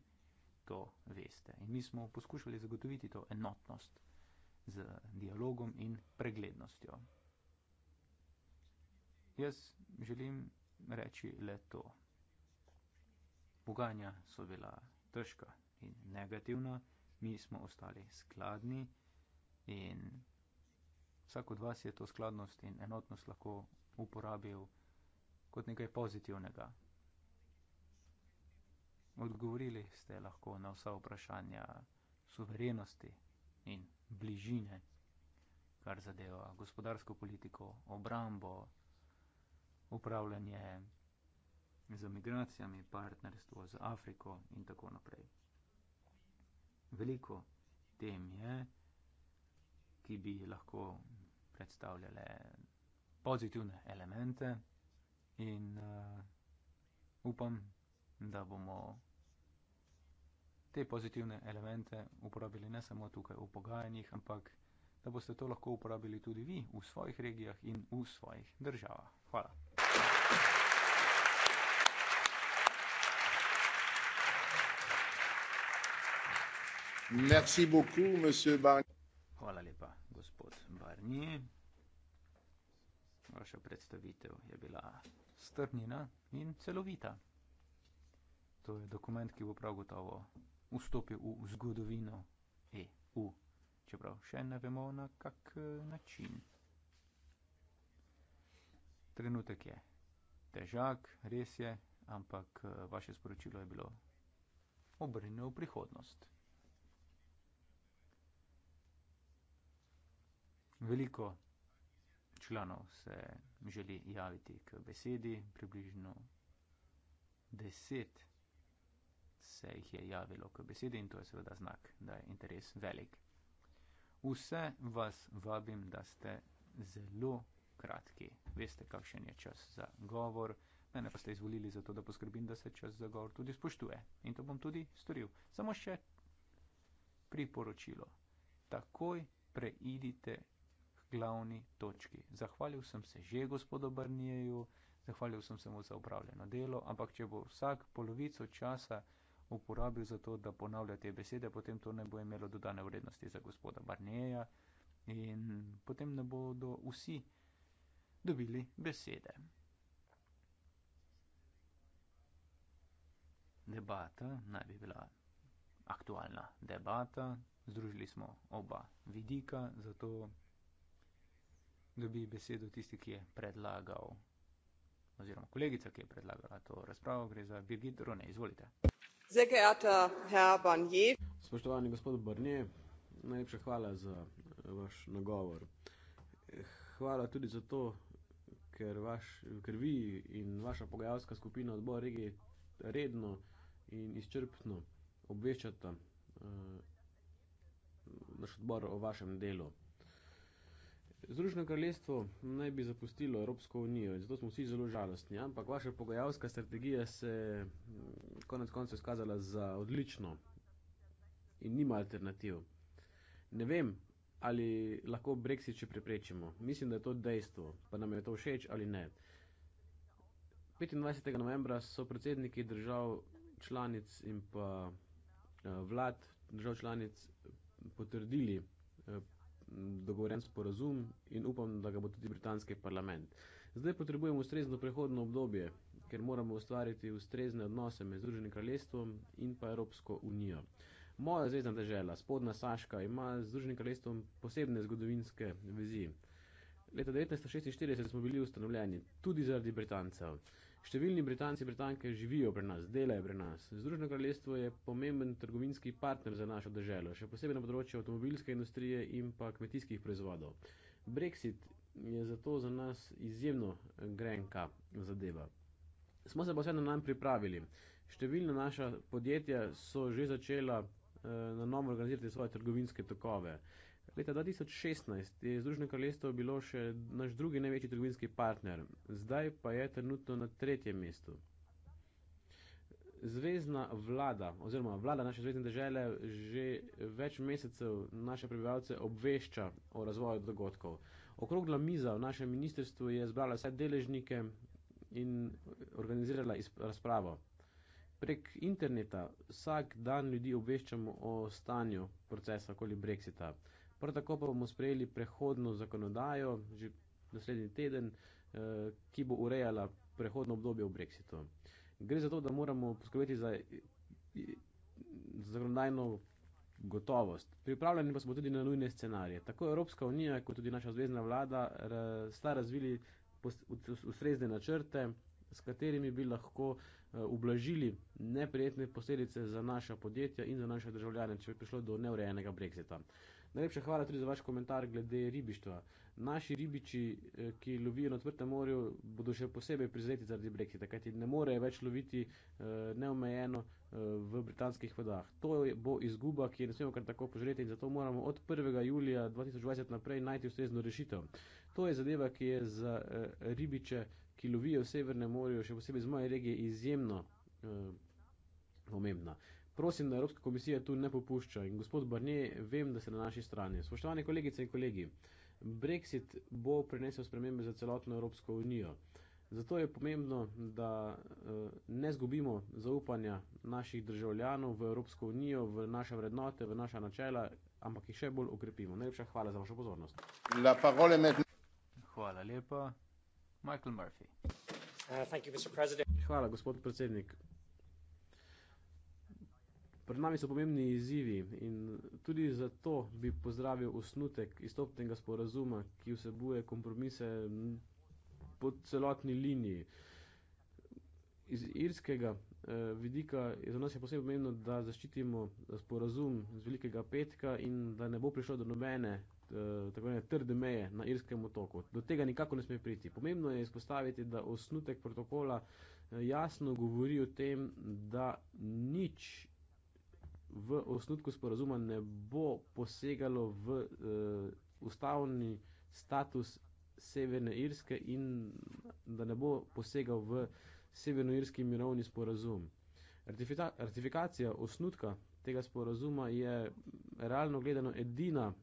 to veste. In mi smo poskušali zagotoviti to enotnost z dialogom in preglednostjo. Jaz želim reči le to. Pogajanja so bila težka in negativna mi smo ostali skladni in vsak od vas je to skladnost in enotnost lahko uporabil kot nekaj pozitivnega. Odgovorili ste lahko na vsa vprašanja suverenosti in bližine, kar zadeva gospodarsko politiko, obrambo, upravljanje z migracijami, partnerstvo z Afriko in tako naprej veliko tem je, ki bi lahko predstavljale pozitivne elemente in uh, upam, da bomo te pozitivne elemente uporabili ne samo tukaj v pogajanjih, ampak da boste to lahko uporabili tudi vi v svojih regijah in v svojih državah. Hvala. Merci beaucoup, Monsieur Barnier. Hvala lepa, gospod Barnier. Vaša predstavitev je bila strnjena in celovita. To je dokument, ki bo prav gotovo vstopil v zgodovino EU, čeprav še ne vemo na kak eh, način. Trenutek je težak, res je, ampak eh, vaše sporočilo je bilo obrnjeno v prihodnost. veliko članov se želi javiti k besedi, približno deset se jih je javilo k besedi in to je seveda znak, da je interes velik. Vse vas vabim, da ste zelo kratki. Veste, kakšen je čas za govor. Mene pa ste izvolili zato, da poskrbim, da se čas za govor tudi spoštuje. In to bom tudi storil. Samo še priporočilo. Takoj preidite glavni točki. Zahvalil sem se že gospodu Brnijeju, zahvalil sem se mu za upravljeno delo, ampak če bo vsak polovico časa uporabil za to, da ponavlja te besede, potem to ne bo imelo dodane vrednosti za gospoda Brnijeja in potem ne bodo vsi dobili besede. Debata naj bi bila aktualna debata. Združili smo oba vidika, zato dobi besedo tisti, ki je predlagal, oziroma kolegica, ki je predlagala to razpravo, gre za Birgit Rune. Izvolite. Spoštovani gospod Brnje, najlepša hvala za vaš nagovor. Hvala tudi za to, ker, vaš, ker vi in vaša pogajalska skupina odbor regije redno in izčrpno obveščata uh, naš odbor o vašem delu. Združeno kraljestvo naj bi zapustilo Evropsko unijo in zato smo vsi zelo žalostni, ampak vaša pogajalska strategija se je mm, konec koncev izkazala za odlično in nima alternativ. Ne vem, ali lahko Brexit še preprečimo. Mislim, da je to dejstvo, pa nam je to všeč ali ne. 25. novembra so predsedniki držav članic in pa eh, vlad držav članic potrdili eh, dogovoren sporazum in upam, da ga bo tudi britanski parlament. Zdaj potrebujemo ustrezno prehodno obdobje, ker moramo ustvariti ustrezne odnose med Združenim kraljestvom in pa Evropsko unijo. Moja zvezdna država, Spodna Saška, ima z Združenim kraljestvom posebne zgodovinske vezi. Leta 1946 smo bili ustanovljeni tudi zaradi Britancev. Številni Britanci in Britanke živijo pri nas, delajo pri nas. Združeno kraljestvo je pomemben trgovinski partner za našo državo, še posebej na področju avtomobilske industrije in pa kmetijskih proizvodov. Brexit je zato za nas izjemno grenka zadeva. Smo se pa vseeno nam pripravili. Številna naša podjetja so že začela eh, na novo organizirati svoje trgovinske tokove. Leta 2016 je Združeno kraljestvo bilo še naš drugi največji trgovinski partner, zdaj pa je trenutno na tretjem mestu. Zvezdna vlada oziroma vlada naše zvezdne države že več mesecev naše prebivalce obvešča o razvoju dogodkov. Okrogla miza v našem ministrstvu je zbrala vse deležnike in organizirala razpravo. Prek interneta vsak dan ljudi obveščamo o stanju procesa okoli Brexita. Prav tako pa bomo sprejeli prehodno zakonodajo, že naslednji teden, eh, ki bo urejala prehodno obdobje v Brexitu. Gre za to, da moramo poskrbeti za eh, zakonodajno gotovost. Pripravljeni pa smo tudi na nujne scenarije. Tako Evropska unija, kot tudi naša zvezdna vlada, sta razvili ustrezne načrte, s katerimi bi lahko eh, ublažili neprijetne posledice za naša podjetja in za naše državljane, če bi prišlo do neurejenega Brexita. Najlepša hvala tudi za vaš komentar glede ribištva. Naši ribiči, eh, ki lovijo na otvrtem morju, bodo še posebej prizadeti zaradi brexita, kajti ne morejo več loviti eh, neomejeno eh, v britanskih vodah. To bo izguba, ki je ne smemo kar tako požreti in zato moramo od 1. julija 2020 naprej najti ustrezno rešitev. To je zadeva, ki je za ribiče, ki lovijo v Severnem morju, še posebej z moje regije, izjemno pomembna. Uh, Prosim, da Evropska komisija tu ne popušča in gospod Barnier, vem, da ste na naši strani. Spoštovani kolegice in kolegi, Brexit bo prinesel spremembe za celotno Evropsko unijo. Zato je pomembno, da eh, ne zgubimo zaupanja naših državljanov v Evropsko unijo, v naše vrednote, v naša načela, ampak jih še bolj ukrepimo. Najlepša hvala za vašo pozornost. Hvala lepa. Michael Murphy. Uh, you, hvala, gospod predsednik. Pred nami so pomembni izzivi in tudi zato bi pozdravil osnutek izstopnega sporazuma, ki vsebuje kompromise po celotni liniji. Iz irskega eh, vidika je za nas je posebej pomembno, da zaščitimo sporazum z Velikega petka in da ne bo prišlo do nobene eh, trde meje na irskem otoku. Do tega nikako ne sme priti. Pomembno je izpostaviti, da osnutek protokola eh, jasno govori o tem, da nič v osnutku sporazuma ne bo posegalo v uh, ustavni status Severne Irske in da ne bo posegal v Severnoirski mirovni sporazum. Ratifikacija osnutka tega sporazuma je realno gledano edina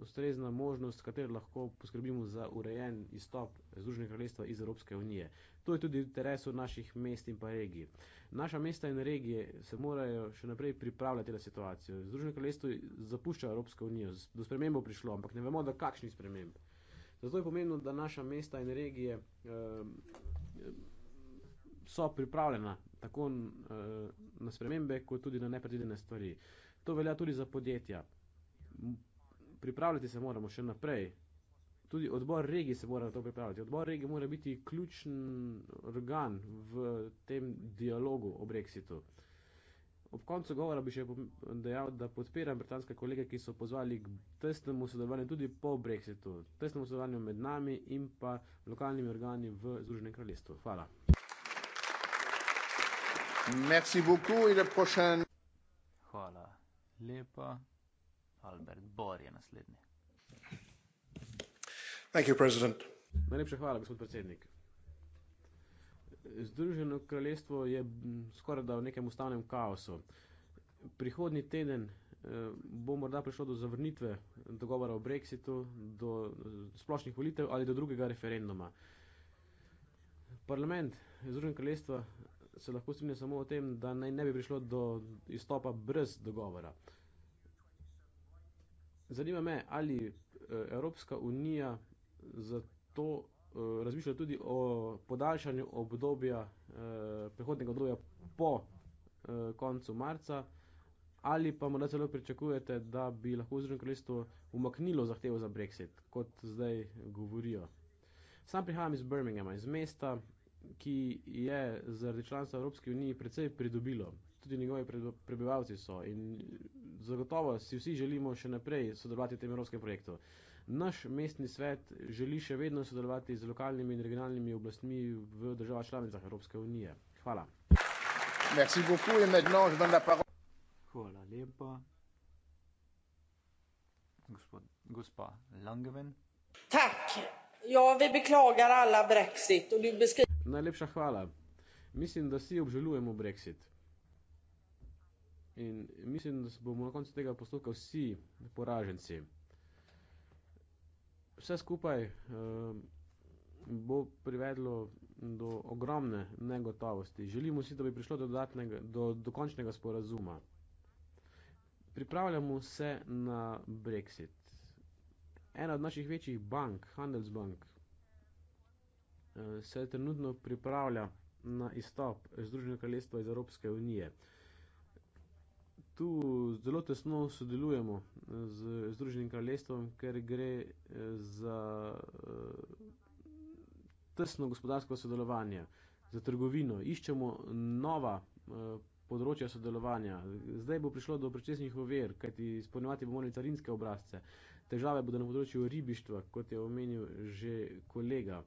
ustrezna možnost, s katero lahko poskrbimo za urejen izstop Združenega kraljestva iz Evropske unije. To je tudi v interesu naših mest in pa regij. Naša mesta in regije se morajo še naprej pripravljati na situacijo. Združeno kraljestvo zapušča Evropsko unijo, do spremembo prišlo, ampak ne vemo, da kakšni sprememb. Zato je pomembno, da naša mesta in regije eh, so pripravljena tako eh, na spremembe, kot tudi na nepredvidene stvari. To velja tudi za podjetja pripravljati se moramo še naprej. Tudi odbor regi se mora na to pripravljati. Odbor regi mora biti ključen organ v tem dialogu o Brexitu. Ob koncu govora bi še dejal, da podpiram britanske kolege, ki so pozvali k tesnemu sodelovanju tudi po Brexitu, tesnemu sodelovanju med nami in pa lokalnimi organi v Združenem kraljestvu. Hvala. Merci beaucoup, il est prochain. Hvala lepa. Albert Bor je naslednji. Thank you, president. Najlepša hvala, gospod predsednik. Združeno kraljestvo je mm, skoraj da v nekem ustavnem kaosu. Prihodni teden eh, bo morda prišlo do zavrnitve dogovora o brexitu, do eh, splošnih volitev ali do drugega referenduma. Parlament Združenega kraljestva se lahko strinja samo o tem, da naj ne bi prišlo do izstopa brez dogovora. Zanima me, ali eh, Evropska unija zato eh, razmišlja tudi o podaljšanju obdobja, eh, prehodnega obdobja po koncu marca, ali pa morda celo pričakujete, da bi lahko Združeno kraljestvo umaknilo zahtevo za brexit, kot zdaj govorijo. Sam prihajam iz Birminghama, iz mesta, ki je zaradi članstva Evropske unije precej pridobilo tudi njegovi prebivalci so. In zagotovo si vsi želimo še naprej sodelovati v tem evropskem projektu. Naš mestni svet želi še vedno sodelovati z lokalnimi in regionalnimi oblastmi v državah članicah Evropske unije. Hvala. Hvala lepa. Gospod, gospa Langeven. Tak, jo, ja, vi bi klagar alla Brexit. Beskri... Najlepša hvala. Mislim, da vsi obžalujemo Brexit. In mislim, da bomo na koncu tega postopka vsi poraženci. Vse skupaj um, bo privedlo do ogromne negotovosti. Želimo si, da bi prišlo do, dodatnega, do dokončnega sporazuma. Pripravljamo se na Brexit. Ena od naših večjih bank, Handelsbank, eh, se trenutno pripravlja na izstop Združenega kraljestva iz Evropske unije tu zelo tesno sodelujemo z Združenim kraljestvom, ker gre eh, za eh, tesno gospodarsko sodelovanje, za trgovino. Iščemo nova eh, področja sodelovanja. Zdaj bo prišlo do prečesnih ovir, kajti izpolnjevati bomo morali carinske obrazce. Težave bodo na področju ribištva, kot je omenil že kolega.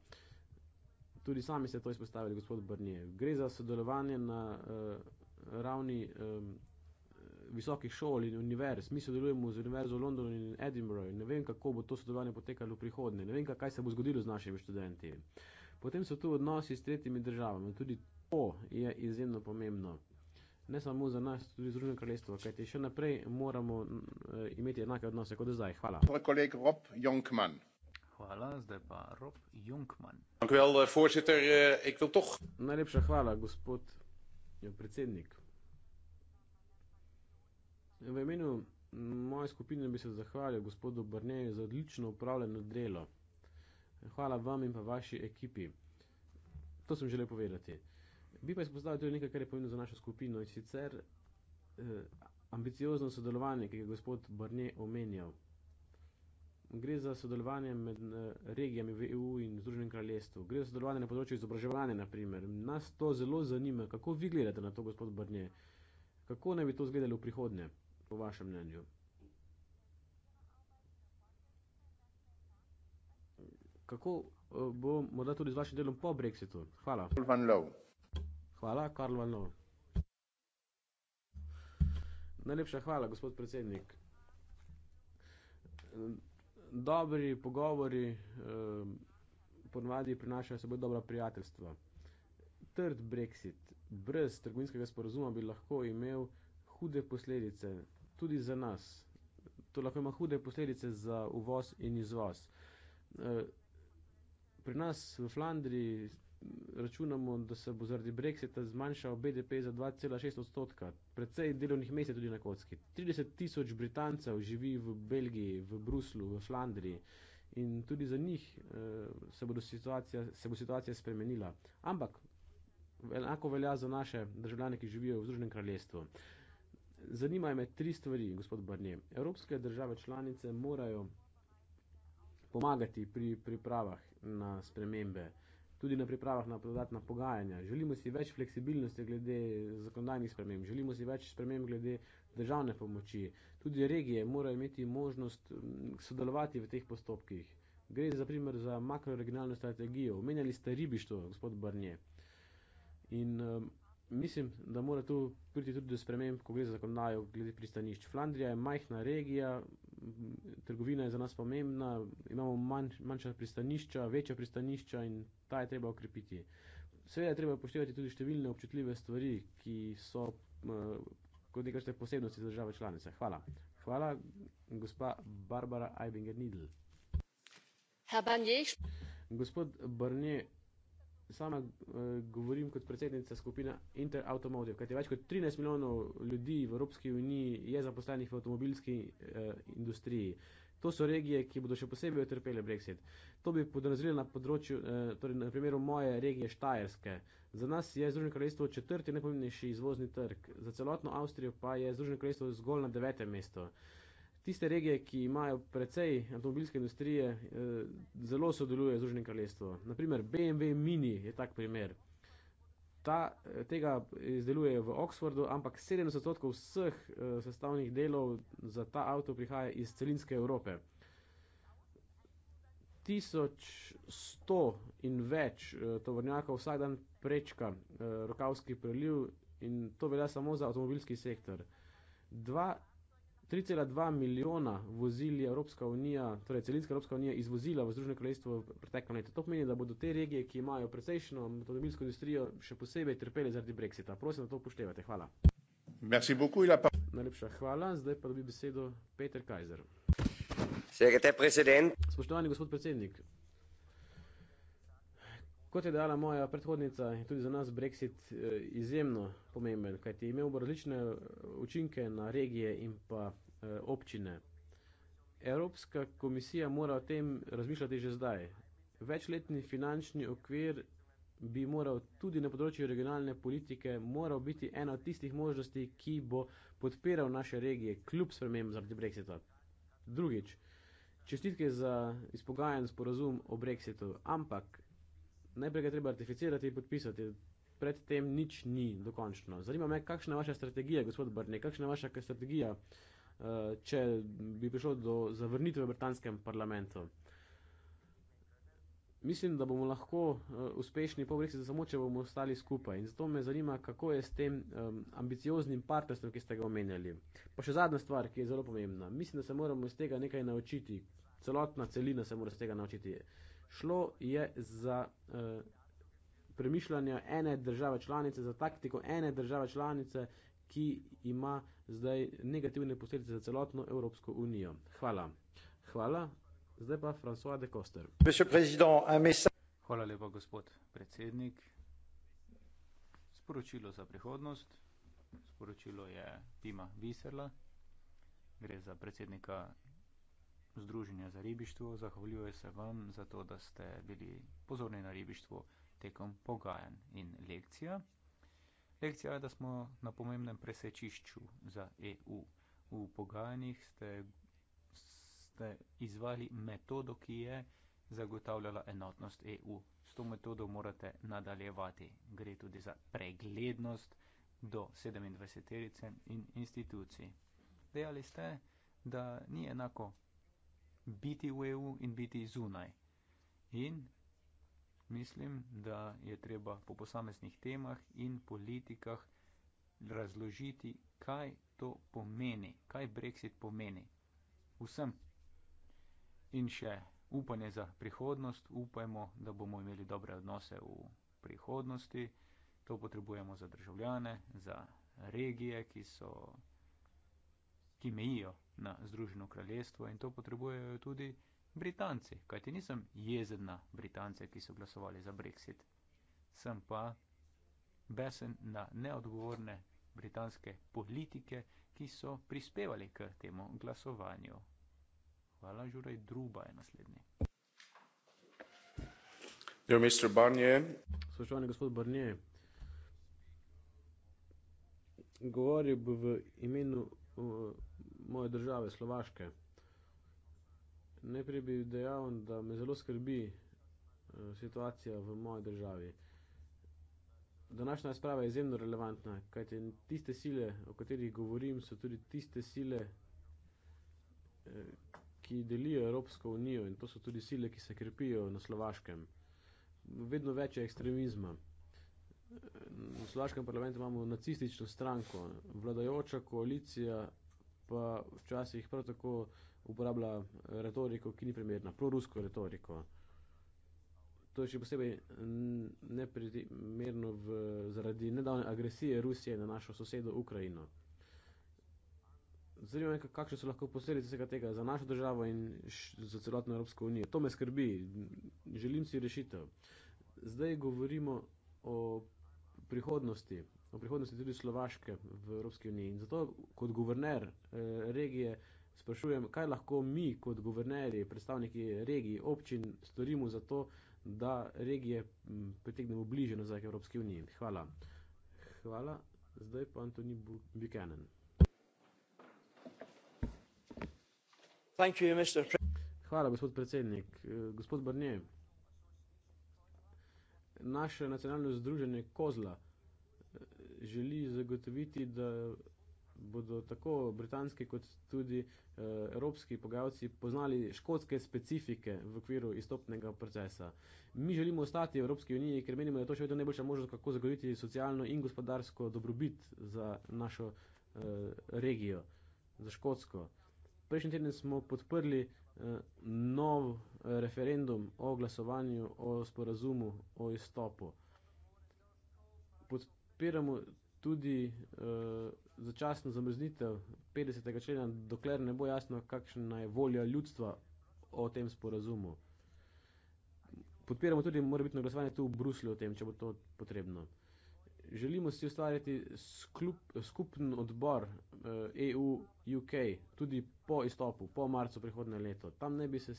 Tudi sami ste to izpostavili, gospod Brnje. Gre za sodelovanje na uh, ravni um, visokih šol in univerz, mi sodelujemo z univerzo v Londonu in Edinburghu in ne vem, kako bo to sodelovanje potekalo v prihodnje, ne vem, kaj se bo zgodilo z našimi študenti. Potem so tu odnosi s tretjimi državami, tudi to je izjemno pomembno. Ne samo za nas, tudi za Združeno kraljestvo, kajti še naprej moramo eh, imeti enake odnose kot zdaj. Hvala. Hvala, zdaj pa Rob Junkman. Eh, eh, Najlepša hvala, gospod ja, predsednik. V imenu moje skupine bi se zahvalil gospodu Brneju za odlično upravljeno delo. Hvala vam in pa vaši ekipi. To sem želel povedati. Bi pa izpostavil tudi nekaj, kar je pomembno za našo skupino in sicer eh, ambiciozno sodelovanje, ki je gospod Brne omenjal. Gre za sodelovanje med eh, regijami v EU in Združenem kraljestvu. Gre za sodelovanje na področju izobraževanja, naprimer. Nas to zelo zanima. Kako vi gledate na to, gospod Brne? Kako naj bi to izgledalo v prihodnje? po vašem mnenju? Kako eh, bo morda tudi z vašim delom po Brexitu? Hvala. Karl van Loo. Hvala, Karl van Loo. Najlepša hvala, gospod predsednik. Dobri pogovori eh, ponavadi prinašajo seboj dobra prijateljstva. Trd Brexit brez trgovinskega sporozuma bi lahko imel hude posledice tudi za nas. To lahko ima hude posledice za uvoz in izvoz. E, pri nas v Flandriji računamo, da se bo zaradi brexita zmanjšal BDP za 2,6 odstotka, predvsej delovnih mest je tudi na kocki. 30 tisoč Britancev živi v Belgiji, v Bruslu, v Flandriji in tudi za njih e, se, situacija, se bo situacija spremenila. Ampak enako velja za naše državljane, ki živijo v Združenem kraljestvu. Zanimajo me tri stvari, gospod Barnier. Evropske države članice morajo pomagati pri pripravah na spremembe, tudi na pripravah na dodatna pogajanja. Želimo si več fleksibilnosti glede zakonodajnih sprememb, želimo si več sprememb glede državne pomoči. Tudi regije morajo imeti možnost mm, sodelovati v teh postopkih. Gre za primer za makroregionalno strategijo. Omenjali ste ribištvo, gospod Barnier. In um, mislim, da mora tu priti tudi do sprememb, ko gre za zakonodajo glede pristanišč. Flandrija je majhna regija, trgovina je za nas pomembna, imamo manj, manjša pristanišča, večja pristanišča in ta je treba okrepiti. Seveda je treba upoštevati tudi številne občutljive stvari, ki so eh, kot nekaj posebnosti za države članice. Hvala. Hvala, gospa Barbara Eibinger-Nidl. Gospod Barnier sama uh, govorim kot predsednica skupine Inter Automotive, kajti več kot 13 milijonov ljudi v Evropski uniji je zaposlenih v avtomobilski uh, industriji. To so regije, ki bodo še posebej utrpele Brexit. To bi podrazili na področju, eh, torej na primeru moje regije Štajerske. Za nas je Združeno kraljestvo četrti najpomembnejši izvozni trg, za celotno Avstrijo pa je Združeno kraljestvo zgolj na devetem mestu. Eh, tiste regije, ki imajo precej avtomobilske industrije, eh, zelo sodelujejo z Združenim kraljestvom. Naprimer, BMW Mini je tak primer. Ta, eh, tega izdelujejo v Oxfordu, ampak 70% vseh eh, sestavnih delov za ta avto prihaja iz celinske Evrope. 1100 in več tovornjakov vsak dan prečka Rokavski preliv in to velja samo za avtomobilski sektor. 2 3,2 milijona vozil je Evropska unija, torej celinska Evropska unija, izvozila v Združeno kraljestvo v preteklem letu. To pomeni, da bodo te regije, ki imajo precejšno avtomobilsko industrijo, še posebej trpeli zaradi brexita. Prosim, da to upoštevate. Hvala. Merci beaucoup, la... Najlepša hvala. Zdaj pa dobi besedo Peter Kajzer. Spoštovani gospod predsednik, Kot je dejala moja predhodnica, je tudi za nas Brexit eh, izjemno pomemben, kajti imel bo različne eh, učinke na regije in pa eh, občine. Evropska komisija mora o tem razmišljati že zdaj. Večletni finančni okvir bi moral tudi na področju regionalne politike moral biti ena od tistih možnosti, ki bo podpiral naše regije kljub spremembam zaradi Brexita. Drugič, čestitke za izpogajen sporazum o Brexitu, ampak najprej ga treba artificirati in podpisati. Predtem nič ni dokončno. Zanima me, kakšna je vaša strategija, gospod Brne, kakšna je vaša strategija, eh, če bi prišlo do zavrnitve v britanskem parlamentu. Mislim, da bomo lahko eh, uspešni po Brexitu samo, če bomo ostali skupaj. In zato me zanima, kako je s tem eh, ambicioznim partnerstvom, ki ste ga omenjali. Pa še zadnja stvar, ki je zelo pomembna. Mislim, da se moramo iz tega nekaj naučiti. Celotna celina se mora iz tega naučiti. Uh, Šlo je za uh, premišljanje ene države članice, za taktiko ene države članice, ki ima zdaj negativne posledice za celotno Evropsko unijo. Hvala. Hvala. Zdaj pa François de Coster. Hvala lepa, gospod predsednik. Sporočilo za prihodnost. Sporočilo je Tima Viserla. Gre za predsednika Združenja za ribištvo zahvaljuje se vam za to, da ste bili pozorni na ribištvo tekom pogajanj in lekcija. Lekcija je, da smo na pomembnem presečišču za EU. V pogajanjih ste, ste izvali metodo, ki je zagotavljala enotnost EU. S to metodo morate nadaljevati. Gre tudi za preglednost do 27. in institucij. Dejali ste, da ni enako biti v EU in biti zunaj. In mislim, da je treba po posameznih temah in politikah razložiti, kaj to pomeni, kaj Brexit pomeni. Vsem. In še upanje za prihodnost, upajmo, da bomo imeli dobre odnose v prihodnosti. To potrebujemo za državljane, za regije, ki so, ki mejijo na Združeno kraljestvo in to potrebujejo tudi Britanci, kajti nisem jezen na Britance, ki so glasovali za Brexit. Sem pa besen na neodgovorne britanske politike, ki so prispevali k temu glasovanju. Hvala, Žuraj Druba je naslednji. Spoštovani gospod Barnier, govoril bi v imenu moje države Slovaške. Najprej bi dejal, da me zelo skrbi eh, situacija v moji državi. Današnja sprava je izjemno relevantna, kajte tiste sile, o katerih govorim, so tudi tiste sile, eh, ki delijo Evropsko unijo in to so tudi sile, ki se krepijo na Slovaškem. Vedno več je ekstremizma. V eh, Slovaškem parlamentu imamo nacistično stranko. Vladajoča koalicija pa včasih prav tako uporablja retoriko, ki ni primerna, prorusko retoriko. To je še posebej neprimerno v, zaradi nedavne agresije Rusije na našo sosedo Ukrajino. Zanima me, kakšne so lahko posledice vsega tega za našo državo in za celotno Evropsko unijo. To me skrbi, želim si rešitev. Zdaj govorimo o prihodnosti, v prihodnosti tudi Slovaške v Evropski uniji. In zato kot guverner eh, regije sprašujem, kaj lahko mi kot guvernerji, predstavniki regij, občin storimo za to, da regije pritegnemo bliže nazaj k Evropski uniji. Hvala. Hvala. Zdaj pa Antoni Buchanan. Hvala, gospod predsednik. Eh, gospod Barnier, naše nacionalno združenje Kozla želi zagotoviti, da bodo tako britanski kot tudi eh, evropski pogajalci poznali škotske specifike v okviru izstopnega procesa. Mi želimo ostati v Evropski uniji, ker menimo, da je to še vedno najboljša možnost, kako zagotoviti socialno in gospodarsko dobrobit za našo eh, regijo, za škotsko. Prejšnji teden smo podprli eh, nov eh, referendum o glasovanju o sporazumu o izstopu podpiramo tudi uh, začasno zamrznitev 50. člena, dokler ne bo jasno, kakšna je volja ljudstva o tem sporazumu. Podpiramo tudi morebitno glasovanje tu v Bruslju o tem, če bo to potrebno. Želimo si ustvariti skupen odbor EU-UK eh, e tudi po izstopu, po marcu prihodne leto. Tam ne bi se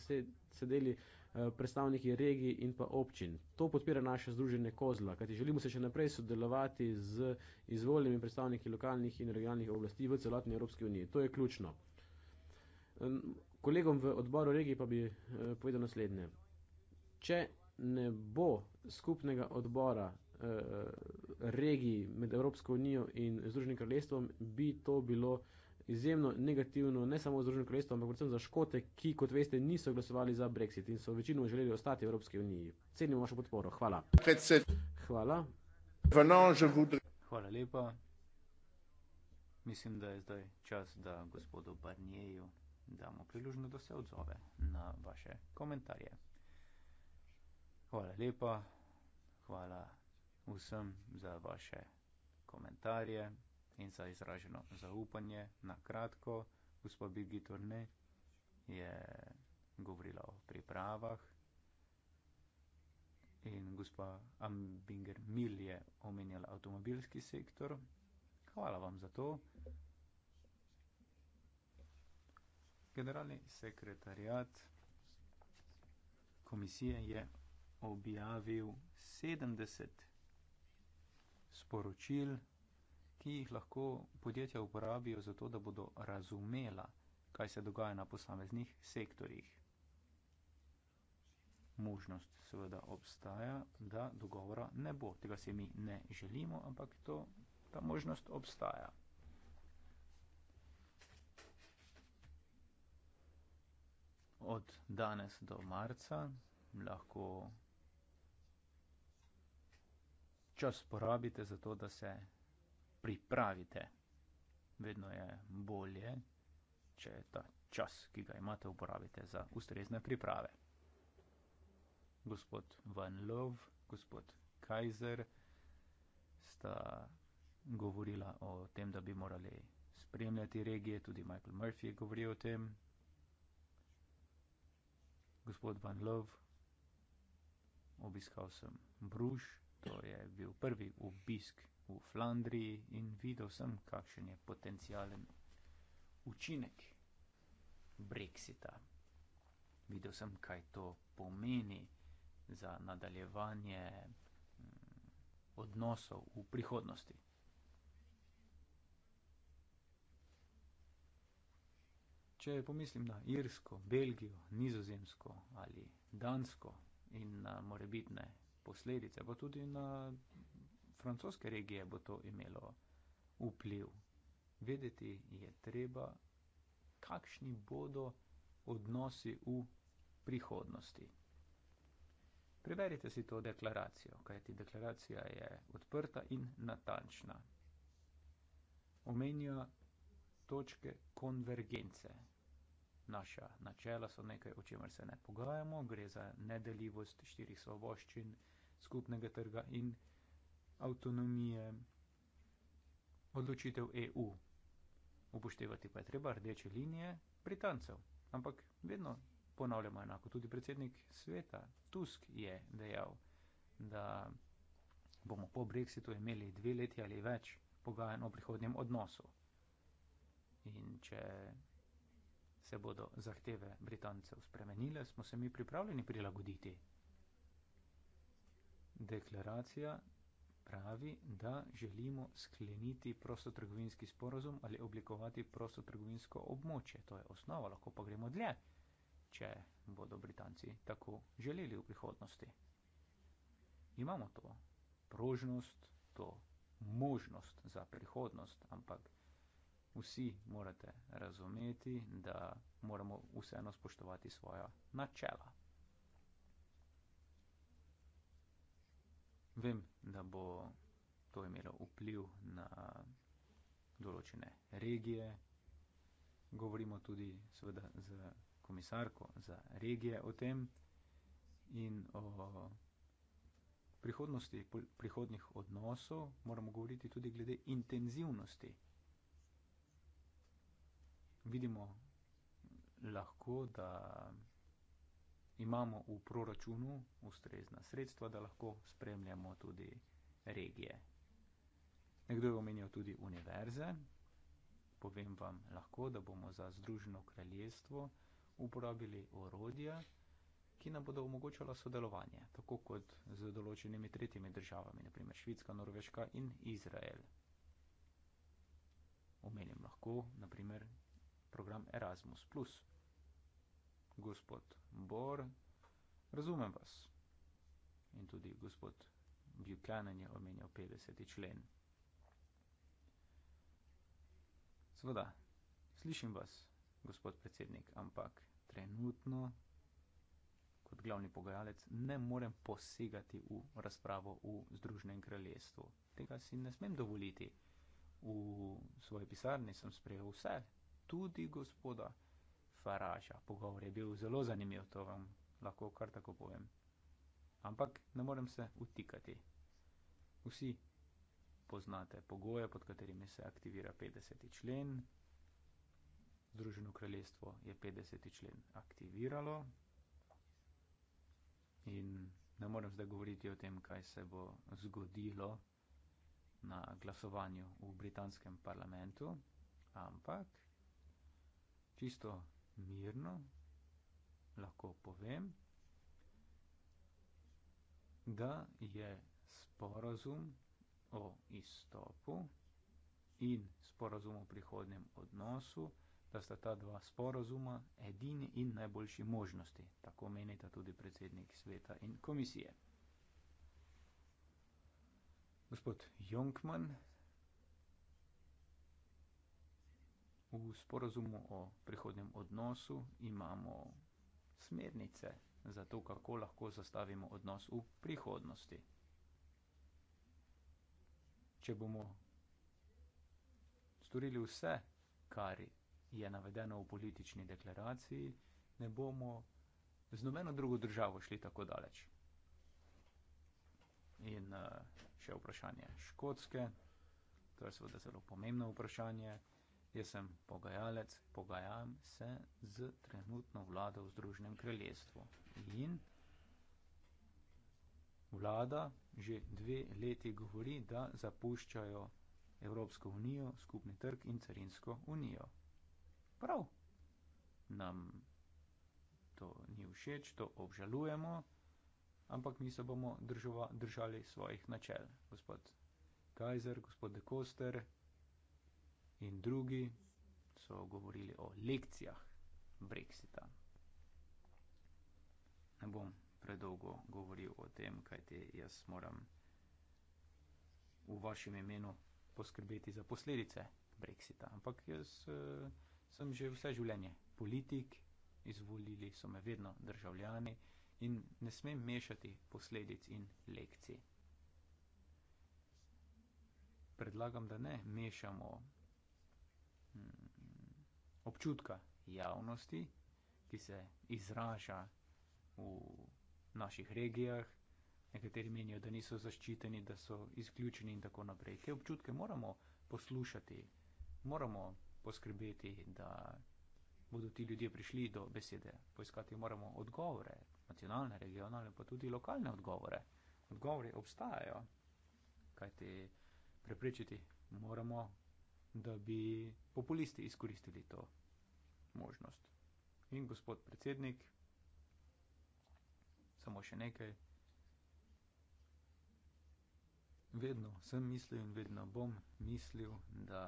sedeli Eh, predstavniki regij in pa občin. To podpira naše združenje Kozla, kajti želimo se še naprej sodelovati z izvoljenimi predstavniki lokalnih in regionalnih oblasti v celotni Evropski uniji. To je ključno. Kolegom v odboru regij pa bi eh, povedal naslednje. Če ne bo skupnega odbora eh, regij med Evropsko unijo in Združenim kraljestvom, bi to bilo eh, izjemno negativno, ne samo za Združeno kraljestvo, ampak predvsem za škote, ki, kot veste, niso glasovali za brexit in so večinoma želeli ostati v Evropski uniji. Cenimo vašo podporo. Hvala. Hvala. Hvala lepa. Mislim, da je zdaj čas, da gospodu Barnjeju damo priložnost, da se odzove na vaše komentarje. Hvala lepa. Hvala vsem za vaše komentarje in za izraženo zaupanje na kratko. Gospa Bigi Torne je govorila o pripravah in gospa Ambinger Mil je omenjala avtomobilski sektor. Hvala vam za to. Generalni sekretarjat komisije je objavil 70 sporočil ki jih lahko podjetja uporabijo za to, da bodo razumela, kaj se dogaja na posameznih sektorjih. Možnost seveda obstaja, da dogovora ne bo. Tega se mi ne želimo, ampak to, ta možnost obstaja. Od danes do marca lahko čas porabite za to, da se pripravite. Vedno je bolje, če ta čas, ki ga imate, uporabite za ustrezne priprave. Gospod Van Lov, gospod Kajzer sta govorila o tem, da bi morali spremljati regije, tudi Michael Murphy je govoril o tem. Gospod Van Lov, obiskal sem Bruž, to je bil prvi obisk v Flandriji in videl sem, kakšen je potencijalen učinek Brexita. Videl sem, kaj to pomeni za nadaljevanje mm, odnosov v prihodnosti. Če pomislim na Irsko, Belgijo, Nizozemsko ali Dansko in na morebitne posledice, pa tudi na francoske regije bo to imelo vpliv. Vedeti je treba, kakšni bodo odnosi v prihodnosti. Preverite si to deklaracijo, kajti deklaracija je odprta in natančna. Omenja točke konvergence. Naša načela so nekaj, o čemer se ne pogajamo, gre za nedeljivost štirih svoboščin, skupnega trga in avtonomije odločitev EU. Upoštevati pa je treba rdeče linije Britancev. Ampak vedno ponavljamo enako. Tudi predsednik sveta Tusk je dejal, da bomo po Brexitu imeli dve leti ali več pogajanj o prihodnjem odnosu. In če se bodo zahteve Britancev spremenile, smo se mi pripravljeni prilagoditi. Deklaracija pravi, da želimo skleniti prostotrgovinski sporozum ali oblikovati prostotrgovinsko območje. To je osnova, lahko pa gremo dlje, če bodo Britanci tako želeli v prihodnosti. Imamo to prožnost, to možnost za prihodnost, ampak vsi morate razumeti, da moramo vseeno spoštovati svoja načela. vem, da bo to imelo vpliv na določene regije. Govorimo tudi seveda z komisarko za regije o tem in o prihodnosti, prihodnih odnosov moramo govoriti tudi glede intenzivnosti. Vidimo lahko, da imamo v proračunu ustrezna sredstva, da lahko spremljamo tudi regije. Nekdo je omenjal tudi univerze. Povem vam lahko, da bomo za Združeno kraljestvo uporabili orodja, ki nam bodo omogočala sodelovanje, tako kot z določenimi tretjimi državami, naprimer Švedska, Norveška in Izrael. Omenim lahko, naprimer, program Erasmus gospod Bor, razumem vas. In tudi gospod Buchanan je omenjal 50. člen. Sveda, slišim vas, gospod predsednik, ampak trenutno kot glavni pogajalec ne morem posegati v razpravo v Združenem kraljestvu. Tega si ne smem dovoliti. V svoji pisarni sem sprejel vse, tudi gospoda. Faraža. Pogovor je bil zelo zanimiv, to vam lahko kar tako povem. Ampak ne morem se utikati. Vsi poznate pogoje, pod katerimi se aktivira 50. člen. Združeno kraljestvo je 50. člen aktiviralo in ne morem zdaj govoriti o tem, kaj se bo zgodilo na glasovanju v britanskem parlamentu, ampak čisto mirno lahko povem, da je sporazum o izstopu in sporazum o prihodnem odnosu, da sta ta dva sporazuma edini in najboljši možnosti. Tako menita tudi predsednik sveta in komisije. Gospod Jonkman V sporozumu o prihodnem odnosu imamo smernice za to, kako lahko zastavimo odnos v prihodnosti. Če bomo storili vse, kar je navedeno v politični deklaraciji, ne bomo z nobeno drugo državo šli tako daleč. In eh, še vprašanje škotske, to je seveda zelo pomembno vprašanje. Jaz sem pogajalec, pogajam se z trenutno vlado v Združenem kraljestvu. In vlada že dve leti govori, da zapuščajo Evropsko unijo, skupni trg in carinsko unijo. Prav, nam to ni všeč, to obžalujemo, ampak mi se bomo držali svojih načel. Gospod Kajzer, gospod De Koster, in drugi so govorili o lekcijah Brexita. Ne bom predolgo govoril o tem, kajti jaz moram v vašem imenu poskrbeti za posledice Brexita. Ampak jaz eh, sem že vse življenje politik, izvolili so me vedno državljani in ne smem mešati posledic in lekcij. Predlagam, da ne mešamo občutka javnosti, ki se izraža v naših regijah, nekateri menijo, da niso zaščiteni, da so izključeni in tako naprej. Te občutke moramo poslušati, moramo poskrbeti, da bodo ti ljudje prišli do besede. Poiskati moramo odgovore, nacionalne, regionalne, pa tudi lokalne odgovore. Odgovori obstajajo, kajti preprečiti moramo, da bi populisti izkoristili to možnost. In gospod predsednik, samo še nekaj. Vedno sem mislil in vedno bom mislil, da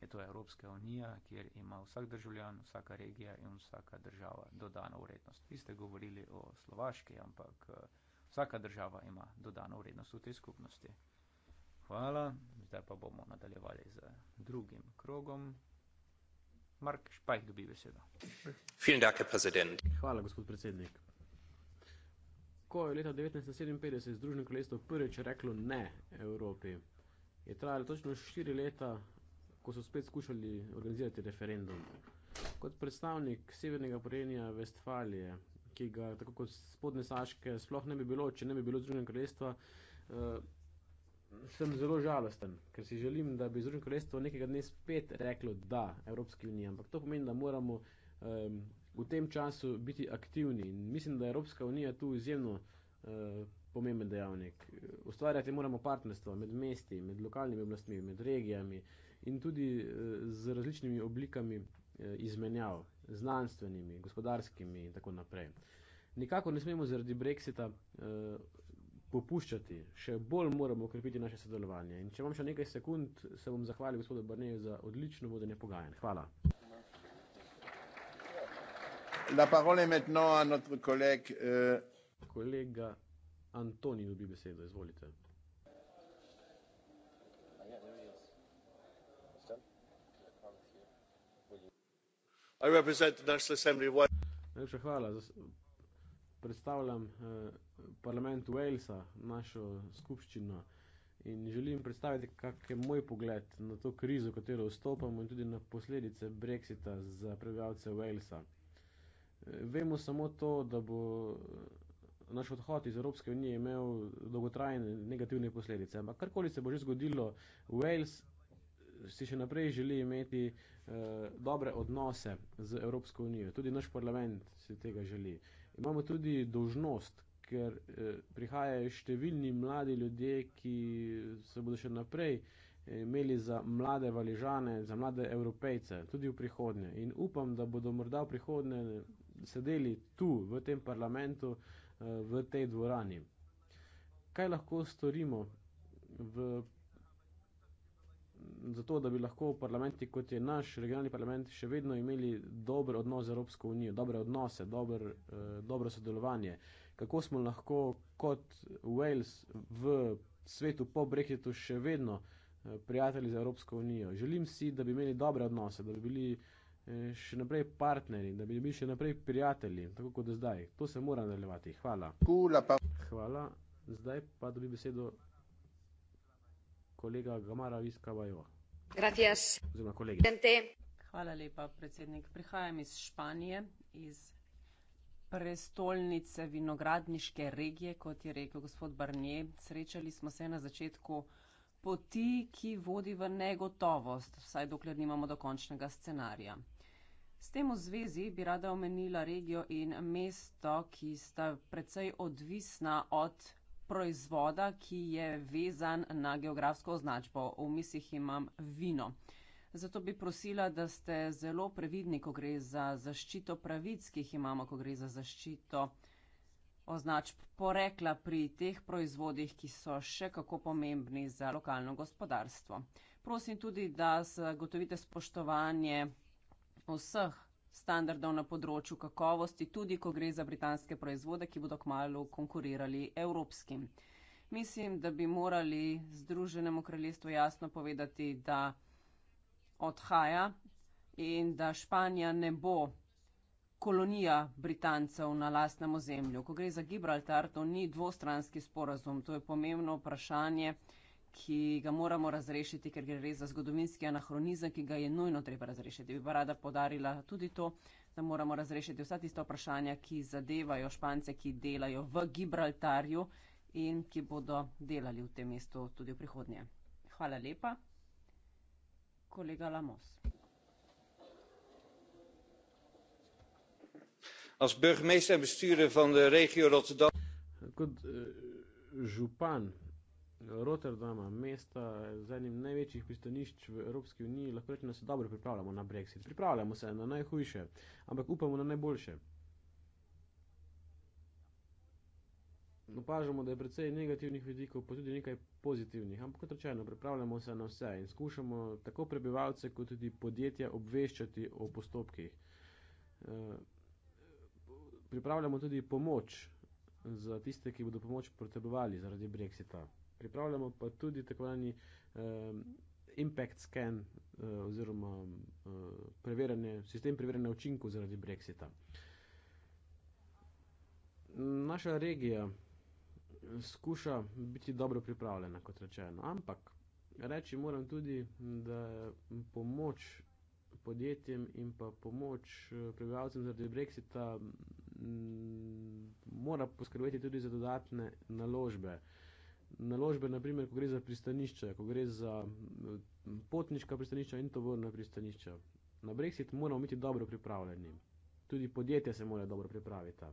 je to Evropska unija, kjer ima vsak državljan, vsaka regija in vsaka država dodano vrednost. Vi ste govorili o Slovaški, ampak vsaka država ima dodano vrednost v tej skupnosti. Hvala, zdaj pa bomo nadaljevali z drugim krogom. Mark Špajh dobi besedo. Hvala, gospod predsednik. Ko je leta 1957 Združeno kraljestvo prvič reklo ne Evropi, je trajalo točno štiri leta, ko so spet skušali organizirati referendum. Kot predstavnik severnega porenja Vestfalije, ki ga tako kot spodne Saške sploh ne bi bilo, če ne bi bilo Združenega kraljestva, eh, sem zelo žalosten, ker si želim, da bi Združeno kraljestvo nekega dne spet reklo da Evropski uniji. Ampak to pomeni, da moramo um, v tem času biti aktivni. In mislim, da je Evropska unija tu izjemno uh, pomemben dejavnik. Ustvarjati moramo partnerstvo med mesti, med lokalnimi oblastmi, med regijami in tudi uh, z različnimi oblikami uh, izmenjav, znanstvenimi, gospodarskimi in tako naprej. Nikako ne smemo zaradi brexita uh, popuščati, še bolj moramo ukrepiti naše sodelovanje. In če imam še nekaj sekund, se bom zahvalil gospodu Barneju za odlično vodenje pogajanj. Hvala. La parole maintenant à notre collègue. Collègue euh... Antoni, dobi besedo, izvolite. I represent the National Assembly of White. Najlepša hvala predstavljam eh, parlament Walesa, našo skupščino in želim predstaviti, kak je moj pogled na to krizo, katero vstopamo in tudi na posledice Brexita za prebivalce Walesa. Eh, vemo samo to, da bo eh, naš odhod iz Evropske unije imel dolgotrajne negativne posledice, ampak karkoli se bo že zgodilo, Wales eh, si še naprej želi imeti eh, dobre odnose z Evropsko unijo. Tudi naš parlament si tega želi imamo tudi dožnost, ker eh, prihajajo številni mladi ljudje, ki se bodo še naprej eh, imeli za mlade valižane, za mlade evropejce, tudi v prihodnje. In upam, da bodo morda v prihodnje sedeli tu, v tem parlamentu, eh, v tej dvorani. Kaj lahko storimo v zato, da bi lahko parlamenti, kot je naš regionalni parlament, še vedno imeli dober odnos z Evropsko unijo, dobre odnose, dober, eh, dobro sodelovanje. Kako smo lahko kot Wales v svetu po Brexitu še vedno eh, prijatelji z Evropsko unijo? Želim si, da bi imeli dobre odnose, da bi bili eh, še naprej partneri, da bi bili še naprej prijatelji, tako kot zdaj. To se mora nadaljevati. Hvala. Hvala. Zdaj pa dobi besedo. Kolega Gamara Viskavajo. Hvala lepa, predsednik. Prihajam iz Španije, iz prestolnice vinogradniške regije, kot je rekel gospod Barnier. Srečali smo se na začetku poti, ki vodi v negotovost, vsaj dokler nimamo dokončnega scenarija. S tem v zvezi bi rada omenila regijo in mesto, ki sta precej odvisna od proizvoda, ki je vezan na geografsko označbo. V mislih imam vino. Zato bi prosila, da ste zelo previdni, ko gre za zaščito pravic, ki jih imamo, ko gre za zaščito označb porekla pri teh proizvodih, ki so še kako pomembni za lokalno gospodarstvo. Prosim tudi, da zagotovite spoštovanje vseh standardov na področju kakovosti, tudi ko gre za britanske proizvode, ki bodo kmalo konkurirali evropskim. Mislim, da bi morali Združenemu kraljestvu jasno povedati, da odhaja in da Španija ne bo kolonija Britancev na lastnem ozemlju. Ko gre za Gibraltar, to ni dvostranski sporazum, to je pomembno vprašanje ki ga moramo razrešiti, ker gre res za zgodovinski anahronizem, ki ga je nujno treba razrešiti. Bi pa rada podarila tudi to, da moramo razrešiti vsa tista vprašanja, ki zadevajo Špance, ki delajo v Gibraltarju in ki bodo delali v tem mestu tudi v prihodnje. Hvala lepa, kolega Lamos. Kot župan Rotterdama, mesta z enim največjih pristanišč v Evropski uniji, lahko rečemo, da se dobro pripravljamo na Brexit. Pripravljamo se na najhujše, ampak upamo na najboljše. Opažamo, da je precej negativnih vidikov, pa tudi nekaj pozitivnih, ampak kot rečeno, pripravljamo se na vse in skušamo tako prebivalce, kot tudi podjetja obveščati o postopkih. Eh, pripravljamo tudi pomoč za tiste, ki bodo pomoč potrebovali zaradi brexita pripravljamo pa tudi tako imenovani uh, impact scan, uh, oziroma uh, sistem preverjanja učinkov zaradi Brexita. Naša regija skuša biti dobro pripravljena, kot rečeno, ampak reči moram tudi, da pomoč podjetjem in pa pomoč eh, prebivalcem zaradi Brexita mora poskrbeti tudi za dodatne naložbe. Uh, naložbe, naprimer, ko gre za pristanišče, ko gre za potniška pristanišča in tovorna pristanišča. Na Brexit moramo biti dobro pripravljeni. Tudi podjetja se morajo dobro pripraviti.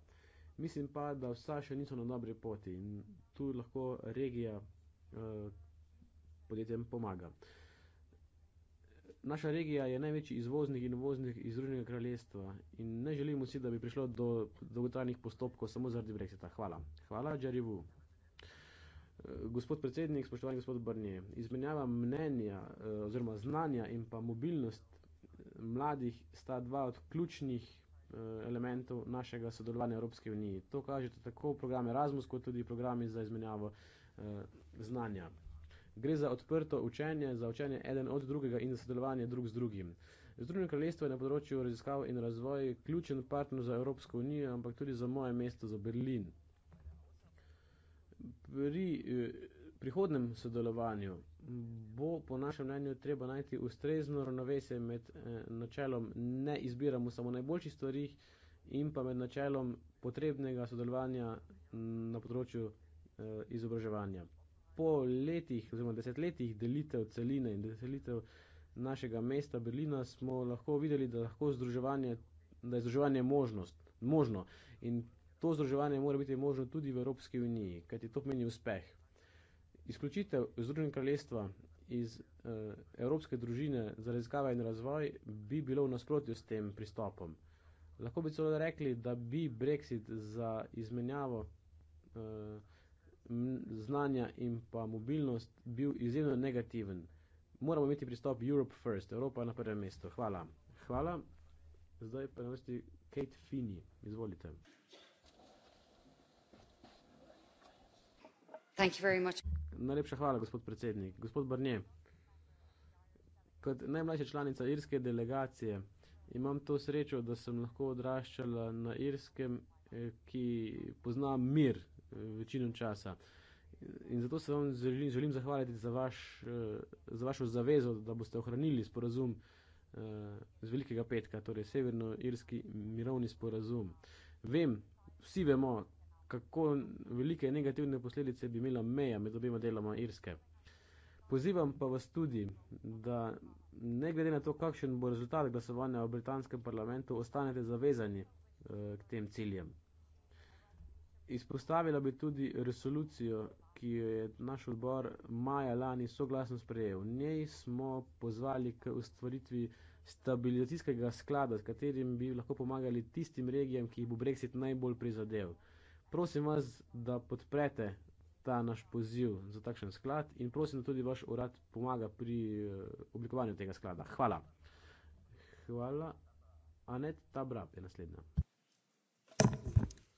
Mislim pa, da vsa še niso na dobri poti in tu lahko regija eh, podjetjem pomaga. Naša regija je največji izvoznik in uvoznik iz Združenega kraljestva in ne želimo si, da bi prišlo do dolgotrajnih postopkov samo zaradi Brexita. Hvala. Hvala, Jerry Wu. Eh, gospod predsednik, spoštovani gospod Brnje, izmenjava mnenja eh, oziroma znanja in pa mobilnost eh, mladih sta dva od ključnih elementov našega sodelovanja Evropske unije. To kažete tako v programe Erasmus, kot tudi programi za izmenjavo znanja. Gre za odprto učenje, za učenje eden od drugega in za sodelovanje drug z drugim. Združeno kraljestvo je na področju raziskav in razvoj ključen partner za Evropsko unijo, ampak tudi za moje mesto, za Berlin pri eh, prihodnem sodelovanju bo po našem mnenju treba najti ustrezno ravnovesje med eh, načelom ne izbiramo samo najboljših stvari in pa med načelom potrebnega sodelovanja na področju eh, izobraževanja. Po letih oziroma desetletjih delitev celine in delitev našega mesta Berlina smo lahko videli, da, lahko združevanje, da je združevanje možnost, možno in To združevanje mora biti možno tudi v Evropski uniji, kajti to pomeni uspeh. Izključitev Združenega kraljestva iz eh, Evropske družine za raziskave in razvoj bi bilo v nasprotju s tem pristopom. Lahko bi celo rekli, da bi Brexit za izmenjavo eh, znanja in pa mobilnost bil izjemno negativen. Moramo imeti pristop Europe first, Evropa na prvem mestu. Hvala. Hvala. Zdaj pa na vrsti Kate Finney. Izvolite. Najlepša hvala, gospod predsednik. Gospod Brnje, kot najmlajša članica irske delegacije imam to srečo, da sem lahko odraščala na irskem, eh, ki pozna mir eh, večino časa. In zato se vam želim, želim zahvaliti za, vaš, eh, za vašo zavezo, da boste ohranili sporazum z Velikega petka, torej Severno-Irski mirovni sporazum. Vem, vsi vemo, kako velike negativne posledice bi imela meja med obima deloma Irske. Pozivam pa vas tudi, da ne glede na to, kakšen bo rezultat glasovanja v britanskem parlamentu, ostanete zavezani eh, k tem ciljem. Izpostavila bi tudi resolucijo, ki jo je naš odbor maja lani soglasno sprejel. V njej smo pozvali k ustvaritvi stabilizacijskega sklada, s katerim bi lahko pomagali tistim regijam, ki jih bo Brexit najbolj prizadel. Eh, Prosim vas, da podprete ta naš poziv za takšen sklad in prosim, da tudi vaš urad pomaga pri eh, oblikovanju tega sklada. Hvala. Hvala. Anet Tabrab je naslednja.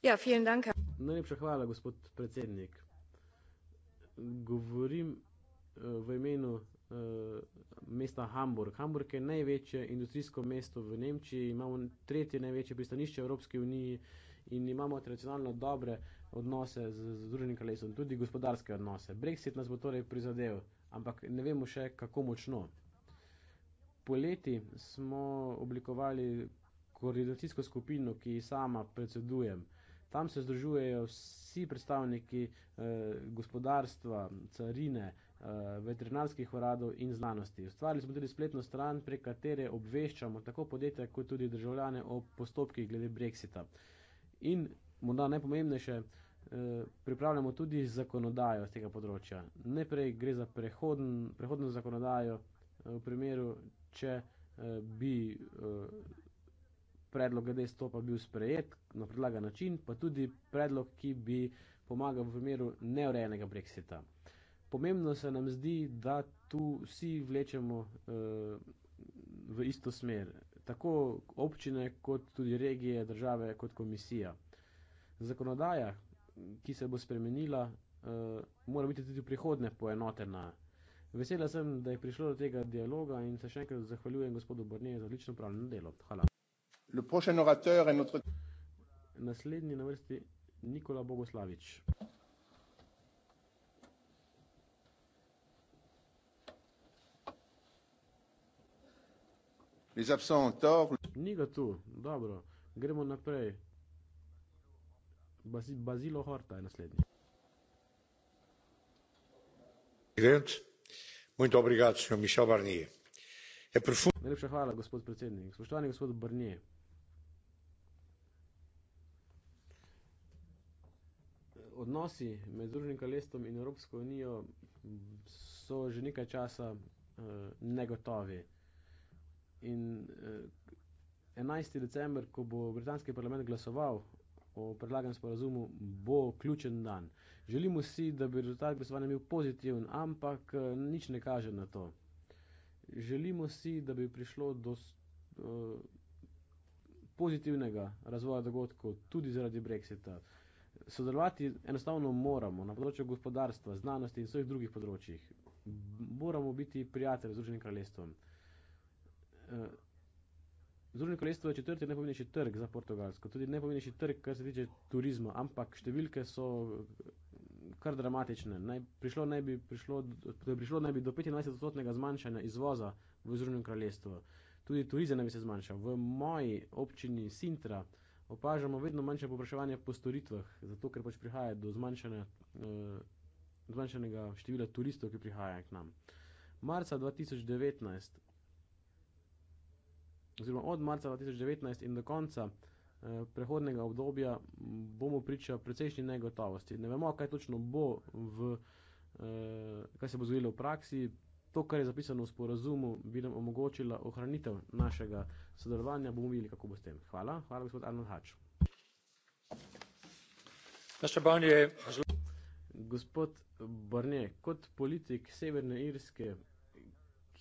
Ja, vielen Dank. Najlepša hvala, gospod predsednik. Govorim eh, v imenu eh, mesta Hamburg. Hamburg je največje industrijsko mesto v Nemčiji, imamo tretje največje pristanišče v Evropski uniji, in imamo tradicionalno dobre odnose z Združenim kraljestvom, tudi gospodarske odnose. Brexit nas bo torej prizadel, ampak ne vemo še, kako močno. Poleti smo oblikovali koordinacijsko skupino, ki sama predsedujem. Tam se združujejo vsi predstavniki eh, gospodarstva, carine, eh, veterinarskih uradov in znanosti. Ustvarili smo tudi spletno stran, prek katere obveščamo tako podjetja kot tudi državljane o postopkih glede Brexita. Eh, in morda najpomembnejše, eh, pripravljamo tudi zakonodajo z tega področja. Najprej gre za prehodn, prehodno zakonodajo eh, v primeru, če eh, bi predlog glede stopa bil sprejet na predlagan način, pa tudi predlog, ki bi pomagal v primeru neurejenega brexita. Pomembno se nam zdi, da tu vsi vlečemo v isto smer tako občine, kot tudi regije, države, kot komisija. Zakonodaja, ki se bo spremenila, uh, mora biti tudi v prihodnje poenotena. Vesela sem, da je prišlo do tega dialoga in se še enkrat zahvaljujem gospodu Borneju za odlično upravljeno delo. Hvala. Notre... Naslednji na vrsti Nikola Bogoslavič. Les absents ont tort. Nigato, dobro. Gremo naprej. Basilo Horta je naslednji. Presidente, muito obrigado, senhor Michel Barnier. É profundo. Najlepša hvala, gospod predsednik. Spoštovani gospod Barnier. Odnosi med Združenim kraljestvom in Evropsko unijo so že nekaj časa uh, negotovi. In eh, 11. december, ko bo britanski parlament glasoval o predlaganem sporazumu, bo ključen dan. Želimo si, da bi rezultat glasovanja bil pozitiven, ampak eh, nič ne kaže na to. Želimo si, da bi prišlo do eh, pozitivnega razvoja dogodkov tudi zaradi Brexita. Sodelovati enostavno moramo na področju gospodarstva, znanosti in vseh drugih področjih. Moramo biti prijatelji z Združenim kraljestvom uh, Združeno kraljestvo je četrti najpomembnejši trg za Portugalsko, tudi najpomembnejši trg, kar se tiče turizma, ampak številke so eh, kar dramatične. Naj, prišlo naj bi, prišlo, prišlo naj bi do 25-odstotnega zmanjšanja izvoza v Združeno kraljestvo. Tudi turizem naj bi se zmanjšal. V moji občini Sintra opažamo vedno manjše popraševanje po storitvah, zato ker pač prihaja do zmanjšanja. Uh, zmanjšanega števila turistov, ki prihajajo k nam. Marca 2019 oziroma od marca 2019 in do konca eh, prehodnega obdobja bomo priča precejšnji negotovosti. Ne vemo, kaj točno bo, v, eh, kaj se bo zgodilo v praksi. To, kar je zapisano v sporazumu, bi nam omogočila ohranitev našega sodelovanja. Bomo videli, kako bo s tem. Hvala, hvala gospod Arnold Hač. Gospod Barnier, kot politik Severne Irske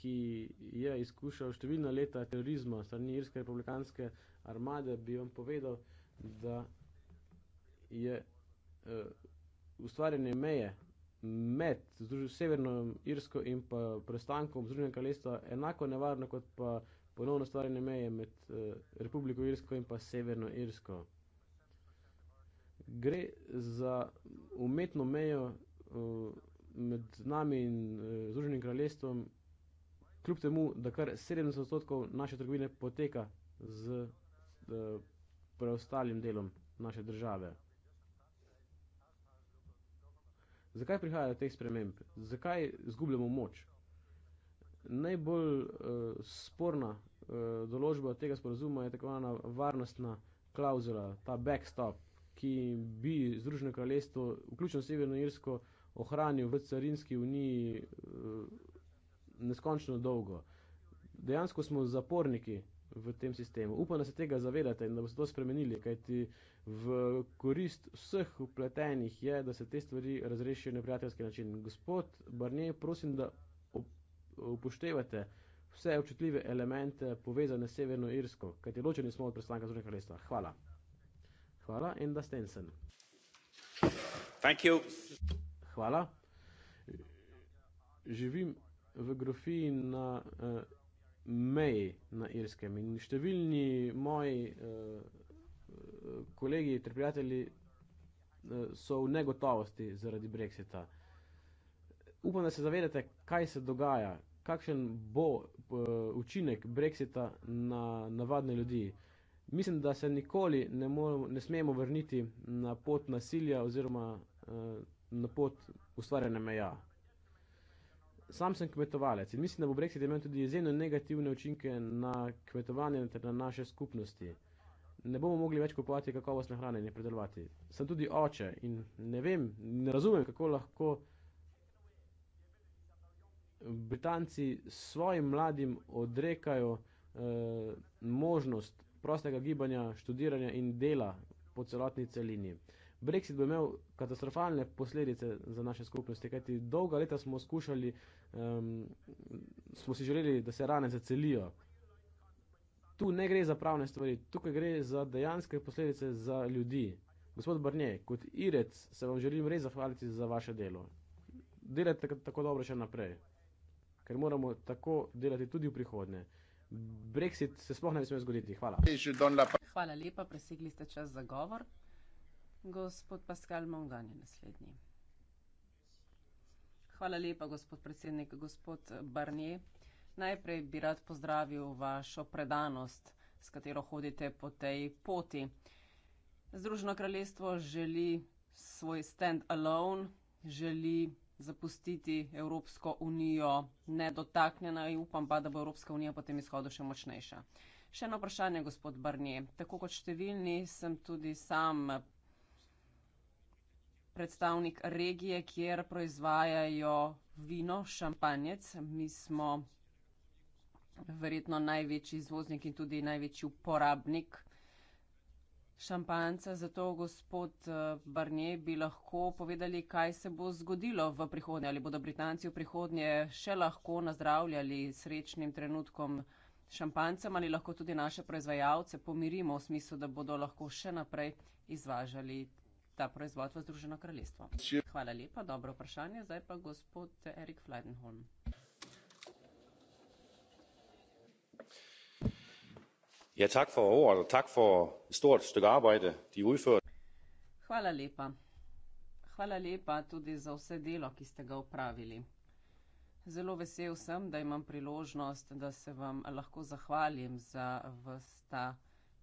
ki je izkušal številna leta terorizma strani Irske republikanske armade, bi vam povedal, da je uh, ustvarjanje meje med Severno Irsko in pa prestankom Združenega kraljestva enako nevarno kot pa ponovno ustvarjanje meje med uh, Republiko Irsko in pa Severno Irsko. Gre za umetno mejo uh, med nami in uh, Združenim kraljestvom kljub temu, da kar 70% naše trgovine poteka z e, preostalim delom naše države. Zakaj prihaja do teh sprememb? Zakaj zgubljamo moč? Najbolj e, sporna e, določba tega sporazuma je tako vana varnostna klauzula, ta backstop, ki bi Združeno kraljestvo, vključno Severno Irsko, ohranil v carinski uniji e, neskončno dolgo. Dejansko smo zaporniki v tem sistemu. Upam, da se tega zavedate in da boste to spremenili, kajti v korist vseh upletenih je, da se te stvari razrešijo na prijateljski način. Gospod Barnier, prosim, da upoštevate vse občutljive elemente povezane s Severno Irsko, kajti ločeni smo od predstavnika Združenih kraljestva. Hvala. Hvala in da ste ensen. Hvala. Živim v grofiji na uh, meji na Irskem. In številni moji uh, kolegi in prijatelji uh, so v negotovosti zaradi Brexita. Upam, da se zavedate, kaj se dogaja, kakšen bo uh, učinek Brexita na navadne ljudi. Mislim, da se nikoli ne, moramo, ne smemo vrniti na pot nasilja oziroma uh, na pot ustvarjene meja sam sem kmetovalec in mislim, da bo Brexit imel tudi izjemno negativne učinke na kmetovanje ter na naše skupnosti. Ne bomo mogli več kupovati kakovostne hrane in je predelovati. Sem tudi oče in ne vem, ne razumem, kako lahko Britanci svojim mladim odrekajo eh, možnost prostega gibanja, študiranja in dela po celotni celini. Brexit bo imel katastrofalne posledice za naše skupnosti, kajti dolga leta smo skušali, um, smo si želeli, da se rane zacelijo. Tu ne gre za pravne stvari, tukaj gre za dejanske posledice za ljudi. Gospod Brnje, kot Irec se vam želim res zahvaliti za vaše delo. Delajte tako dobro še naprej, ker moramo tako delati tudi v prihodnje. Brexit se sploh ne bi smel zgoditi. Hvala. Hvala lepa, presegli ste čas za govor. Gospod Pascal Mongan je naslednji. Hvala lepa, gospod predsednik. Gospod Barnier, najprej bi rad pozdravil vašo predanost, s katero hodite po tej poti. Združeno kraljestvo želi svoj stand alone, želi zapustiti Evropsko unijo nedotaknjena in upam pa, da bo Evropska unija po tem izhodu še močnejša. Še eno vprašanje, gospod Barnier. Tako kot številni sem tudi sam predstavnik regije, kjer proizvajajo vino, šampanjec. Mi smo verjetno največji izvoznik in tudi največji uporabnik. Šampanca, zato gospod eh, Barnje bi lahko povedali, kaj se bo zgodilo v prihodnje. Ali bodo Britanci v prihodnje še lahko nazdravljali srečnim trenutkom šampancem ali lahko tudi naše proizvajalce pomirimo v smislu, da bodo lahko še naprej izvažali ta proizvod v Združeno kraljestvo. Hvala lepa, dobro vprašanje. Zdaj pa gospod Erik Fleidenholm. Ja, tak for ordet, og tak for et stort stykke arbejde, de udfører. Hvala lepa. Hvala lepa tudi za vse delo, ki ste ga upravili. Zelo vesel sem, da imam priložnost, da se vam lahko zahvalim za vsta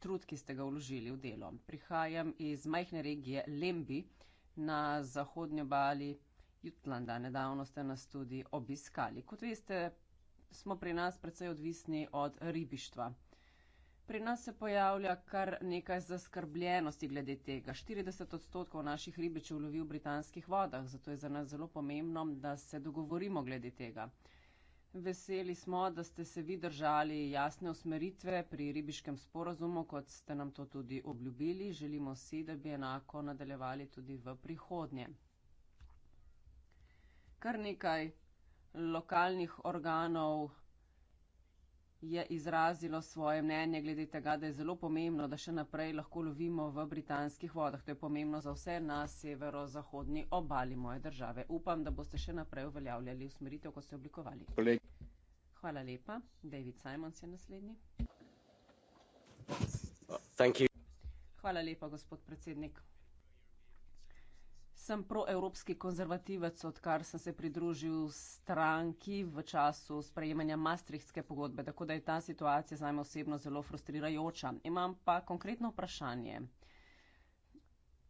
trud, ki ste ga vložili v delo. Prihajam iz majhne regije Lembi na zahodnjo bali Jutlanda. Nedavno ste nas tudi obiskali. Kot veste, smo pri nas predvsej odvisni od ribištva. Pri nas se pojavlja kar nekaj zaskrbljenosti glede tega. 40 odstotkov naših ribičev lovi v britanskih vodah, zato je za nas zelo pomembno, da se dogovorimo glede tega. Veseli smo, da ste se vi držali jasne usmeritve pri ribiškem sporazumu, kot ste nam to tudi obljubili. Želimo si, da bi enako nadaljevali tudi v prihodnje. Kar nekaj lokalnih organov je izrazilo svoje mnenje glede tega, da je zelo pomembno, da še naprej lahko lovimo v britanskih vodah. To je pomembno za vse na severozahodni obali moje države. Upam, da boste še naprej uveljavljali usmeritev, ko ste oblikovali. Hvala lepa. David Simons je naslednji. Hvala lepa, gospod predsednik. Sem proevropski konzervativec, odkar sem se pridružil stranki v času sprejemanja Maastrichtske pogodbe, tako da je ta situacija zame osebno zelo frustrirajoča. Imam pa konkretno vprašanje.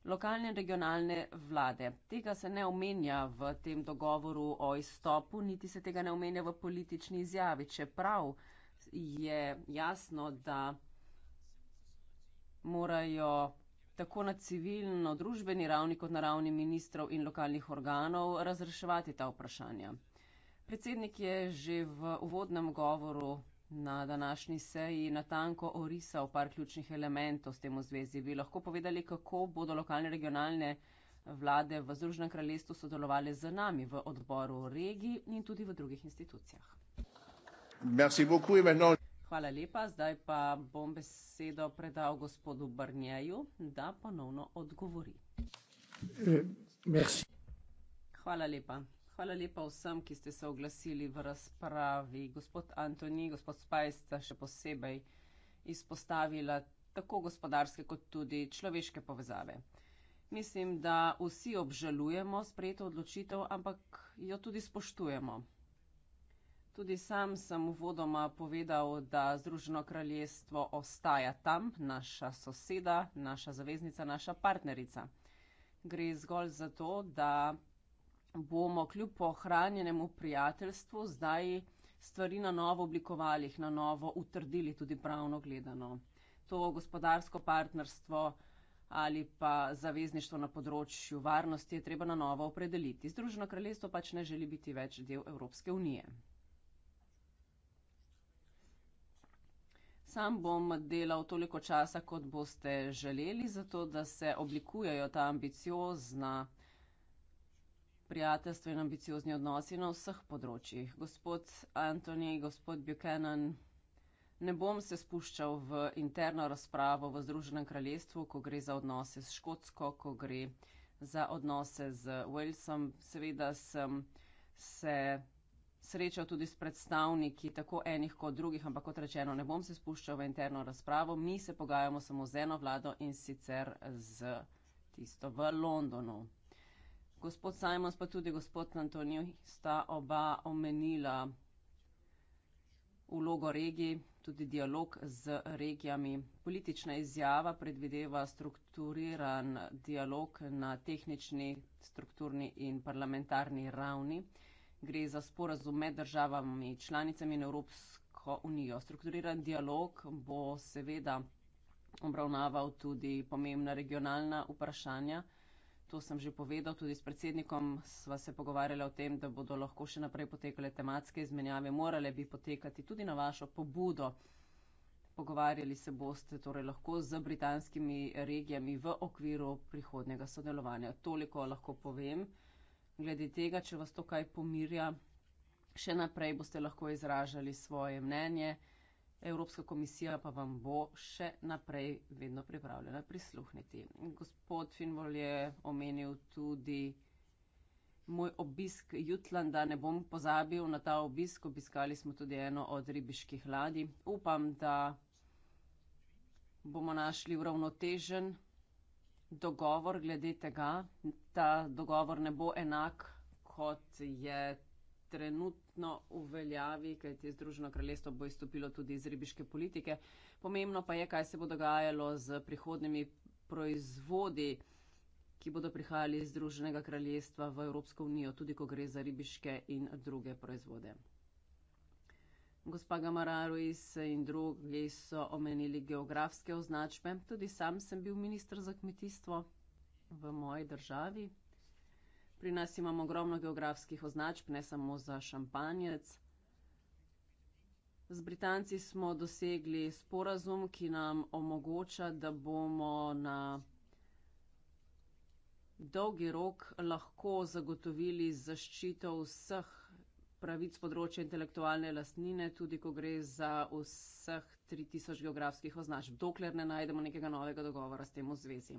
Lokalne in regionalne vlade. Tega se ne omenja v tem dogovoru o izstopu, niti se tega ne omenja v politični izjavi. Čeprav je jasno, da morajo tako na civilno družbeni ravni kot na ravni ministrov in lokalnih organov razreševati ta vprašanja. Predsednik je že v uvodnem govoru na današnji seji natanko orisal par ključnih elementov s tem v zvezi. Bi lahko povedali, kako bodo lokalne regionalne vlade v Združenem kraljestvu sodelovali z nami v odboru regij in tudi v drugih institucijah. Merci beaucoup, Emmanuel. Hvala lepa. Zdaj pa bom besedo predal gospodu Brnjeju, da ponovno odgovori. Eh, Hvala lepa. Hvala lepa vsem, ki ste se oglasili v razpravi. Gospod Antoni, gospod Spajs sta še posebej izpostavila tako gospodarske kot tudi človeške povezave. Mislim, da vsi obžalujemo sprejeto odločitev, ampak jo tudi spoštujemo. Tudi sam sem uvodoma povedal, da Združeno kraljestvo ostaja tam, naša soseda, naša zaveznica, naša partnerica. Gre zgolj za to, da bomo kljub ohranjenemu prijateljstvu zdaj stvari na novo oblikovali, jih na novo utrdili, tudi pravno gledano. To gospodarsko partnerstvo ali pa zavezništvo na področju varnosti je treba na novo opredeliti. Združeno kraljestvo pač ne želi biti več del Evropske unije. Sam bom delal toliko časa, kot boste želeli, zato da se oblikujejo ta ambiciozna prijateljstva in ambiciozni odnosi na vseh področjih. Gospod Antoni, gospod Buchanan, ne bom se spuščal v interno razpravo v Združenem kraljestvu, ko gre za odnose s Škotsko, ko gre za odnose z Walesom. Seveda sem se srečal tudi s predstavniki tako enih kot drugih, ampak kot rečeno, ne bom se spuščal v interno razpravo. Mi se pogajamo samo z eno vlado in sicer z tisto v Londonu. Gospod Simons pa tudi gospod Antonijo sta oba omenila vlogo regij, tudi dialog z regijami. Politična izjava predvideva strukturiran dialog na tehnični, strukturni in parlamentarni ravni. Gre za sporazum med državami članicami in Evropsko unijo. Strukturiran dialog bo seveda obravnaval tudi pomembna regionalna vprašanja. To sem že povedal, tudi s predsednikom sva se pogovarjala o tem, da bodo lahko še naprej potekale tematske izmenjave, morale bi potekati tudi na vašo pobudo. Pogovarjali se boste torej lahko z britanskimi regijami v okviru prihodnega sodelovanja. Toliko lahko povem glede tega, če vas to kaj pomirja, še naprej boste lahko izražali svoje mnenje. Evropska komisija pa vam bo še naprej vedno pripravljena prisluhniti. Gospod Finvol je omenil tudi moj obisk Jutlanda. Ne bom pozabil na ta obisk. Obiskali smo tudi eno od ribiških ladij. Upam, da bomo našli uravnotežen dogovor glede tega. Ta dogovor ne bo enak, kot je trenutno v veljavi, kajti Združeno kraljestvo bo izstopilo tudi iz ribiške politike. Pomembno pa je, kaj se bo dogajalo z prihodnimi proizvodi, ki bodo prihajali iz Združenega kraljestva v Evropsko unijo, tudi ko gre za ribiške in druge proizvode. Gospa Gamararuis in drugi so omenili geografske označbe. Tudi sam sem bil ministr za kmetijstvo v moji državi. Pri nas imamo ogromno geografskih označb, ne samo za šampanjec. Z Britanci smo dosegli sporazum, ki nam omogoča, da bomo na dolgi rok lahko zagotovili zaščito vseh pravic področja intelektualne lastnine, tudi ko gre za vseh 3000 geografskih označb, dokler ne najdemo nekega novega dogovora s tem v zvezi.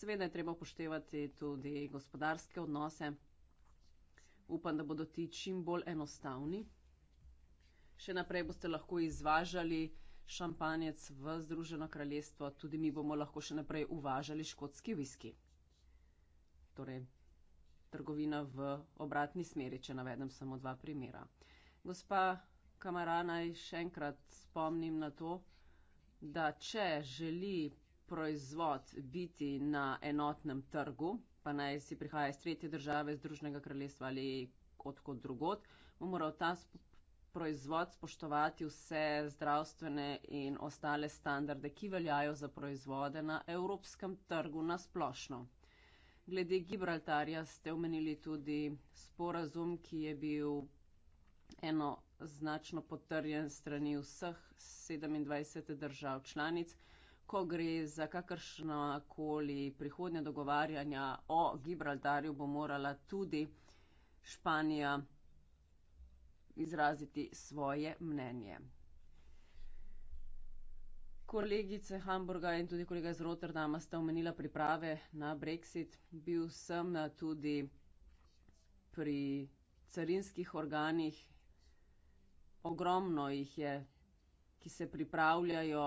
Seveda je treba upoštevati tudi gospodarske odnose. Upam, da bodo ti čim bolj enostavni. Še naprej boste lahko izvažali šampanjec v Združeno kraljestvo, tudi mi bomo lahko še naprej uvažali škotski viski. Torej, trgovina v obratni smeri, če navedem samo dva primera. Gospa Kamarana, še enkrat spomnim na to, da če želi proizvod biti na enotnem trgu, pa naj si prihaja iz tretje države, iz Združenega kraljestva ali odkot drugot, bo moral ta sp proizvod spoštovati vse zdravstvene in ostale standarde, ki veljajo za proizvode na evropskem trgu nasplošno. Glede Gibraltarja ste omenili tudi sporazum, ki je bil enoznačno potrjen strani vseh 27 držav članic. Ko gre za kakršno koli prihodnje dogovarjanja o Gibraltarju, bo morala tudi Španija izraziti svoje mnenje. Kolegice Hamburga in tudi kolega iz Rotterdama sta omenila priprave na Brexit. Bil sem tudi pri carinskih organih. Ogromno jih je, ki se pripravljajo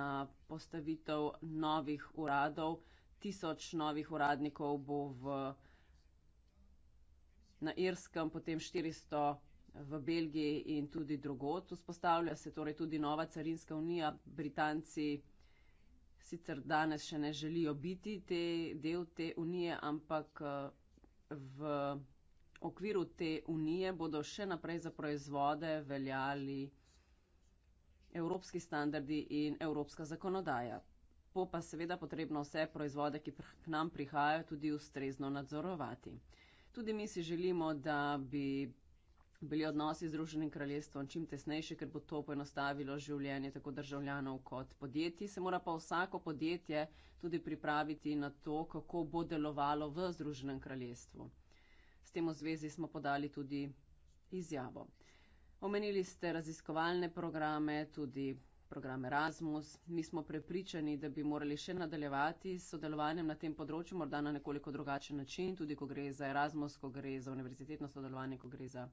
na postavitev novih uradov. Tisoč novih uradnikov bo v, na Irskem, potem 400 v Belgiji in tudi drugot. Vzpostavlja se torej tudi nova carinska unija. Britanci sicer danes še ne želijo biti te, del te unije, ampak v okviru te unije bodo še naprej za proizvode veljali evropski standardi in evropska zakonodaja. Bo pa seveda potrebno vse proizvode, ki k nam prihajajo, tudi ustrezno nadzorovati. Tudi mi si želimo, da bi bili odnosi z Združenim kraljestvom čim tesnejši, ker bo to poenostavilo življenje tako državljanov kot podjetij. Se mora pa vsako podjetje tudi pripraviti na to, kako bo delovalo v Združenem kraljestvu. S tem v zvezi smo podali tudi izjavo. Omenili ste raziskovalne programe, tudi program Erasmus. Mi smo prepričani, da bi morali še nadaljevati s sodelovanjem na tem področju, morda na nekoliko drugačen način, tudi ko gre za Erasmus, ko gre za univerzitetno sodelovanje, ko gre za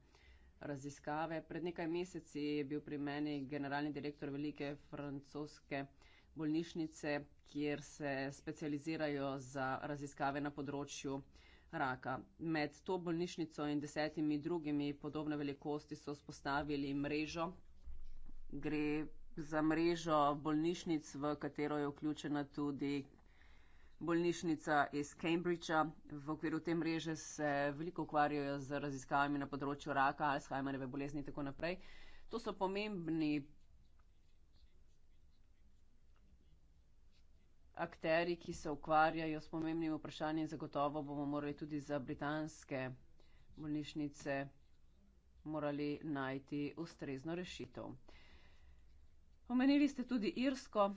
raziskave. Pred nekaj meseci je bil pri meni generalni direktor velike francoske bolnišnice, kjer se specializirajo za raziskave na področju raka. Med to bolnišnico in desetimi drugimi podobne velikosti so spostavili mrežo. Gre za mrežo bolnišnic, v katero je vključena tudi bolnišnica iz Cambridgea. V okviru te mreže se veliko ukvarjajo z raziskavami na področju raka, Alzheimerjeve bolezni in tako naprej. To so pomembni akteri, ki se ukvarjajo s pomembnim vprašanjem. Zagotovo bomo morali tudi za britanske bolnišnice morali najti ustrezno rešitev. Omenili ste tudi Irsko,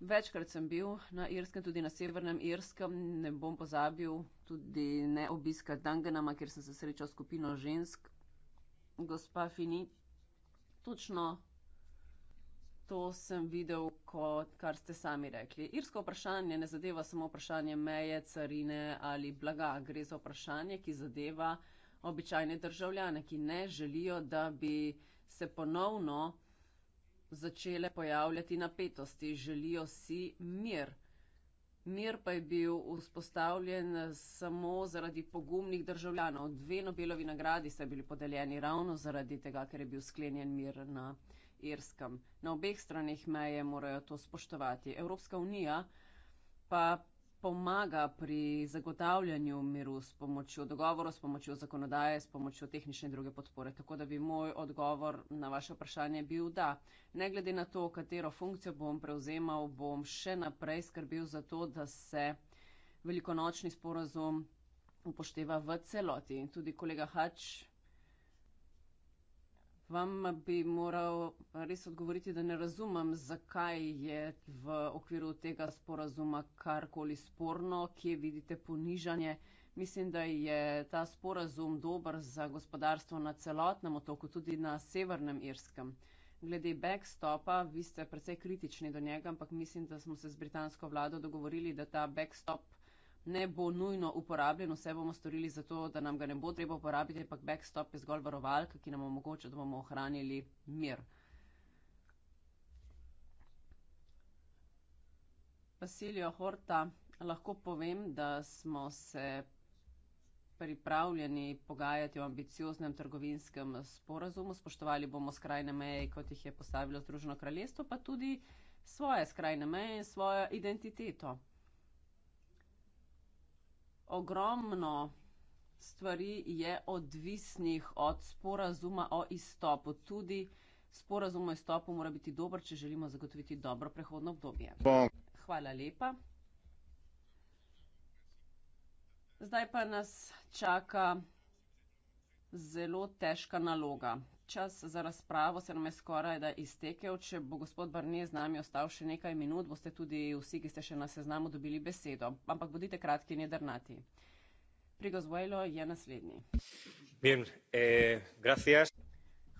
Večkrat sem bil na Irskem, tudi na Severnem Irskem. Ne bom pozabil tudi ne obiska Dangenama, kjer sem se srečal s skupino žensk. Gospa Fini, točno to sem videl, kot kar ste sami rekli. Irsko vprašanje ne zadeva samo vprašanje meje, carine ali blaga. Gre za vprašanje, ki zadeva običajne državljane, ki ne želijo, da bi se ponovno začele pojavljati napetosti. Želijo si mir. Mir pa je bil vzpostavljen samo zaradi pogumnih državljanov. Dve Nobelovi nagradi sta bili podeljeni ravno zaradi tega, ker je bil sklenjen mir na Irskem. Na obeh stranih meje morajo to spoštovati. Evropska unija pa pomaga pri zagotavljanju miru s pomočjo dogovorov, s pomočjo zakonodaje, s pomočjo tehnične in druge podpore. Tako da bi moj odgovor na vaše vprašanje bil da. Ne glede na to, katero funkcijo bom prevzemal, bom še naprej skrbel za to, da se velikonočni sporozum upošteva v celoti. In tudi kolega Hač Vam bi moral res odgovoriti, da ne razumem, zakaj je v okviru tega sporazuma karkoli sporno, kje vidite ponižanje. Mislim, da je ta sporazum dober za gospodarstvo na celotnem otoku, tudi na severnem Irskem. Glede backstopa, vi ste precej kritični do njega, ampak mislim, da smo se z britansko vlado dogovorili, da ta backstop ne bo nujno uporabljen, vse bomo storili zato, da nam ga ne bo treba uporabiti, ampak backstop je zgolj varovalka, ki nam omogoča, da bomo ohranili mir. Vasilijo Horta, lahko povem, da smo se pripravljeni pogajati o ambicioznem trgovinskem sporazumu, spoštovali bomo skrajne meje, kot jih je postavilo Združeno kraljestvo, pa tudi svoje skrajne meje in svojo identiteto ogromno stvari je odvisnih od sporazuma o izstopu. Tudi sporazum o izstopu mora biti dober, če želimo zagotoviti dobro prehodno obdobje. Hvala lepa. Zdaj pa nas čaka zelo težka naloga čas za razpravo se nam je skoraj da iztekel. Če bo gospod Barnier z nami ostal še nekaj minut, boste tudi vsi, ki ste še na seznamu, dobili besedo. Ampak bodite kratki in jedrnati. Prigozvojlo je naslednji. Bien, eh,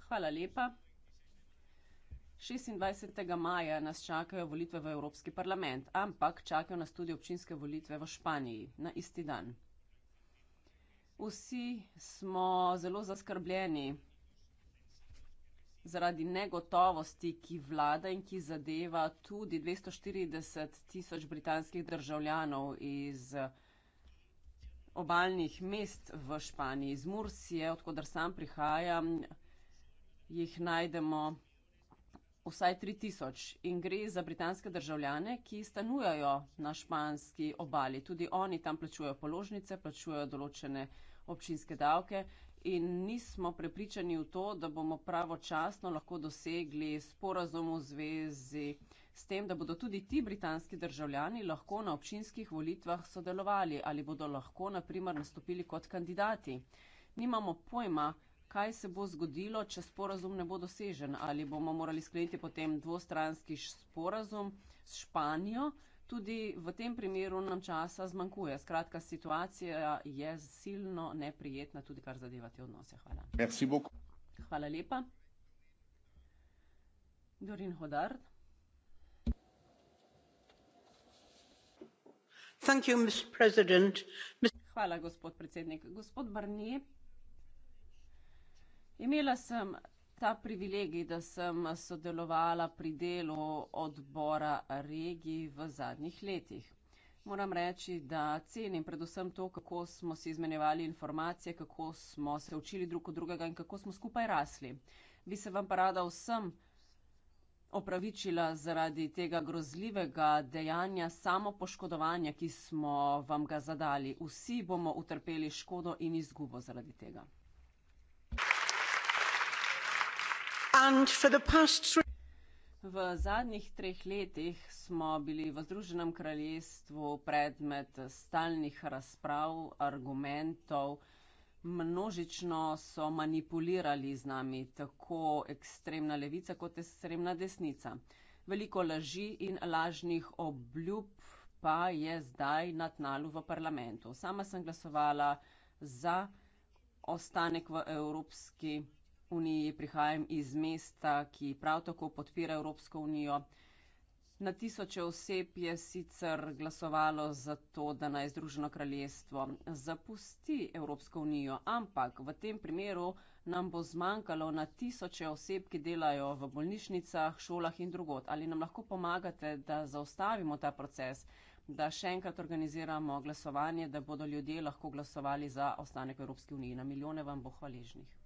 Hvala lepa. 26. maja nas čakajo volitve v Evropski parlament, ampak čakajo nas tudi občinske volitve v Španiji na isti dan. Vsi smo zelo zaskrbljeni zaradi negotovosti, ki vlada in ki zadeva tudi 240 tisoč britanskih državljanov iz obaljnih mest v Španiji, iz Mursije, odkudar sam prihajam, jih najdemo vsaj 3000 in gre za britanske državljane, ki stanujajo na španski obali. Tudi oni tam plačujejo položnice, plačujejo določene občinske davke in nismo prepričani v to, da bomo pravočasno lahko dosegli sporazum v zvezi s tem, da bodo tudi ti britanski državljani lahko na občinskih volitvah sodelovali ali bodo lahko, naprimer, nastopili kot kandidati. Nimamo pojma, kaj se bo zgodilo, če sporazum ne bo dosežen, ali bomo morali skleniti potem dvostranski sporazum s Španijo, Tudi v tem primeru nam časa zmanjkuje. Skratka, situacija je silno neprijetna, tudi kar zadeva te odnose. Hvala. Hvala lepa. Dorin Hodar. Hvala, gospod predsednik. Gospod Barnier, imela sem ta privilegij, da sem sodelovala pri delu odbora regij v zadnjih letih. Moram reči, da cenim predvsem to, kako smo si izmenjevali informacije, kako smo se učili drug od drugega in kako smo skupaj rasli. Bi se vam pa rada vsem opravičila zaradi tega grozljivega dejanja samopoškodovanja, ki smo vam ga zadali. Vsi bomo utrpeli škodo in izgubo zaradi tega. V zadnjih treh letih smo bili v Združenem kraljestvu predmet stalnih razprav, argumentov. Množično so manipulirali z nami tako ekstremna levica kot ekstremna desnica. Veliko laži in lažnih obljub pa je zdaj na tnalu v parlamentu. Sama sem glasovala za ostanek v Evropski uniji uniji, prihajam iz mesta, ki prav tako podpira Evropsko unijo. Na tisoče oseb je sicer glasovalo za to, da naj Združeno kraljestvo zapusti Evropsko unijo, ampak v tem primeru nam bo zmanjkalo na tisoče oseb, ki delajo v bolnišnicah, šolah in drugot. Ali nam lahko pomagate, da zaustavimo ta proces, da še enkrat organiziramo glasovanje, da bodo ljudje lahko glasovali za ostanek Evropske unije? Na milijone vam bo hvaležnih.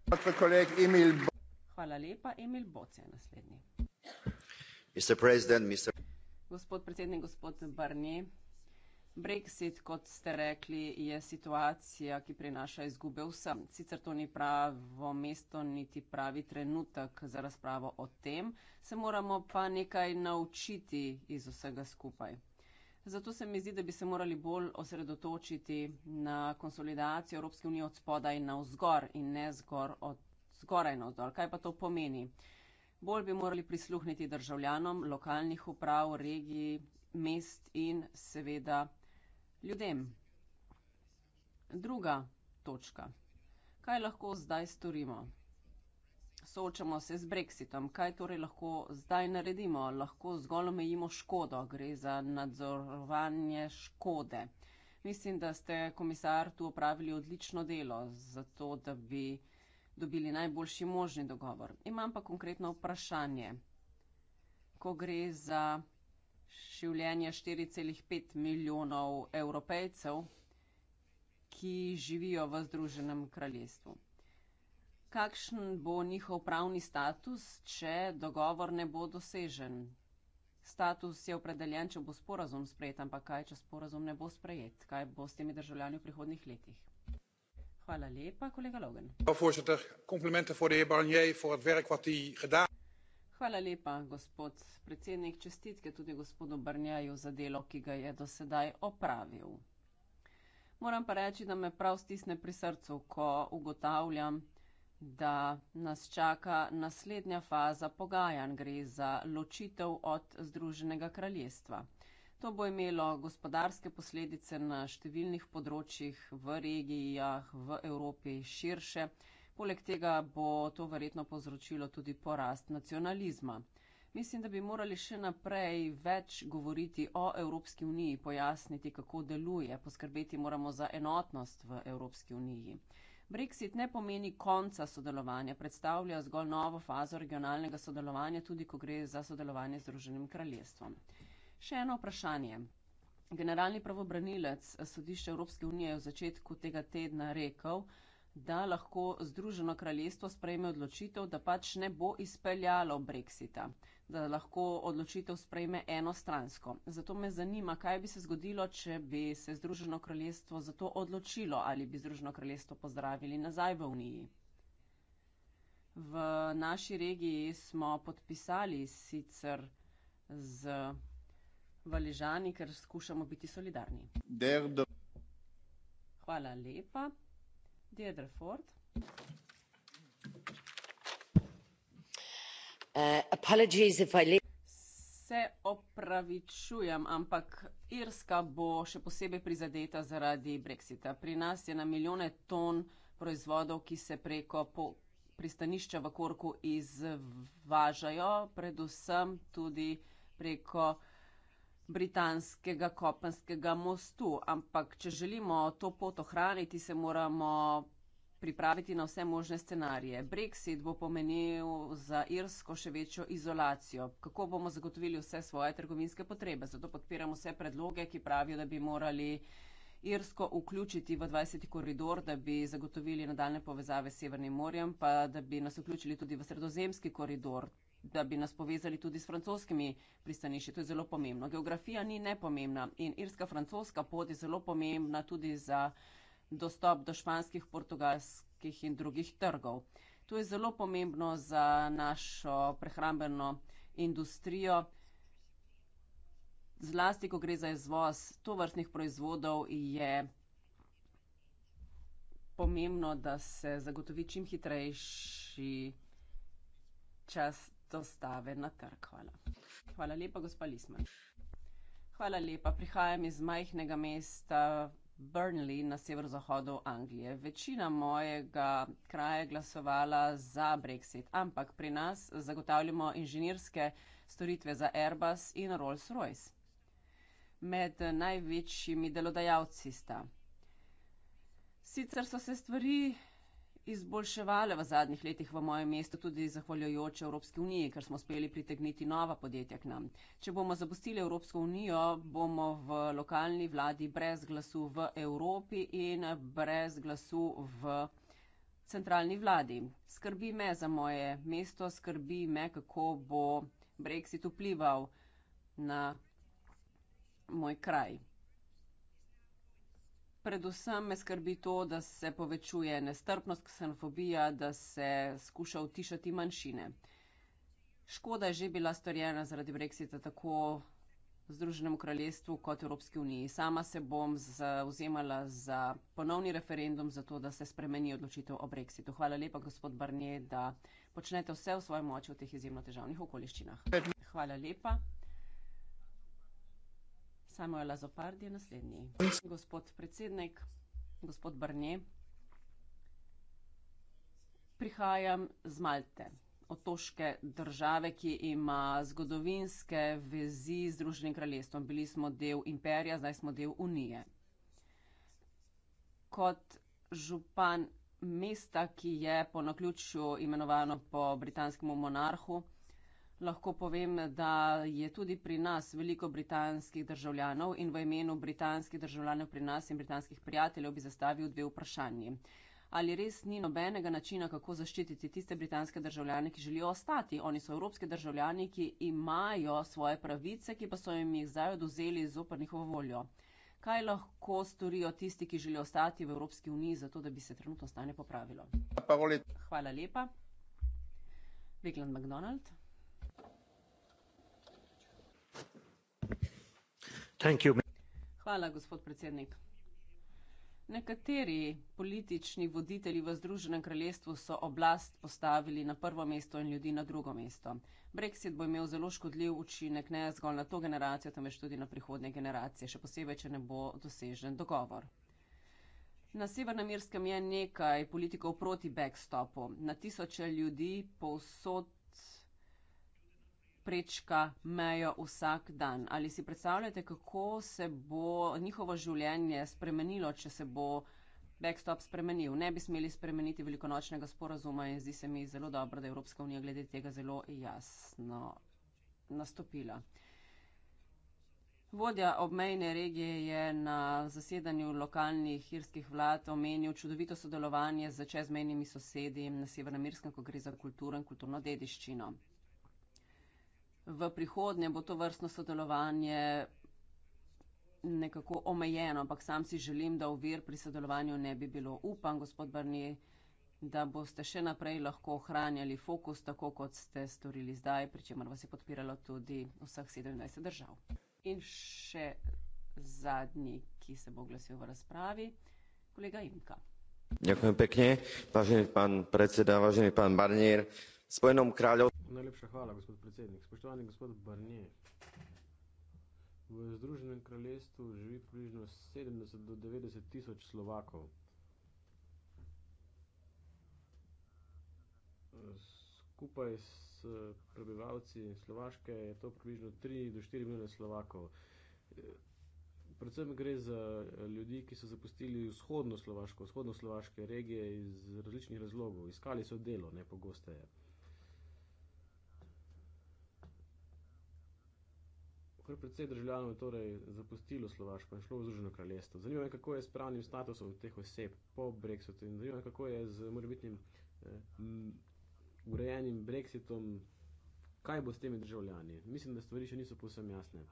Gospod predsednik, gospod Barnier, brexit, kot ste rekli, je situacija, ki prinaša izgube vsem. Sicer to ni pravo mesto niti pravi trenutek za razpravo o tem, se moramo pa nekaj naučiti iz vsega skupaj. Zato se mi zdi, da bi se morali bolj osredotočiti na konsolidacijo Evropske unije od spodaj na vzgor in ne zgor od zgoraj na vzdor. Kaj pa to pomeni? Bolj bi morali prisluhniti državljanom, lokalnih uprav, regiji, mest in seveda ljudem. Druga točka. Kaj lahko zdaj storimo? soočamo se z brexitom. Kaj torej lahko zdaj naredimo? Lahko zgolj omejimo škodo, gre za nadzorovanje škode. Mislim, da ste, komisar, tu opravili odlično delo za to, da bi dobili najboljši možni dogovor. Imam pa konkretno vprašanje. Ko gre za življenje 4,5 milijonov evropejcev, ki živijo v Združenem kraljestvu kakšen bo njihov pravni status, če dogovor ne bo dosežen? Status je opredeljen, če bo sporazum sprejet, ampak kaj, če sporazum ne bo sprejet? Kaj bo s temi državljani v prihodnih letih? Hvala lepa, kolega Logan. Hvala lepa, gospod predsednik. Čestitke tudi gospodu Brnjaju za delo, ki ga je do sedaj opravil. Moram pa reči, da me prav stisne pri srcu, ko ugotavljam, da nas čaka naslednja faza pogajanj, gre za ločitev od Združenega kraljestva. To bo imelo gospodarske posledice na številnih področjih v regijah, v Evropi širše. Poleg tega bo to verjetno povzročilo tudi porast nacionalizma. Mislim, da bi morali še naprej več govoriti o Evropski uniji, pojasniti, kako deluje, poskrbeti moramo za enotnost v Evropski uniji. Brexit ne pomeni konca sodelovanja, predstavlja zgolj novo fazo regionalnega sodelovanja, tudi ko gre za sodelovanje z Združenim kraljestvom. Še eno vprašanje. Generalni pravobranilec sodišča Evropske unije je v začetku tega tedna rekel, da lahko Združeno kraljestvo sprejme odločitev, da pač ne bo izpeljalo brexita, da lahko odločitev sprejme enostransko. Zato me zanima, kaj bi se zgodilo, če bi se Združeno kraljestvo za to odločilo ali bi Združeno kraljestvo pozdravili nazaj v Uniji. V naši regiji smo podpisali sicer z Valižani, ker skušamo biti solidarni. Derdo. Hvala lepa dearderford uh, se opravičujem ampak irska bo še posebej prizadeta zaradi brexita pri nas je na milijone ton proizvodov ki se preko po pristanišča v korku izvažajo predvsem tudi preko britanskega kopenskega mostu. Ampak, če želimo to pot ohraniti, se moramo pripraviti na vse možne scenarije. Brexit bo pomenil za Irsko še večjo izolacijo. Kako bomo zagotovili vse svoje trgovinske potrebe? Zato podpiramo vse predloge, ki pravijo, da bi morali Irsko vključiti v 20. koridor, da bi zagotovili nadaljne povezave s Severnim morjem, pa da bi nas vključili tudi v sredozemski koridor da bi nas povezali tudi s francoskimi pristanišči. To je zelo pomembno. Geografija ni nepomembna in irska-francoska pot je zelo pomembna tudi za dostop do španskih, portugalskih in drugih trgov. To je zelo pomembno za našo prehrambeno industrijo. Zlasti, ko gre za izvoz to vrstnih proizvodov, je pomembno, da se zagotovi čim hitrejši čas dostave na trg. Hvala. Hvala lepa, gospa Lisman. Hvala lepa. Prihajam iz majhnega mesta Burnley na severozahodu Anglije. Večina mojega kraja je glasovala za Brexit, ampak pri nas zagotavljamo inženirske storitve za Airbus in Rolls-Royce. Med največjimi delodajalci sta. Sicer so se stvari izboljševale v zadnjih letih v mojem mestu, tudi zahvaljujoč Evropski uniji, ker smo uspeli pritegniti nova podjetja k nam. Če bomo zapustili Evropsko unijo, bomo v lokalni vladi brez glasu v Evropi in brez glasu v centralni vladi. Skrbi me za moje mesto, skrbi me, kako bo Brexit vplival na moj kraj. Predvsem me skrbi to, da se povečuje nestrpnost, ksenofobija, da se skuša utišati manjšine. Škoda je že bila storjena zaradi Brexita tako v Združenem kraljestvu kot Evropski uniji. Sama se bom zauzemala za ponovni referendum, za to, da se spremeni odločitev o Brexitu. Hvala lepa, gospod Barnier, da počnete vse v svoji moči v teh izjemno težavnih okoliščinah. Hvala lepa. Samuel Azopard je naslednji. Gospod predsednik, gospod Brnje, prihajam z Malte, otoške države, ki ima zgodovinske vezi z Združenim kraljestvom. Bili smo del imperija, zdaj smo del unije. Kot župan mesta, ki je po naključju imenovano po britanskemu monarhu, lahko povem, da je tudi pri nas veliko britanskih državljanov in v imenu britanskih državljanov pri nas in britanskih prijateljev bi zastavil dve vprašanji. Ali res ni nobenega načina, kako zaščititi tiste britanske državljane, ki želijo ostati? Oni so evropske državljani, ki imajo svoje pravice, ki pa so jim jih zdaj oduzeli zopr njihovo voljo. Kaj lahko storijo tisti, ki želijo ostati v Evropski uniji, zato da bi se trenutno stanje popravilo? Hvala lepa. Veklan McDonald. Hvala, gospod predsednik. Nekateri politični voditelji v Združenem kraljestvu so oblast postavili na prvo mesto in ljudi na drugo mesto. Brexit bo imel zelo škodljiv učinek ne zgolj na to generacijo, temveč tudi na prihodnje generacije, še posebej, če ne bo dosežen dogovor. Na Severnem Irskem je nekaj politikov proti backstopu. Na tisoče ljudi povsod prečka mejo vsak dan. Ali si predstavljate, kako se bo njihovo življenje spremenilo, če se bo backstop spremenil? Ne bi smeli spremeniti velikonočnega sporazuma in zdi se mi zelo dobro, da je Evropska unija glede tega zelo jasno nastopila. Vodja obmejne regije je na zasedanju lokalnih irskih vlad omenil čudovito sodelovanje z čezmejnimi sosedi na Severnem Irskem, ko gre za kulturo in kulturno dediščino v prihodnje bo to vrstno sodelovanje nekako omejeno, ampak sam si želim, da uvir pri sodelovanju ne bi bilo. Upam, gospod Barni, da boste še naprej lahko ohranjali fokus, tako kot ste storili zdaj, pri čemer vas je podpiralo tudi vseh 27 držav. In še zadnji, ki se bo oglasil v razpravi, kolega Imka. Ďakujem pekne, vážený pán predseda, vážený pán Barnier. Spojenom kráľov Najlepša hvala, gospod predsednik. Spoštovani gospod Barnje. V Združenem kraljestvu živi približno 70 do 90 tisoč Slovakov. Skupaj s prebivalci Slovaške je to približno 3 do 4 milijone Slovakov. Predvsem gre za ljudi, ki so zapustili vzhodno Slovaško, vzhodno Slovaške regije iz različnih razlogov. Iskali so delo, ne pogosteje. kar precej državljanov je torej zapustilo Slovaško in šlo v Združeno kraljestvo. Zanima me, kako je s pravnim statusom teh oseb po Brexitu in zanima me, kako je z morebitnim eh, urejenim Brexitom, kaj bo s temi državljani. Mislim, da stvari še niso povsem jasne.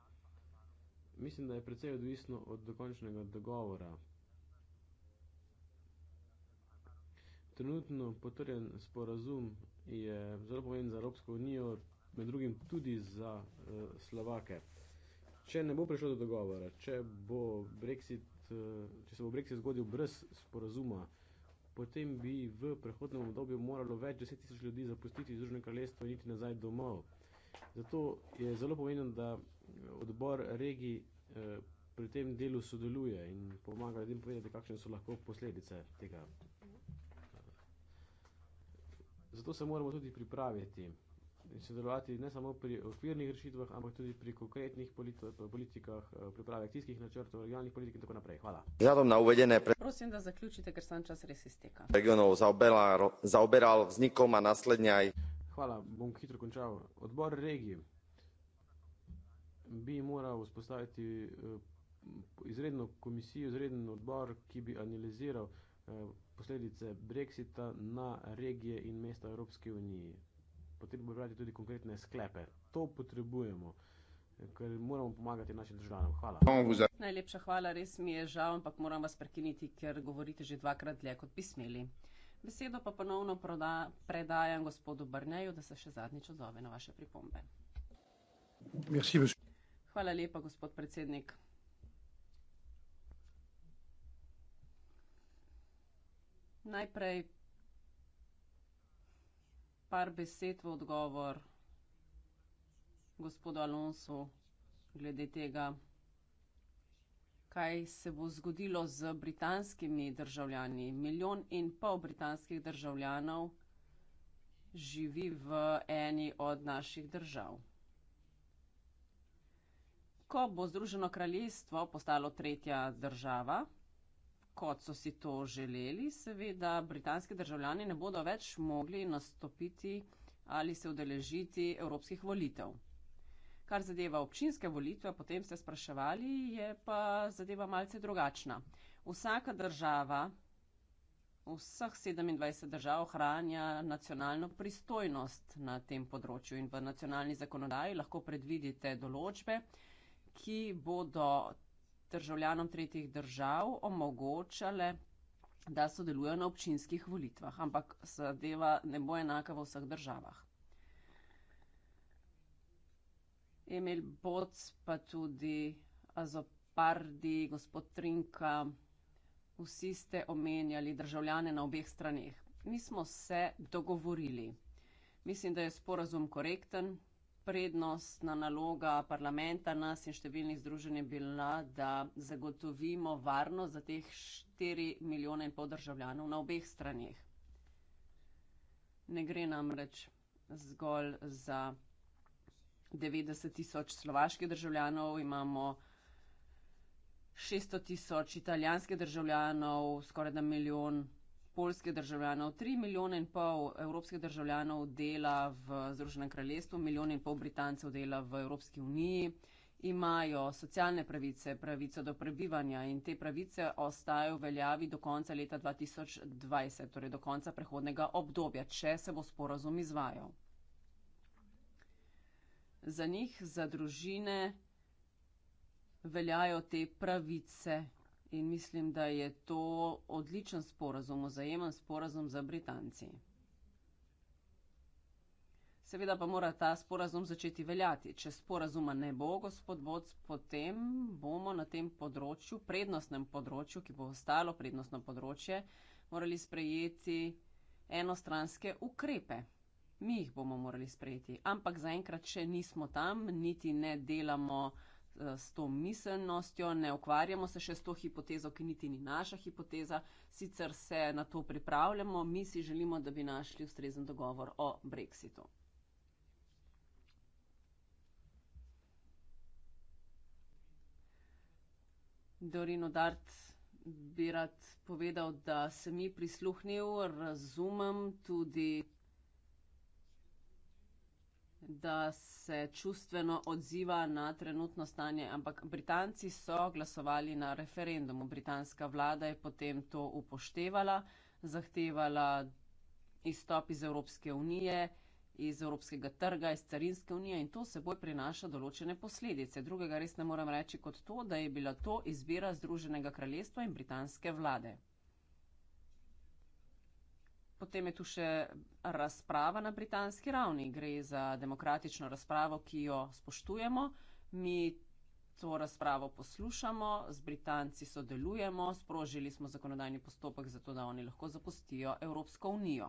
Mislim, da je precej odvisno od dokončnega dogovora. Trenutno potrjen sporazum je zelo pomemben za Evropsko unijo, med drugim tudi za uh, Slovake. Če ne bo prišlo do dogovora, če, bo Brexit, uh, če se bo Brexit zgodil brez sporazuma, potem bi v prehodnem obdobju moralo več deset tisoč ljudi zapustiti Združeno kraljestvo in iti nazaj domov. Zato je zelo pomembno, da eh, odbor regi eh, pri tem delu sodeluje in pomaga ljudem povedati, kakšne so lahko posledice tega. Zato se moramo tudi pripraviti in sodelovati ne samo pri okvirnih rešitvah, ampak tudi pri konkretnih politi politikah, eh, pripravi akcijskih načrtov, regionalnih politik in tako naprej. Hvala. Žadom na uvedene pre... Prosim, da zaključite, ker sam čas res izteka. ...regionov zaoberal vznikom a naslednje aj... Hvala, bom hitro končal. Odbor regij bi moral vzpostaviti eh, izredno komisijo, izreden odbor, ki bi analiziral eh, posledice Brexita na regije in mesta Evropske unije potrebno brati tudi konkretne sklepe. To potrebujemo, ker moramo pomagati našim državljanom. Hvala. Najlepša hvala, res mi je žal, ampak moram vas prekiniti, ker govorite že dvakrat dlje, kot bi smeli. Besedo pa ponovno proda, predajam gospodu Brneju, da se še zadnjič odzove na vaše pripombe. Merci, hvala lepa, gospod predsednik. Najprej par besed v odgovor gospodu Alonso glede tega, kaj se bo zgodilo z britanskimi državljani. Milijon in pol britanskih državljanov živi v eni od naših držav. Ko bo Združeno kraljestvo postalo tretja država, kot so si to želeli, seveda britanski državljani ne bodo več mogli nastopiti ali se udeležiti evropskih volitev. Kar zadeva občinske volitve, potem ste spraševali, je pa zadeva malce drugačna. Vsaka država, vseh 27 držav ohranja nacionalno pristojnost na tem področju in v nacionalni zakonodaji lahko predvidite določbe, ki bodo državljanom tretjih držav omogočale, da sodelujejo na občinskih volitvah, ampak zadeva ne bo enaka v vseh državah. Emil Boc, pa tudi Azopardi, gospod Trinka, vsi ste omenjali državljane na obeh straneh. Mi smo se dogovorili. Mislim, da je sporazum korekten, prednostna naloga parlamenta, nas in številnih združenj je bila, da zagotovimo varnost za teh 4 milijone in pol državljanov na obeh stranih. Ne gre namreč zgolj za 90 tisoč slovaških državljanov, imamo 600 tisoč italijanskih državljanov, skoraj da milijon polske državljanov, tri milijone in pol evropskih državljanov dela v Združenem kraljestvu, milijon in pol Britancev dela v Evropski uniji, imajo socialne pravice, pravico do prebivanja in te pravice ostajajo veljavi do konca leta 2020, torej do konca prehodnega obdobja, če se bo sporazum izvajal. Za njih, za družine veljajo te pravice In mislim, da je to odličen sporazum, ozajemen sporazum za Britanci. Seveda pa mora ta sporazum začeti veljati. Če sporazuma ne bo, gospod Boc, potem bomo na tem področju, prednostnem področju, ki bo ostalo prednostno področje, morali sprejeti enostranske ukrepe. Mi jih bomo morali sprejeti. Ampak zaenkrat še nismo tam, niti ne delamo s to miselnostjo, ne ukvarjamo se še s to hipotezo, ki niti ni naša hipoteza, sicer se na to pripravljamo, mi si želimo, da bi našli ustrezen dogovor o brexitu. Dorino Dart bi rad povedal, da sem ji prisluhnil, razumem tudi da se čustveno odziva na trenutno stanje, ampak Britanci so glasovali na referendumu. Britanska vlada je potem to upoštevala, zahtevala izstop iz Evropske unije, iz Evropskega trga, iz Carinske unije in to seboj prinaša določene posledice. Drugega res ne moram reči kot to, da je bila to izbira Združenega kraljestva in britanske vlade. Potem je tu še razprava na britanski ravni. Gre za demokratično razpravo, ki jo spoštujemo. Mi to razpravo poslušamo, z Britanci sodelujemo, sprožili smo zakonodajni postopek za to, da oni lahko zapustijo Evropsko unijo.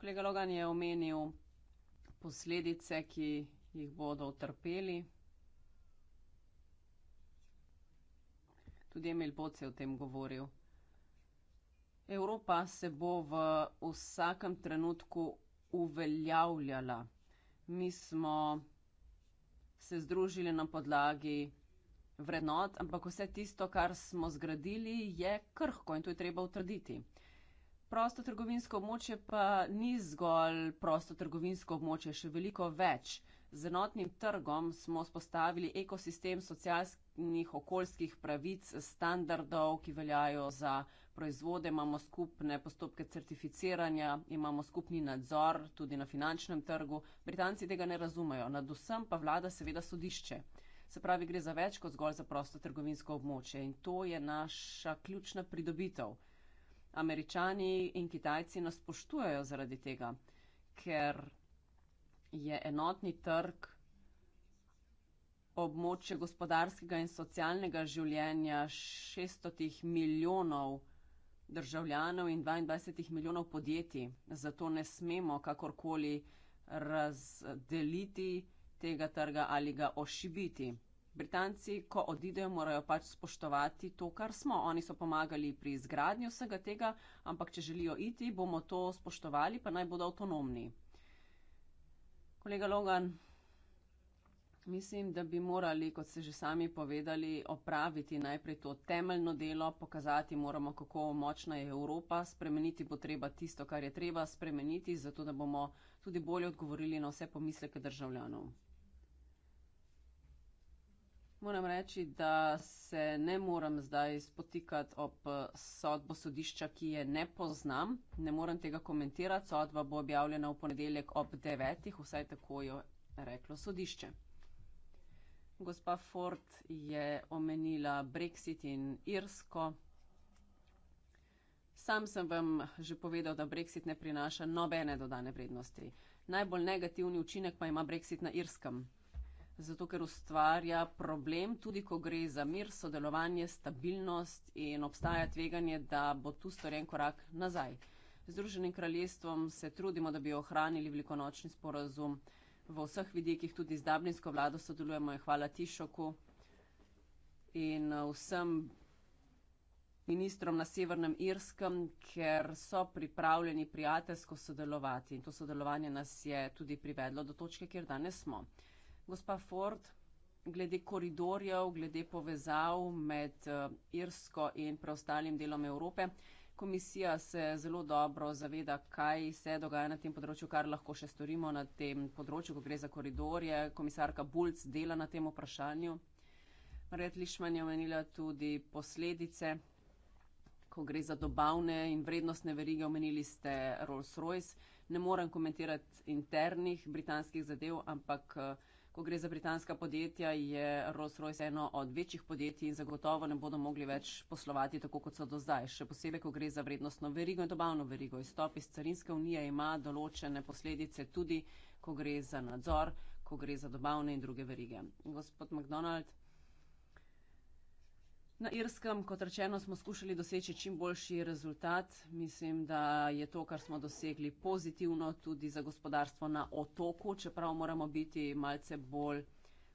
Kolega Logan je omenil posledice, ki jih bodo utrpeli. Tudi Emil Boc je o tem govoril. Evropa se bo v vsakem trenutku uveljavljala. Mi smo se združili na podlagi vrednot, ampak vse tisto, kar smo zgradili, je krhko in to je treba utrditi. Prosto trgovinsko območje pa ni zgolj prosto trgovinsko območje, še veliko več. Z enotnim trgom smo spostavili ekosistem socialnih okoljskih pravic, standardov, ki veljajo za proizvode, imamo skupne postopke certificiranja, imamo skupni nadzor tudi na finančnem trgu. Britanci tega ne razumejo, nad vsem pa vlada seveda sodišče. Se pravi, gre za več kot zgolj za prosto trgovinsko območje in to je naša ključna pridobitev. Američani in Kitajci nas spoštujejo zaradi tega, ker je enotni trg območje gospodarskega in socialnega življenja 600 milijonov državljanov in 22 milijonov podjetij. Zato ne smemo kakorkoli razdeliti tega trga ali ga ošibiti. Britanci, ko odidejo, morajo pač spoštovati to, kar smo. Oni so pomagali pri izgradnju vsega tega, ampak če želijo iti, bomo to spoštovali, pa naj bodo avtonomni. Kolega Logan, Mislim, da bi morali, kot ste že sami povedali, opraviti najprej to temeljno delo, pokazati moramo, kako močna je Evropa, spremeniti bo treba tisto, kar je treba spremeniti, zato da bomo tudi bolje odgovorili na vse pomisleke državljanov. Moram reči, da se ne moram zdaj spotikati ob sodbo sodišča, ki je ne poznam. Ne moram tega komentirati. Sodba bo objavljena v ponedeljek ob devetih, vsaj tako jo reklo sodišče. Gospa Ford je omenila Brexit in Irsko. Sam sem vam že povedal, da Brexit ne prinaša nobene dodane vrednosti. Najbolj negativni učinek pa ima Brexit na Irskem. Zato, ker ustvarja problem, tudi ko gre za mir, sodelovanje, stabilnost in obstaja tveganje, da bo tu storjen korak nazaj. Združenim kraljestvom se trudimo, da bi ohranili velikonočni sporazum v vseh vidikih, tudi z Dabninsko vlado sodelujemo in hvala Tišoku in eh, vsem ministrom na Severnem Irskem, ker so pripravljeni prijateljsko sodelovati in to sodelovanje nas je tudi privedlo do točke, kjer danes smo. Gospa Ford, glede koridorjev, glede povezav med eh, Irsko in preostalim delom Evrope komisija se zelo dobro zaveda, kaj se dogaja na tem področju, kar lahko še storimo na tem področju, ko gre za koridorje. Komisarka Bulc dela na tem vprašanju. Marjet Lišman je omenila tudi posledice, ko gre za dobavne in vrednostne verige, omenili ste Rolls-Royce. Ne morem komentirati internih britanskih zadev, ampak. Uh, Ko gre za britanska podjetja, je Rolls-Royce eno od večjih podjetij in zagotovo ne bodo mogli več poslovati tako, kot so do zdaj. Še posebej, ko gre za vrednostno verigo in dobavno verigo. Izstop iz carinske unije ima določene posledice tudi, ko gre za nadzor, ko gre za dobavne in druge verige. Gospod McDonald, Na Irskem, kot rečeno, smo skušali doseči čim boljši rezultat. Mislim, da je to, kar smo dosegli, pozitivno tudi za gospodarstvo na otoku, čeprav moramo biti malce bolj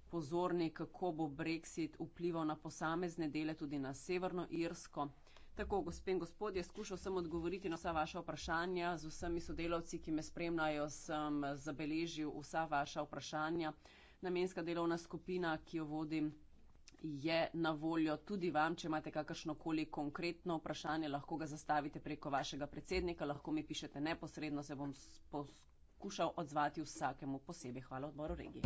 pozorni, kako bo Brexit vplival na posamezne dele, tudi na Severno Irsko. Tako, gospe in gospodje, skušal sem odgovoriti na vsa vaša vprašanja. Z vsemi sodelavci, ki me spremljajo, sem zabeležil vsa vaša vprašanja. Namenska delovna skupina, ki jo vodim, je na voljo tudi vam, če imate kakršnokoli konkretno vprašanje, lahko ga zastavite preko vašega predsednika, lahko mi pišete neposredno, se bom poskušal odzvati vsakemu posebej. Hvala odboru regije.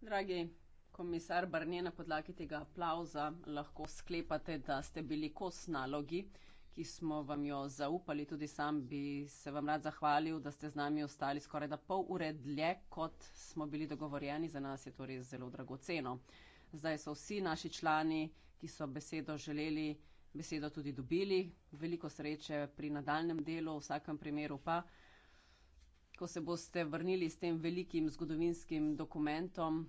Dragi Komisar Barnje, na podlagi tega aplauza lahko sklepate, da ste bili kos nalogi, ki smo vam jo zaupali. Tudi sam bi se vam rad zahvalil, da ste z nami ostali skoraj da pol ure dlje, kot smo bili dogovorjeni. Za nas je to res zelo dragoceno. Zdaj so vsi naši člani, ki so besedo želeli, besedo tudi dobili. Veliko sreče pri nadaljem delu, v vsakem primeru pa, ko se boste vrnili s tem velikim zgodovinskim dokumentom,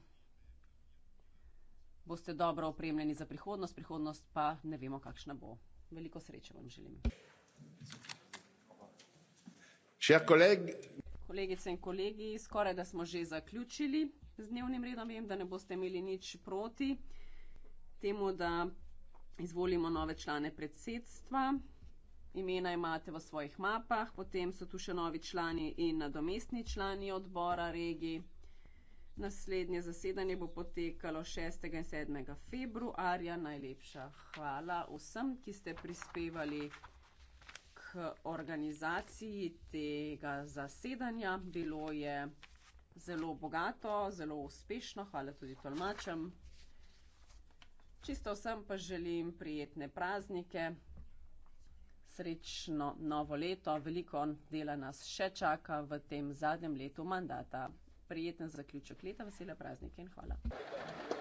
boste dobro opremljeni za prihodnost, prihodnost pa ne vemo, kakšna bo. Veliko sreče vam želim. Kolegice in kolegi, skorajda smo že zaključili z dnevnim redom, vem, da ne boste imeli nič proti temu, da izvolimo nove člane predsedstva. Imena imate v svojih mapah, potem so tu še novi člani in nadomestni člani odbora regij. Naslednje zasedanje bo potekalo 6. in 7. februarja. Najlepša hvala vsem, ki ste prispevali k organizaciji tega zasedanja. Bilo je zelo bogato, zelo uspešno. Hvala tudi tolmačem. Čisto vsem pa želim prijetne praznike, srečno novo leto. Veliko dela nas še čaka v tem zadnjem letu mandata prijeten zaključek leta, vesele praznike in hvala.